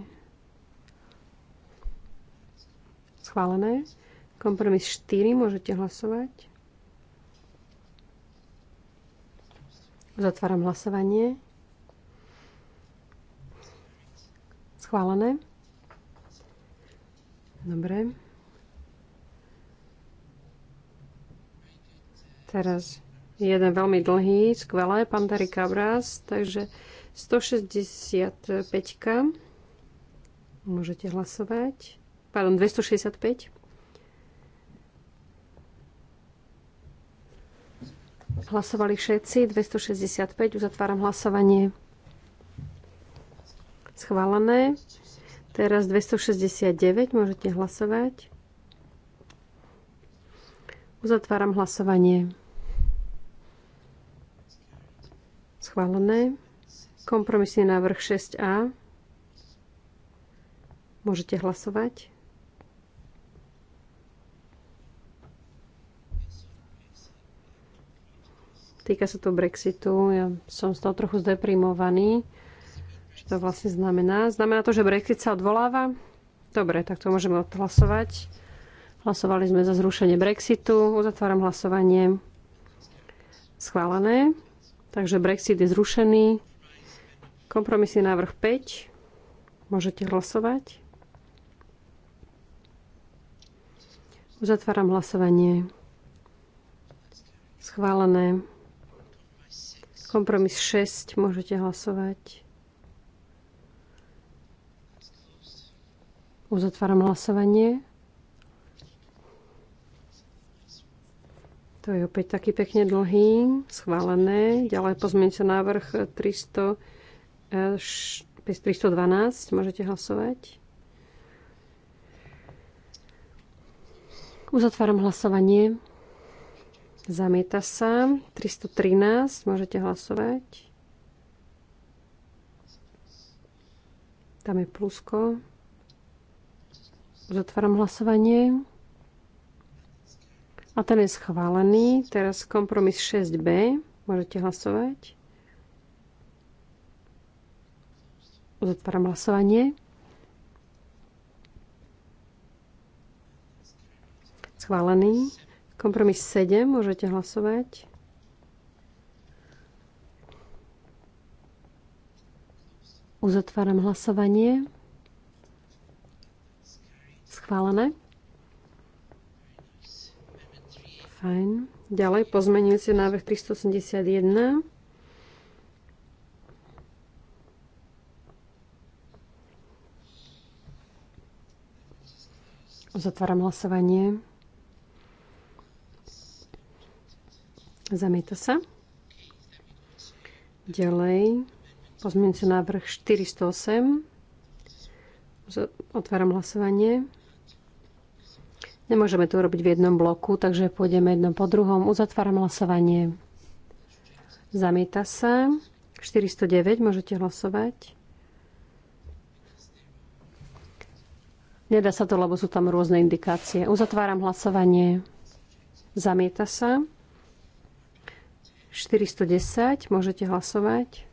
Schválené. Kompromis 4 môžete hlasovať. Zatváram hlasovanie. Schválené. Dobre. Teraz jeden veľmi dlhý, skvelé, Pantery Cabras, takže 165. Môžete hlasovať. Pardon, 265. Hlasovali všetci. 265. Uzatváram hlasovanie. Schválené. Teraz 269. Môžete hlasovať. Uzatváram hlasovanie. Schválené. Kompromisný návrh 6a. Môžete hlasovať. Týka sa to Brexitu. Ja som z toho trochu zdeprimovaný. Čo to vlastne znamená? Znamená to, že Brexit sa odvoláva? Dobre, tak to môžeme odhlasovať. Hlasovali sme za zrušenie Brexitu. Uzatváram hlasovanie. Schválené. Takže Brexit je zrušený. Kompromisný návrh 5. Môžete hlasovať. Uzatváram hlasovanie. Schválené. Kompromis 6. Môžete hlasovať. Uzatváram hlasovanie. To je opäť taký pekne dlhý, schválené. Ďalej pozmeňte návrh 300. 312, môžete hlasovať. Uzatváram hlasovanie. Zamieta sa. 313, môžete hlasovať. Tam je plusko. Uzatváram hlasovanie. A ten je schválený. Teraz kompromis 6b. Môžete hlasovať. Uzatváram hlasovanie. Schválený. Kompromis 7, môžete hlasovať. Uzatváram hlasovanie. Schválené. Fajn. Ďalej si návrh 381. Uzatváram hlasovanie. Zamieta sa. Ďalej. Pozmienujúci návrh 408. Otváram hlasovanie. Nemôžeme to urobiť v jednom bloku, takže pôjdeme jedno po druhom. Uzatváram hlasovanie. Zamieta sa. 409. Môžete hlasovať. Nedá sa to, lebo sú tam rôzne indikácie. Uzatváram hlasovanie. Zamieta sa. 410, môžete hlasovať.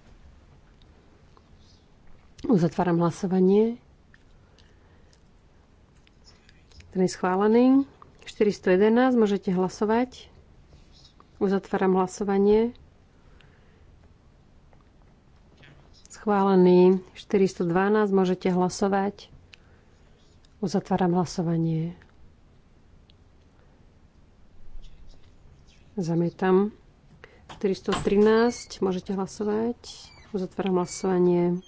Uzatváram hlasovanie. Ten je schválený. 411, môžete hlasovať. Uzatváram hlasovanie. Schválený. 412, môžete hlasovať. Uzatváram hlasovanie. Zamietam. 413. Môžete hlasovať. Uzatváram hlasovanie.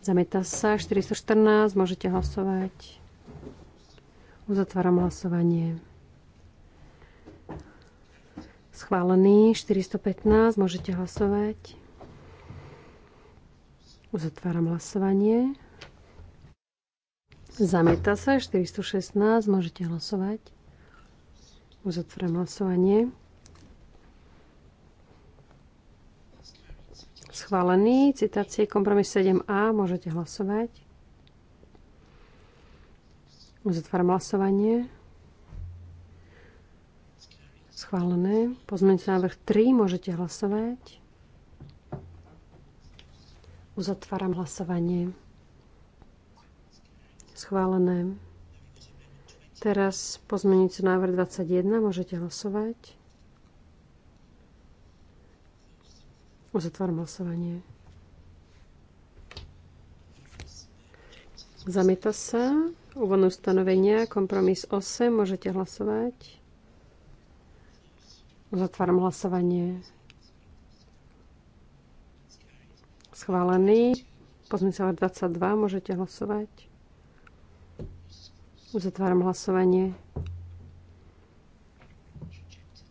Zamieta sa. 414. Môžete hlasovať. Uzatváram hlasovanie. Schválený. 415. Môžete hlasovať. Uzatváram hlasovanie. Zamieta sa 416, môžete hlasovať. Uzatvorím hlasovanie. Schválený. Citácie kompromis 7a. Môžete hlasovať. Uzatváram hlasovanie. Schválené. Pozmeňte návrh 3. Môžete hlasovať. Uzatváram hlasovanie schválené. Teraz pozmeňujúci návrh 21, môžete hlasovať. Uzatváram hlasovanie. Zamieta sa. Úvodné ustanovenia, kompromis 8, môžete hlasovať. Uzatváram hlasovanie. Schválený. Pozmeňujúci návrh 22, môžete hlasovať. Uzatváram hlasovanie.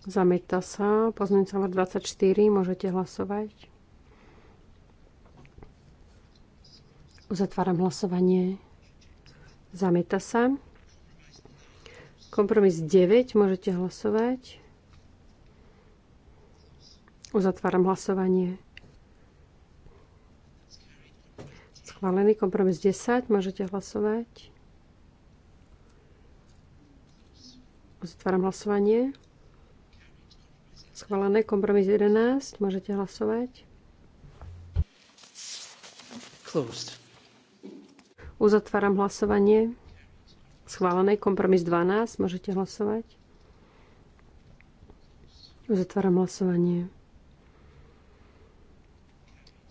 Zamieta sa. Pozmeňujúci sa 24. Môžete hlasovať. Uzatváram hlasovanie. Zamieta sa. Kompromis 9. Môžete hlasovať. Uzatváram hlasovanie. Schválený kompromis 10. Môžete hlasovať. Zatváram hlasovanie. Schválené. Kompromis 11. Môžete hlasovať. Closed. Uzatváram hlasovanie. Schválené. Kompromis 12. Môžete hlasovať. Uzatváram hlasovanie.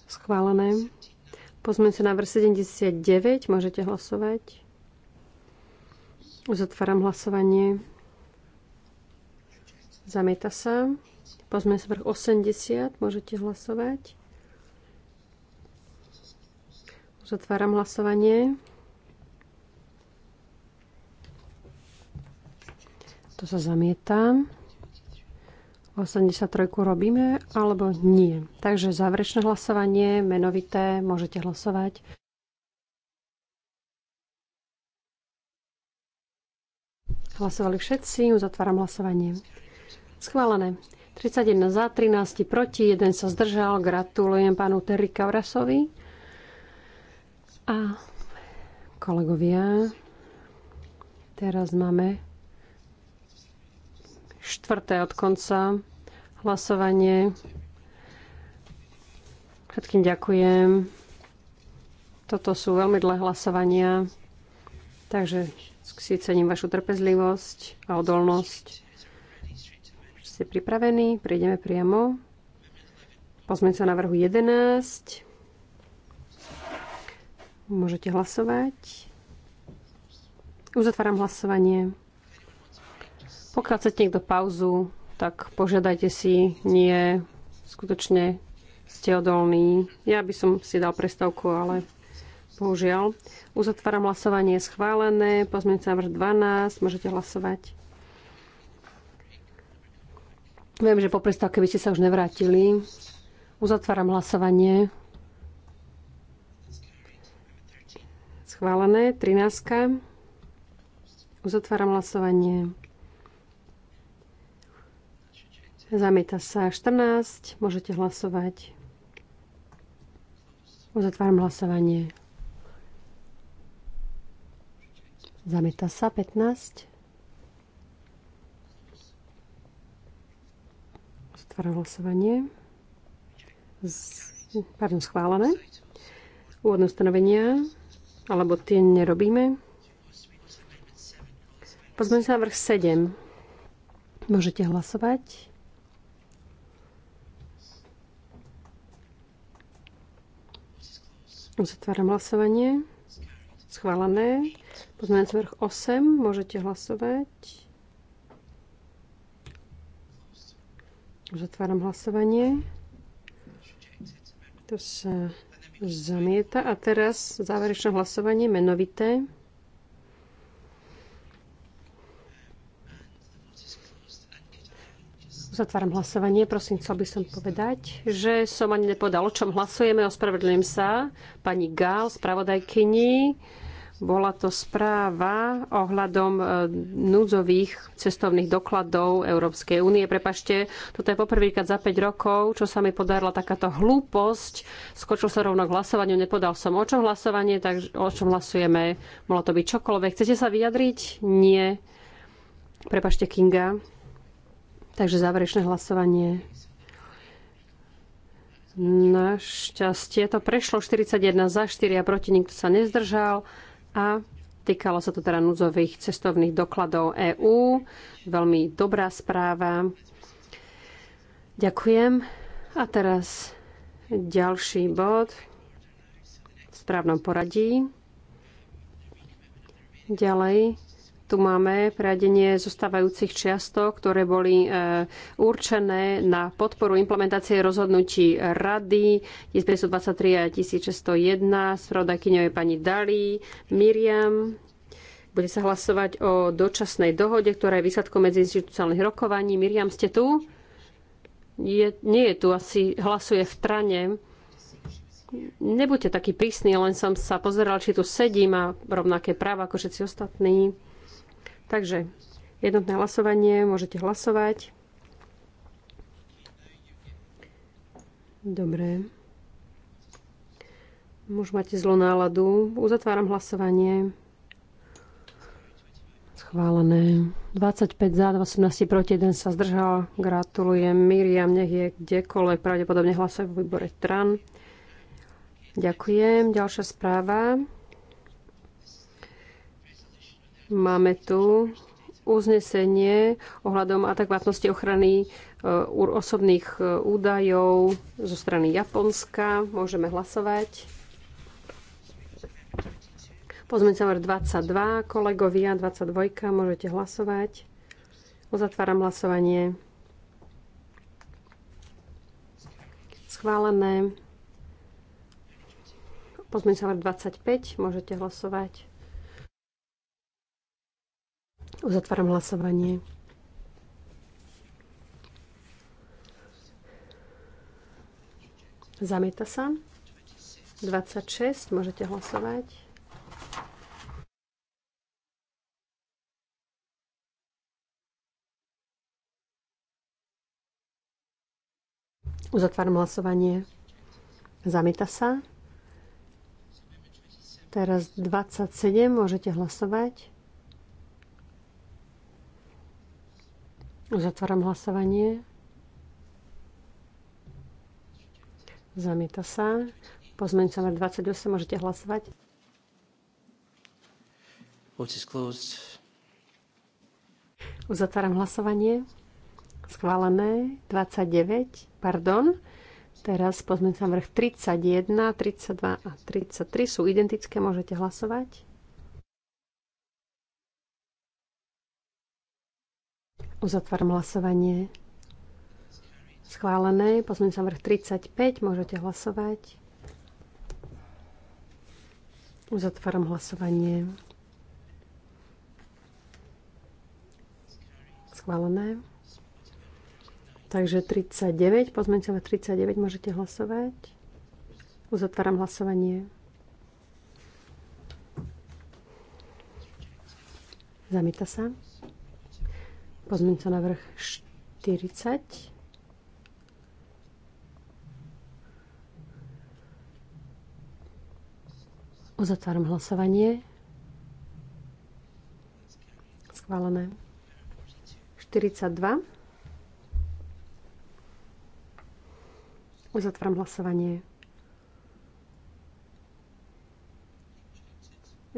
Schválené. na návrh 79. Môžete hlasovať. Uzatváram hlasovanie. Zamieta sa. Pozme vrch 80. Môžete hlasovať. Zatváram hlasovanie. To sa zamieta. 83 robíme alebo nie. Takže záverečné hlasovanie, menovité, môžete hlasovať. Hlasovali všetci, uzatváram hlasovanie. Schválené. 31 za, 13 proti, 1 sa zdržal. Gratulujem pánu Terry Kavrasovi. A kolegovia, teraz máme štvrté od konca hlasovanie. Všetkým ďakujem. Toto sú veľmi dlhé hlasovania, takže si cením vašu trpezlivosť a odolnosť ste pripravení? Prejdeme priamo. Pozme sa vrhu 11. Môžete hlasovať. Uzatváram hlasovanie. Pokiaľ chcete niekto pauzu, tak požiadajte si, nie, skutočne ste odolní. Ja by som si dal prestavku, ale bohužiaľ. Uzatváram hlasovanie schválené, pozmeňte vrch 12, môžete hlasovať. Viem, že po prestávke by ste sa už nevrátili. Uzatváram hlasovanie. Schválené. 13. Uzatváram hlasovanie. Zamieta sa 14. Môžete hlasovať. Uzatváram hlasovanie. Zamieta sa 15. prehlasovanie. hlasovanie. pardon, schválené. Úvodné stanovenia, alebo tie nerobíme. Pozmeň sa vrch 7. Môžete hlasovať. Zatváram hlasovanie. Schválené. Pozmeňujúci vrch 8. Môžete hlasovať. otváram hlasovanie. To sa zamieta. A teraz záverečné hlasovanie, menovité. Zatváram hlasovanie. Prosím, chcel by som povedať, že som ani nepovedal, o čom hlasujeme. Ospravedlňujem sa pani Gál, spravodajkyni. Bola to správa ohľadom e, núdzových cestovných dokladov Európskej únie. Prepašte, toto je poprvýkrát za 5 rokov, čo sa mi podarila takáto hlúposť. Skočil sa rovno k hlasovaniu, nepodal som o čo hlasovanie, takže o čom hlasujeme. Mohlo to byť čokoľvek. Chcete sa vyjadriť? Nie. Prepašte, Kinga. Takže záverečné hlasovanie. Našťastie to prešlo 41 za 4 a proti nikto sa nezdržal a týkalo sa to teda núdzových cestovných dokladov EÚ. Veľmi dobrá správa. Ďakujem. A teraz ďalší bod v správnom poradí. Ďalej tu máme priadenie zostávajúcich čiastok, ktoré boli e, určené na podporu implementácie rozhodnutí Rady 1523 a 1601. Spravodajkyňou je pani Dali, Miriam. Bude sa hlasovať o dočasnej dohode, ktorá je výsledkom medziinstitucionálnych rokovaní. Miriam, ste tu? Je, nie je tu, asi hlasuje v Trane. Nebuďte taký prísny, len som sa pozeral, či tu sedím a rovnaké práva ako všetci ostatní. Takže jednotné hlasovanie, môžete hlasovať. Dobre. Už máte zlú náladu. Uzatváram hlasovanie. Schválené. 25 za, 18 proti, 1 sa zdržal. Gratulujem Miriam, nech je kdekoľvek. Pravdepodobne hlasuje v výbore TRAN. Ďakujem. Ďalšia správa. Máme tu uznesenie ohľadom adekvátnosti ochrany e, osobných e, údajov zo strany Japonska. Môžeme hlasovať. Pozmeň sa 22, kolegovia, 22, môžete hlasovať. Uzatváram hlasovanie. Schválené. Pozmeň sa 25, môžete hlasovať. Uzatváram hlasovanie. Zamieta sa. 26, môžete hlasovať. Uzatváram hlasovanie. Zamieta sa. Teraz 27, môžete hlasovať. Zatváram hlasovanie. Zamieta sa. sa návrh 28, môžete hlasovať. Vote is closed. Uzatváram hlasovanie. Schválené 29, pardon. Teraz sa vrch 31, 32 a 33 sú identické, môžete hlasovať. Uzatváram hlasovanie. Schválené. Pozmeň sa vrch 35. Môžete hlasovať. Uzatváram hlasovanie. Schválené. Takže 39, vrch 39, môžete hlasovať. Uzatváram hlasovanie. Zamýta sa. Pozmeň sa na vrch 40. Uzatváram hlasovanie. Schválené. 42. Uzatváram hlasovanie.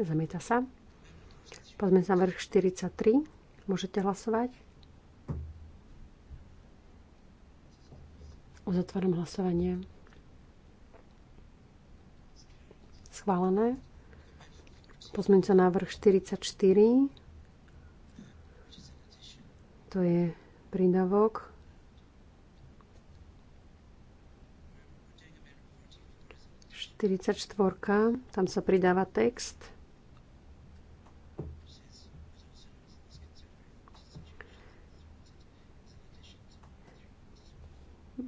Zamieta sa. Pozme sa na vrch 43. Môžete hlasovať. Uzatváram hlasovanie. Schválené. Pozmeňte návrh 44. To je prídavok. Štyridsaťštvorka, tam sa pridáva text.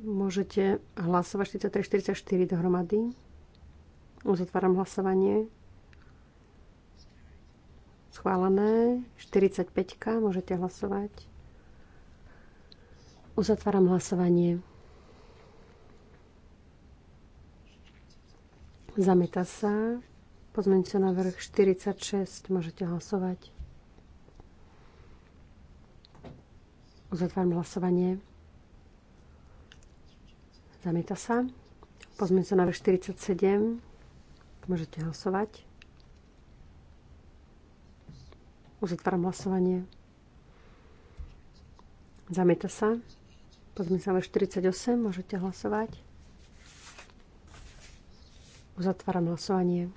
Môžete hlasovať 43-44 dohromady. Uzatváram hlasovanie. Schválené. 45 môžete hlasovať. Uzatváram hlasovanie. Zamieta sa. Pozmeňte sa na vrch 46. Môžete hlasovať. Uzatváram hlasovanie. Zamieta sa. Pozmeň sa na 47. Môžete hlasovať. Uzatváram hlasovanie. Zamieta sa. Pozmeň sa na 48. Môžete hlasovať. Uzatváram hlasovanie.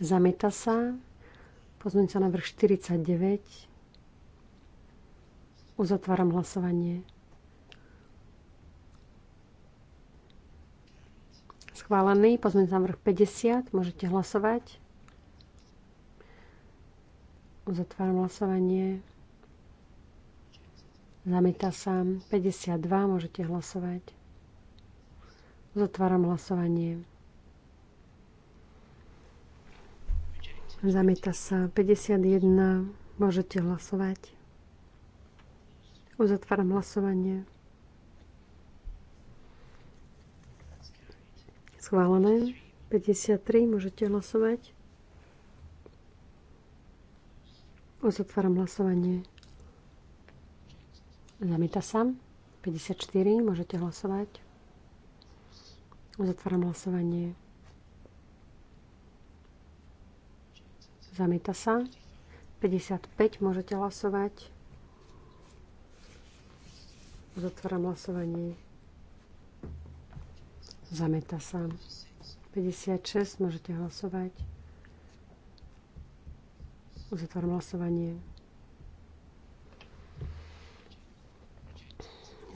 Zamieta sa. Pozmeň sa na vrch 49. Uzatváram hlasovanie. Schválený sa vrch 50. Môžete hlasovať. Uzatváram hlasovanie. Zamieta sa. 52. Môžete hlasovať. Uzatváram hlasovanie. Zamieta sa. 51. Môžete hlasovať. Uzatváram hlasovanie. Schválené. 53. Môžete hlasovať. Uzatváram hlasovanie. Zamieta sa. 54. Môžete hlasovať. Uzatváram hlasovanie. Zamieta sa. 55. Môžete hlasovať. Uzatváram hlasovanie. Zameta sa. 56. Môžete hlasovať. Uzatváram hlasovanie.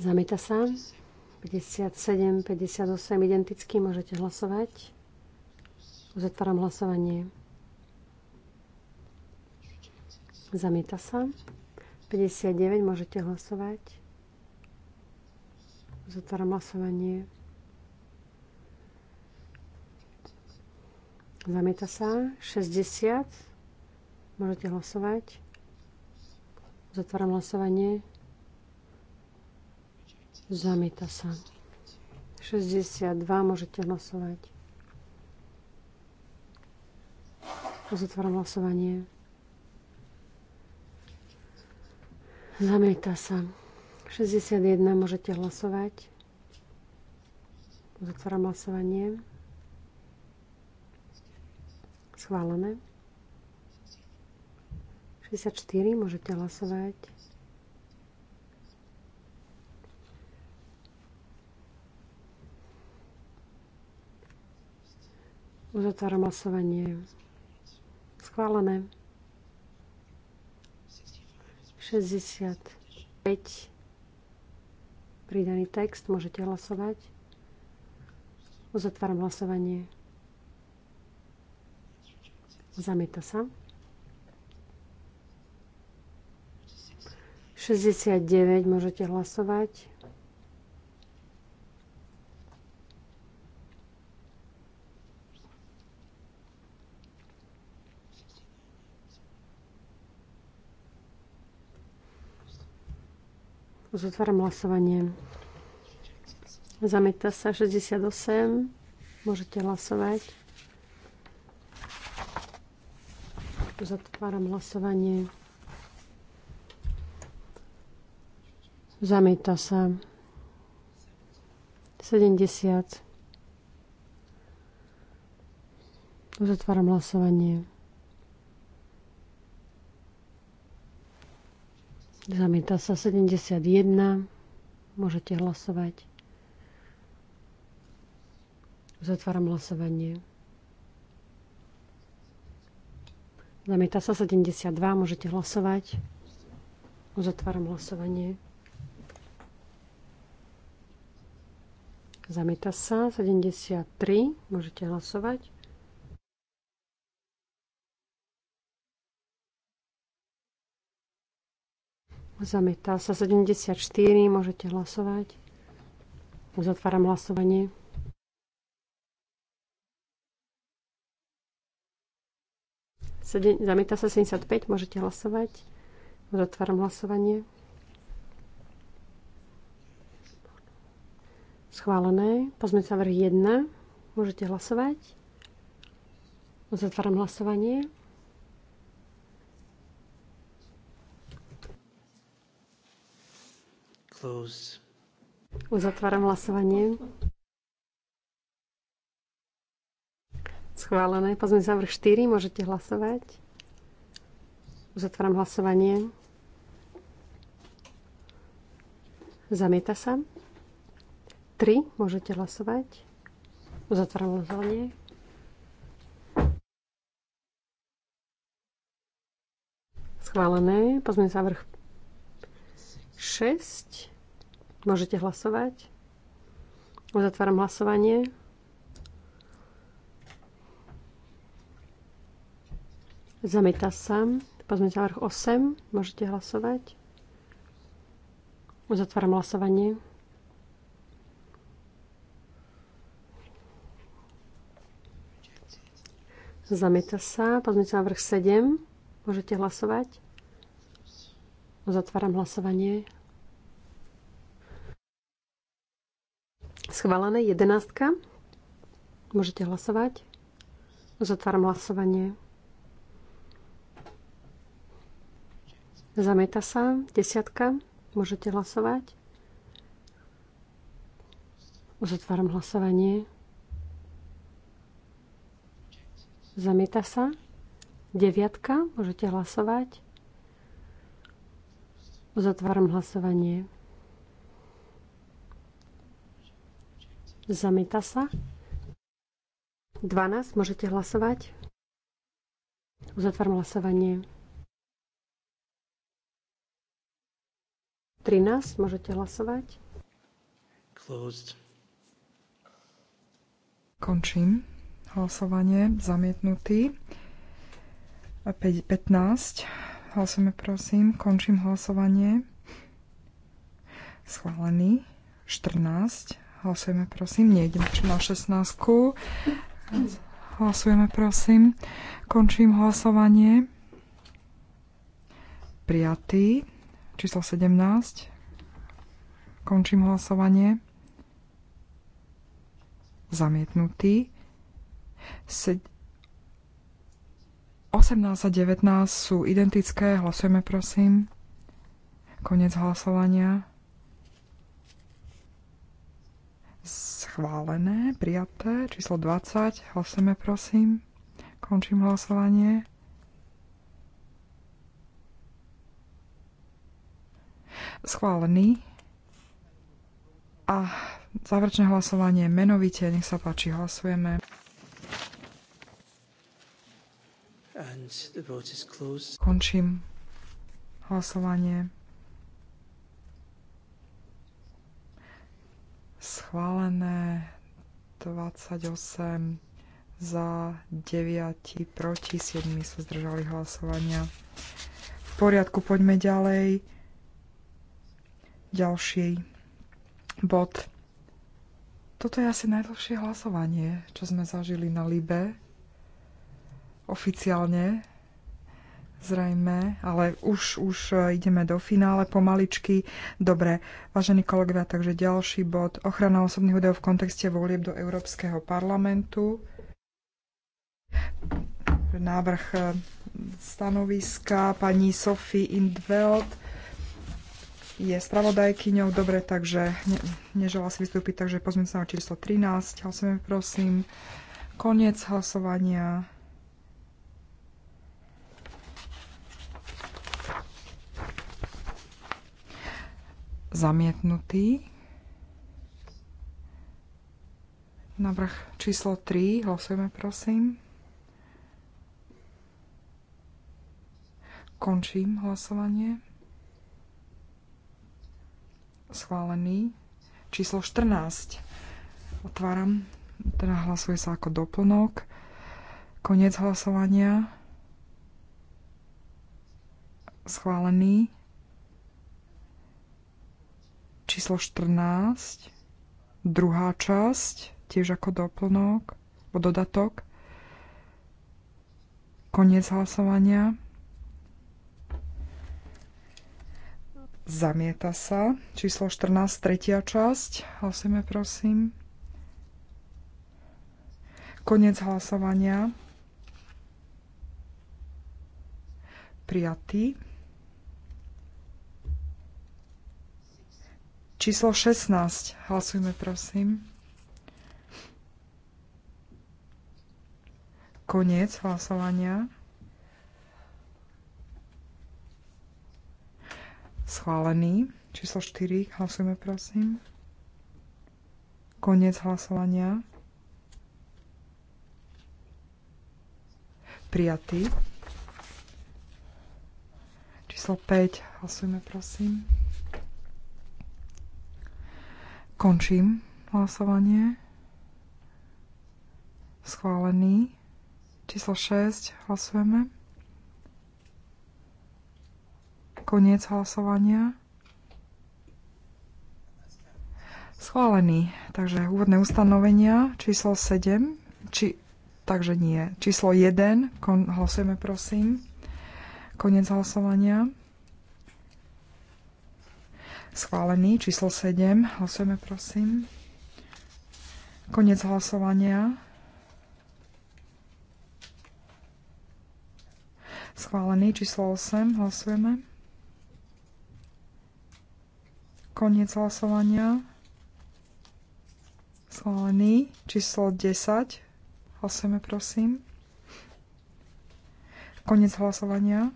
Zameta sa. 57, 58 identicky. Môžete hlasovať. Uzatváram hlasovanie. Zamieta sa. 59 môžete hlasovať. Zatváram hlasovanie. Zamieta sa. 60. Môžete hlasovať. Zatváram hlasovanie. Zamieta sa. 62. Môžete hlasovať. Zatváram hlasovanie. Zamieta sa. 61. Môžete hlasovať. Zatváram hlasovanie. Schválené. 64, môžete hlasovať. Uzatváram hlasovanie. Schválené. 65. Pridaný text. Môžete hlasovať. Uzatváram hlasovanie zameta sa. 69 môžete hlasovať. Zotváram hlasovanie. Zameta sa 68. Môžete hlasovať. Uzatváram hlasovanie. Zamieta sa. 70. Uzatváram hlasovanie. Zamieta sa 71. Môžete hlasovať. Zatváram hlasovanie. Zamieta sa 72, môžete hlasovať. Uzatváram hlasovanie. Zamieta sa 73, môžete hlasovať. Zamieta sa 74, môžete hlasovať. Uzatváram hlasovanie. Zamieta sa 75. Môžete hlasovať. Zatváram hlasovanie. Schválené. sa návrh 1. Môžete hlasovať. Zatváram hlasovanie. Close. Uzatváram hlasovanie. Schválené. sa vrch 4. Môžete hlasovať. Uzatváram hlasovanie. Zamieta sa. 3. Môžete hlasovať. Uzatváram hlasovanie. Schválené. sa vrch 6. Môžete hlasovať. Uzatváram hlasovanie. Zamieta sa. Pozmeňte návrh 8. Môžete hlasovať. Uzatváram hlasovanie. Zamieta sa. Pozmeňte návrh 7. Môžete hlasovať. Uzatváram hlasovanie. Schválené 11. Môžete hlasovať. Uzatváram hlasovanie. Zameta sa. Desiatka. Môžete hlasovať. Uzatváram hlasovanie. Zamieta sa. Deviatka. Môžete hlasovať. Uzatváram hlasovanie. Zamieta sa. 12. Môžete hlasovať. Uzatváram hlasovanie. 13, môžete hlasovať. Closed. Končím hlasovanie. Zamietnutý. 5, 15. Hlasujeme prosím. Končím hlasovanie. Schválený. 14. Hlasujeme prosím. Nejdem na 16. Hlasujeme prosím. Končím hlasovanie. Prijatý. Číslo 17. Končím hlasovanie. Zamietnutý. 18 a 19 sú identické. Hlasujeme, prosím. Konec hlasovania. Schválené, prijaté. Číslo 20. Hlasujeme, prosím. Končím hlasovanie. Schválený. A záverečné hlasovanie menovite. Nech sa páči, hlasujeme. Končím hlasovanie. Schválené 28 za 9, proti 7 sa zdržali hlasovania. V poriadku, poďme ďalej. Ďalší bod. Toto je asi najdlhšie hlasovanie, čo sme zažili na Libe. Oficiálne, zrejme, ale už, už e, ideme do finále pomaličky. Dobre, vážení kolegovia, takže ďalší bod. Ochrana osobných údajov v kontexte volieb do Európskeho parlamentu návrh e, stanoviska pani Sophie Indveld je spravodajkyňou. Dobre, takže ne, nežela si vystúpiť, takže pozmeň sa na číslo 13. Hlasujeme, prosím. Koniec hlasovania. Zamietnutý. Navrh číslo 3. Hlasujeme, prosím. Končím hlasovanie schválený. Číslo 14. Otváram, teda hlasuje sa ako doplnok. Konec hlasovania. Schválený. Číslo 14. Druhá časť, tiež ako doplnok, o dodatok. Koniec hlasovania. Zamieta sa. Číslo 14, tretia časť. Hlasujeme, prosím. Konec hlasovania. Prijatý. Číslo 16. Hlasujme, prosím. Koniec hlasovania. Schválený. Číslo 4. hlasujme prosím. Konec hlasovania. Prijatý. Číslo 5. hlasujme prosím. Končím hlasovanie. Schválený. Číslo 6. Hlasujeme. Koniec hlasovania. Schválený. Takže úvodné ustanovenia číslo 7. Či, takže nie. Číslo 1. Kon, hlasujeme prosím. Koniec hlasovania. Schválený. Číslo 7. Hlasujeme prosím. Koniec hlasovania. Schválený. Číslo 8. Hlasujeme. Koniec hlasovania. Schválený. Číslo 10. Hlasujeme, prosím. Koniec hlasovania.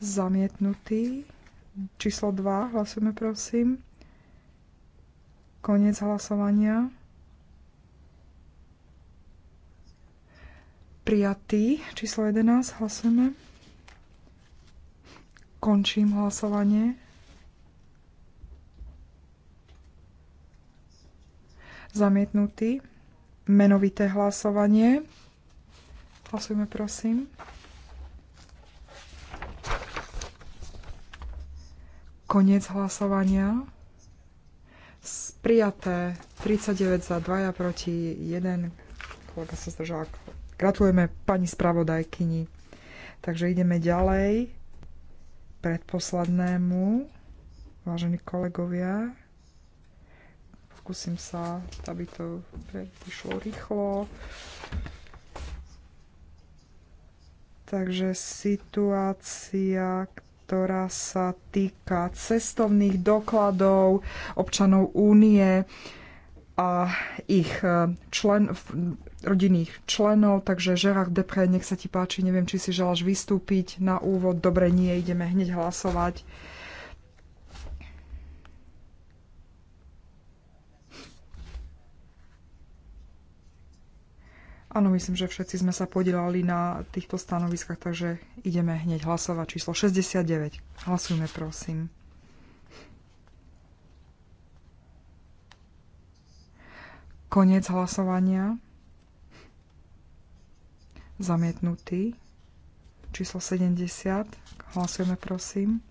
Zamietnutý. Číslo 2. Hlasujeme, prosím. Koniec hlasovania. Prijatý. Číslo 11. Hlasujeme. Končím hlasovanie. Zamietnutý. Menovité hlasovanie. Hlasujme, prosím. Konec hlasovania. Prijaté 39 za 2 proti 1. Kolega sa zdržal. Gratulujeme pani spravodajkyni. Takže ideme ďalej predposlednému, vážení kolegovia. Pokúsim sa, aby to išlo rýchlo. Takže situácia, ktorá sa týka cestovných dokladov občanov únie a ich eh, člen, rodinných členov, takže Gerard Depre, nech sa ti páči, neviem, či si želáš vystúpiť na úvod. Dobre, nie, ideme hneď hlasovať. Áno, myslím, že všetci sme sa podielali na týchto stanoviskách, takže ideme hneď hlasovať číslo 69. Hlasujme, prosím. Koniec hlasovania. Zamietnutý. Číslo 70. Hlasujeme, prosím.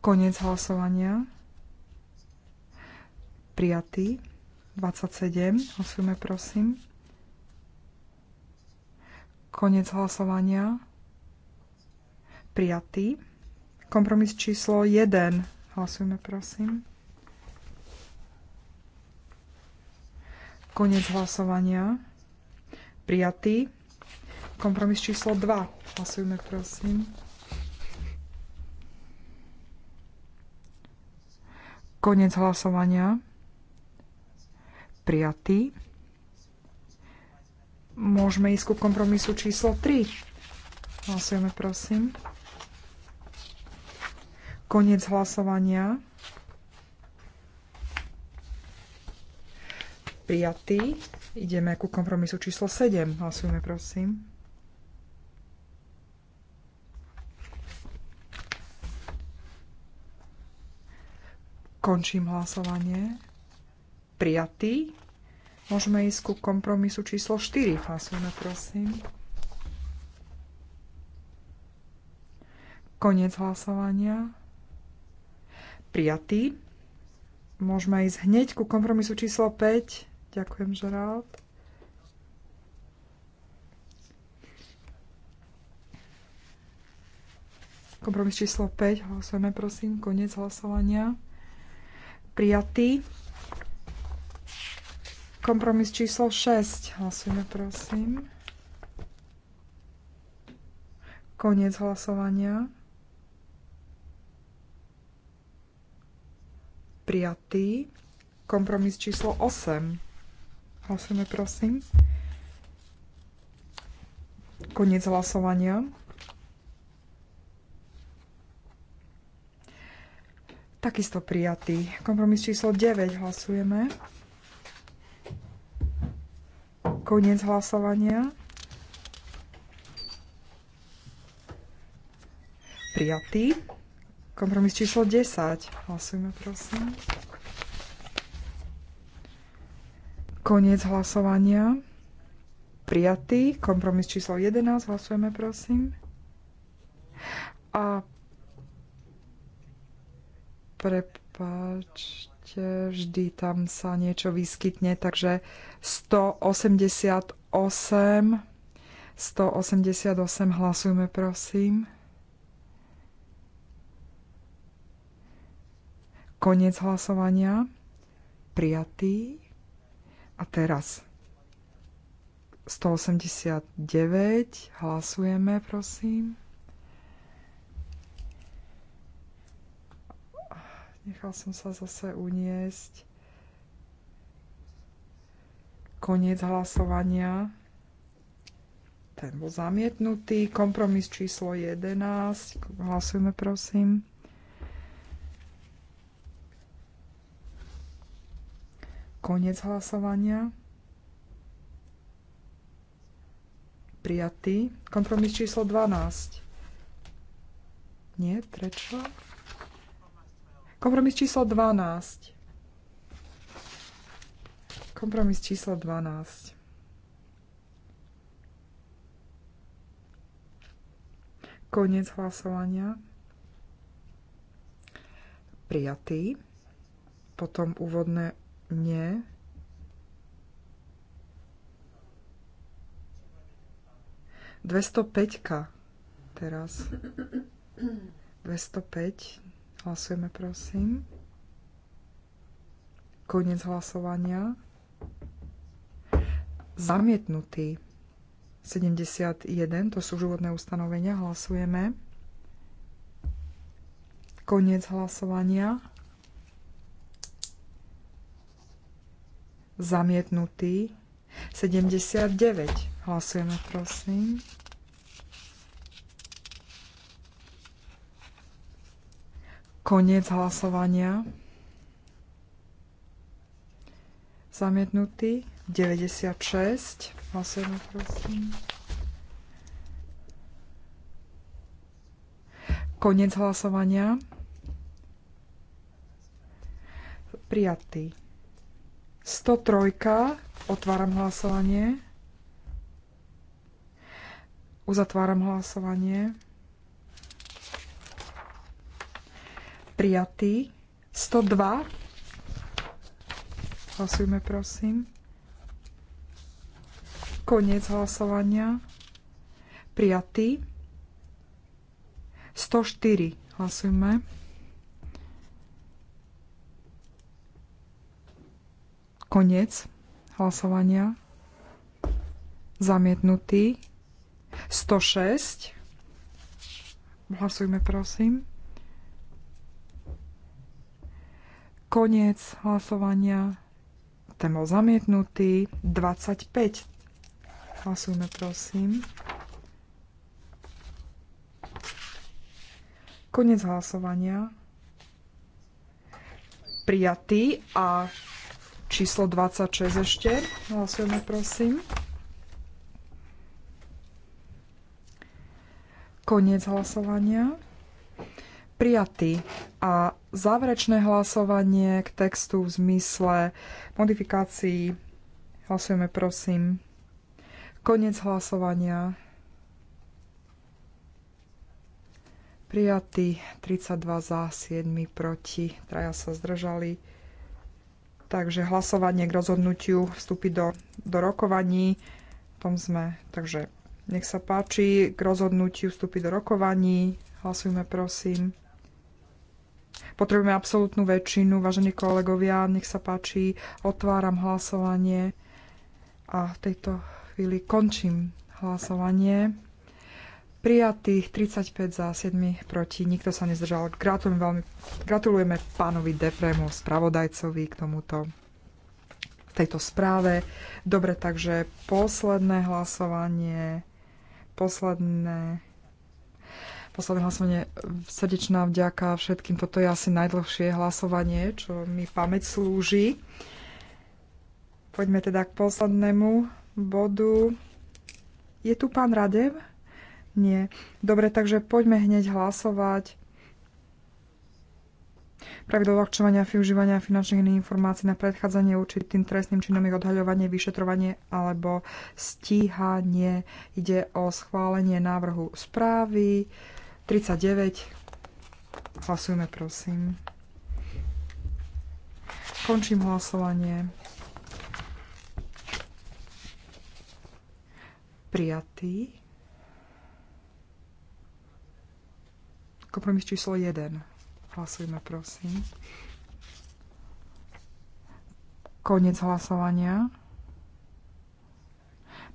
Konec hlasovania. Prijatý. 27. Hlasujeme, prosím. Konec hlasovania. Prijatý. Kompromis číslo 1. Hlasujeme, prosím. Konec hlasovania prijatý. Kompromis číslo 2. Hlasujme, prosím. Konec hlasovania. Prijatý. Môžeme ísť ku kompromisu číslo 3. Hlasujeme, prosím. Konec hlasovania. prijatý. Ideme ku kompromisu číslo 7. Hlasujeme prosím. Končím hlasovanie. Prijatý. Môžeme ísť ku kompromisu číslo 4. Hlasujeme, prosím. Koniec hlasovania. Prijatý. Môžeme ísť hneď ku kompromisu číslo 5. Ďakujem, Gerald. Kompromis číslo 5. Hlasujeme, prosím. Koniec hlasovania. Prijatý. Kompromis číslo 6. Hlasujeme, prosím. Koniec hlasovania. Prijatý. Kompromis číslo 8. Hlasujeme, prosím. Koniec hlasovania. Takisto prijatý. Kompromis číslo 9 hlasujeme. Koniec hlasovania. Prijatý. Kompromis číslo 10. Hlasujme, prosím. Koniec hlasovania. Prijatý. Kompromis číslo 11. Hlasujeme, prosím. A prepáčte, vždy tam sa niečo vyskytne, takže 188 188 hlasujme, prosím. Koniec hlasovania. Prijatý. A teraz 189, hlasujeme prosím. Nechal som sa zase uniesť. Koniec hlasovania. Ten bol zamietnutý. Kompromis číslo 11. Hlasujeme prosím. Koniec hlasovania. Prijatý. Kompromis číslo 12. Nie, prečo? Kompromis číslo 12. Kompromis číslo 12. Koniec hlasovania. Prijatý. Potom úvodné nie. Dvesto peťka teraz. 205. Hlasujeme, prosím. Koniec hlasovania. Zamietnutý. 71, to sú životné ustanovenia, hlasujeme. Koniec hlasovania. zamietnutý. 79. Hlasujeme, prosím. Koniec hlasovania. Zamietnutý. 96. Hlasujeme, prosím. Koniec hlasovania. Prijatý. 103. Otváram hlasovanie. Uzatváram hlasovanie. Prijatý. 102. Hlasujme, prosím. Koniec hlasovania. Prijatý. 104. Hlasujme. Koniec hlasovania. Zamietnutý. 106. Hlasujme, prosím. Koniec hlasovania. Ten bol zamietnutý. 25. Hlasujme, prosím. Koniec hlasovania. Prijatý a číslo 26 ešte. Hlasujeme, prosím. Koniec hlasovania. Prijatý. A záverečné hlasovanie k textu v zmysle modifikácií. Hlasujeme, prosím. Koniec hlasovania. Prijatý 32 za, 7 proti, traja sa zdržali. Takže hlasovanie k rozhodnutiu vstúpiť do, do rokovaní. Tom sme. Takže nech sa páči k rozhodnutiu vstúpiť do rokovaní. Hlasujme prosím. Potrebujeme absolútnu väčšinu, vážení kolegovia, nech sa páči, otváram hlasovanie a v tejto chvíli končím hlasovanie prijatých, 35 za 7 proti, nikto sa nezdržal. Gratulujeme, veľmi, gratulujeme pánovi Depremu, spravodajcovi k tomuto tejto správe. Dobre, takže posledné hlasovanie, posledné posledné hlasovanie, srdečná vďaka všetkým. Toto je asi najdlhšie hlasovanie, čo mi pamäť slúži. Poďme teda k poslednému bodu. Je tu pán Radev? Nie. Dobre, takže poďme hneď hlasovať. Pravidlo odľahčovania a využívania finančných informácií na predchádzanie určitým trestným činom ich odhaľovanie, vyšetrovanie alebo stíhanie. Ide o schválenie návrhu správy 39. Hlasujme, prosím. Končím hlasovanie. Prijatý. Kompromis číslo 1. Hlasujme, prosím. Konec hlasovania.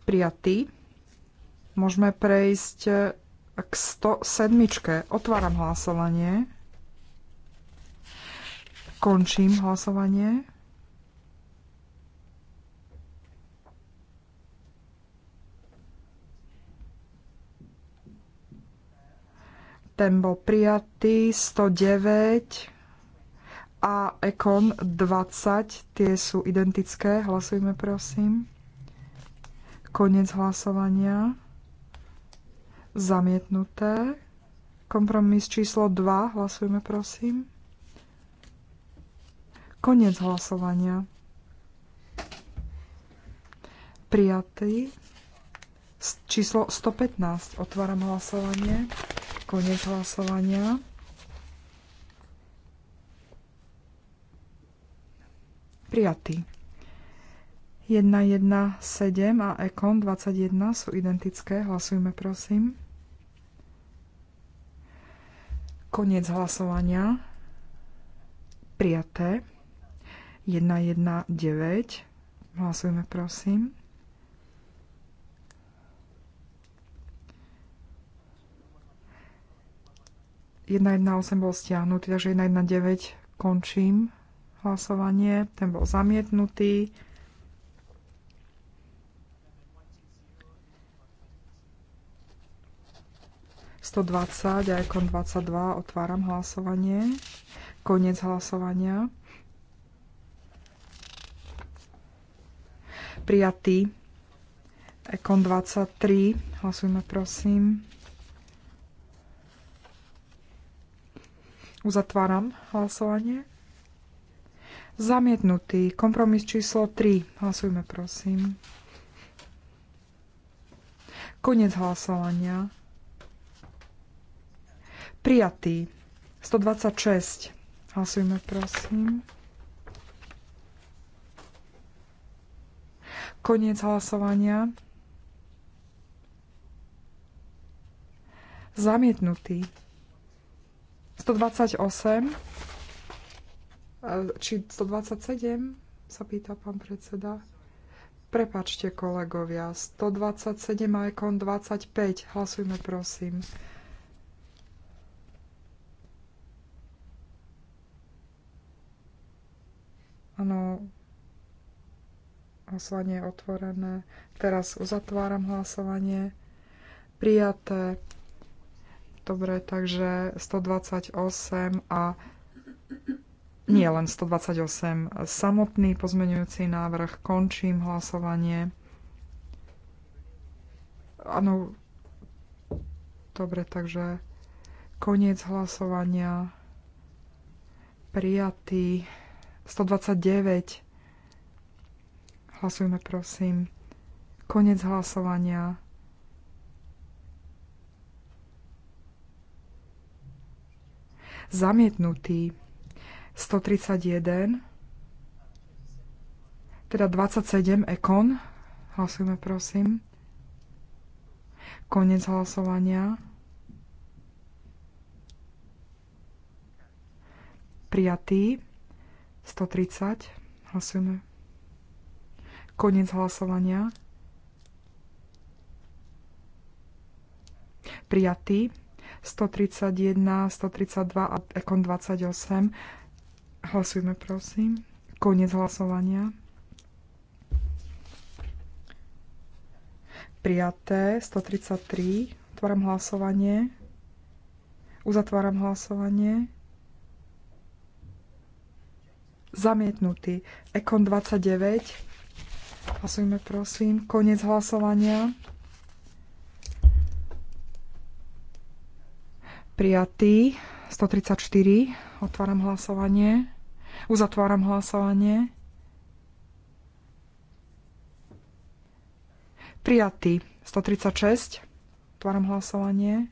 Prijatý. Môžeme prejsť k 107. Otváram hlasovanie. Končím hlasovanie. Ten bol prijatý 109 a Ekon 20. Tie sú identické. Hlasujme prosím. Konec hlasovania. Zamietnuté. Kompromis číslo 2. Hlasujme prosím. Konec hlasovania. Prijatý. Číslo 115. Otváram hlasovanie koniec hlasovania. Prijatý. 7 a Ekon 21 sú identické. Hlasujme prosím. Koniec hlasovania. Prijaté. 9. Hlasujme prosím. 1.1.8 bol stiahnutý, takže 1.1.9 končím hlasovanie. Ten bol zamietnutý. a ikon 22 otváram hlasovanie. Koniec hlasovania. Prijatý. Ekon 23. Hlasujme prosím. Uzatváram hlasovanie. Zamietnutý. Kompromis číslo 3. Hlasujme, prosím. Konec hlasovania. Prijatý. 126. Hlasujme, prosím. Koniec hlasovania. Zamietnutý. 128 či 127 sa pýta pán predseda. Prepačte kolegovia, 127 a kon 25. Hlasujme prosím. Áno, hlasovanie je otvorené. Teraz uzatváram hlasovanie. Prijaté Dobre, takže 128 a nie len 128. Samotný pozmenujúci návrh. Končím hlasovanie. Áno. Dobre, takže koniec hlasovania. Prijatý. 129. Hlasujme, prosím. Koniec hlasovania. zamietnutý. 131, teda 27 ekon. Hlasujme prosím. Konec hlasovania. Prijatý. 130. Hlasujeme. Konec hlasovania. Prijatý. 131, 132 a Ekon 28. Hlasujme, prosím. Koniec hlasovania. Prijaté 133. Otváram hlasovanie. Uzatváram hlasovanie. Zamietnutý. Ekon 29. Hlasujme prosím. Koniec hlasovania. prijatý. 134. Otváram hlasovanie. Uzatváram hlasovanie. Prijatý. 136. Otváram hlasovanie.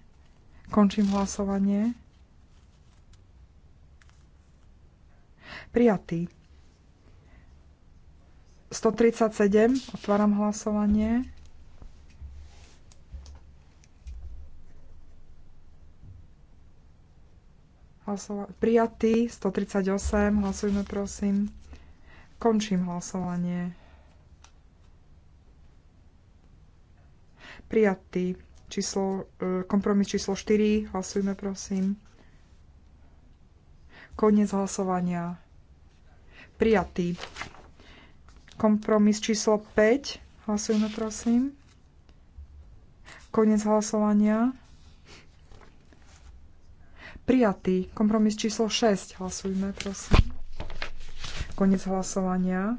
Končím hlasovanie. Prijatý. 137. Otváram hlasovanie. Hlasova- prijatý 138. Hlasujme prosím. Končím hlasovanie. Prijatý číslo, e, kompromis číslo 4. Hlasujme prosím. Koniec hlasovania. Prijatý. Kompromis číslo 5. Hlasujme prosím. Koniec hlasovania. Prijatý. Kompromis číslo 6. Hlasujme, prosím. Konec hlasovania.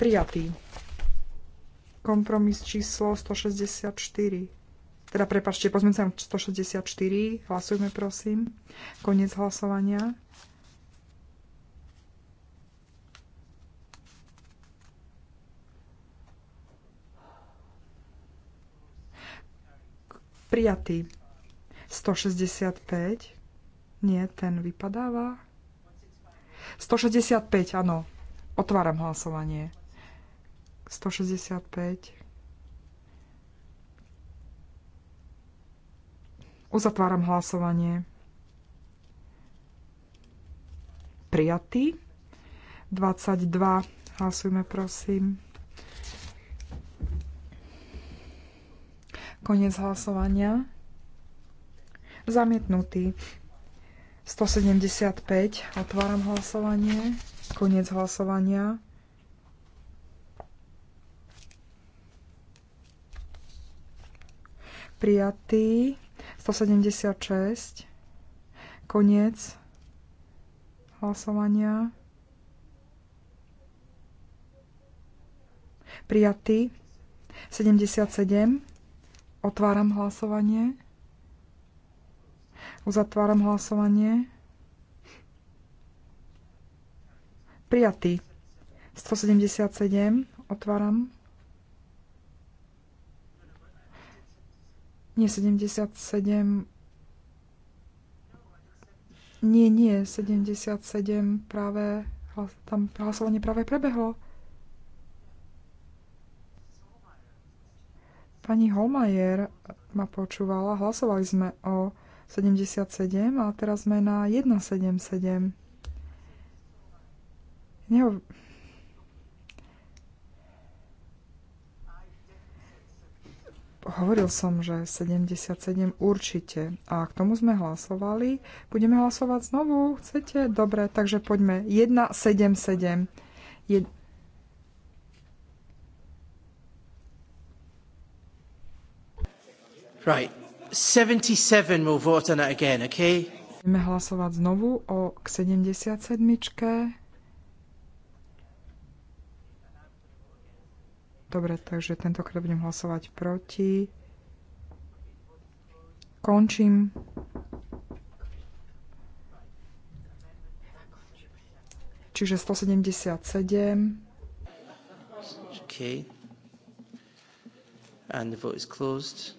Prijatý. Kompromis číslo 164. Teda prepačte, pozmeňujem 164. Hlasujme, prosím. Konec hlasovania. Prijatý. 165. Nie, ten vypadáva. 165, áno. Otváram hlasovanie. 165. Uzatváram hlasovanie. Prijatý. 22. Hlasujme, prosím. Konec hlasovania. Zamietnutý. 175. Otváram hlasovanie. Konec hlasovania. Prijatý. 176. Koniec hlasovania. Prijatý. 77. Otváram hlasovanie. Uzatváram hlasovanie. Prijatý. 177. Otváram. Nie 77. Nie, nie, 77 práve tam hlasovanie práve prebehlo. Pani Holmajer ma počúvala, hlasovali sme o 77 a teraz sme na 177. Neho... Hovoril som, že 77 určite. A k tomu sme hlasovali. Budeme hlasovať znovu. Chcete? Dobre, takže poďme. 177. Right. 77 we'll vote on it again, okay? Budeme hlasovať znovu o k 77. Dobre, takže tentokrát budem hlasovať proti. Končím. Čiže 177. Okay. And the vote is closed.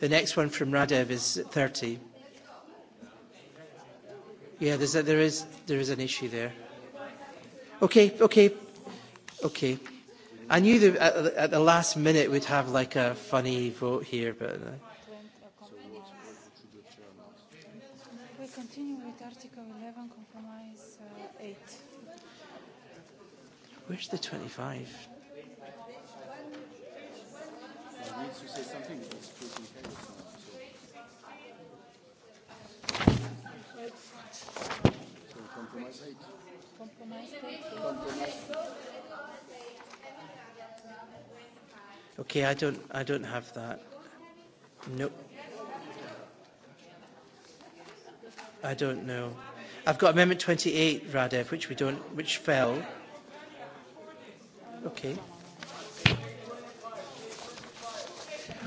The next one from Radev is 30. Yeah, there's a, there, is, there is an issue there. Okay, okay, okay. I knew the, at, at the last minute we'd have like a funny vote here, but. Uh, we continue with Article Compromise uh, Where's the 25? Okay, I don't, I don't have that. No. I don't know. I've got Amendment 28, Radev, which we don't, which fell. Okay.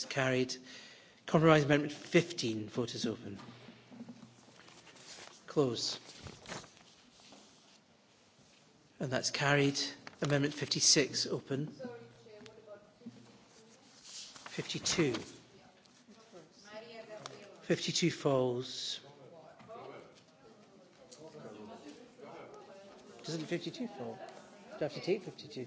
is carried. Compromise Amendment 15. Vote is open. Close. And that's carried. Amendment 56. Open. 52. 52 falls. Doesn't 52 fall? Do I have to take 52?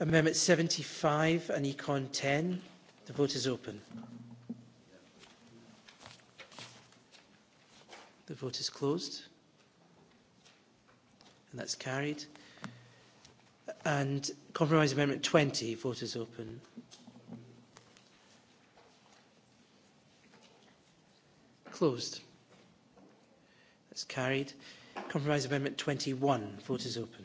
Amendment seventy five and Econ ten, The vote is open. The vote is closed. And that's carried. And Compromise Amendment twenty, vote is open. Closed. That's carried. Compromise Amendment twenty one, vote is open.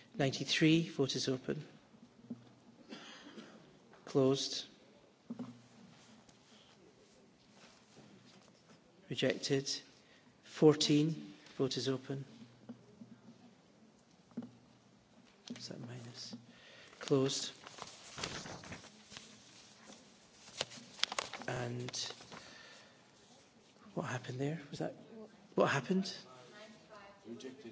93. Vote is open. Closed. Rejected. 14. Vote is open. Is that minus? Closed. And what happened there? Was that what happened? Rejected.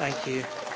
Thank you.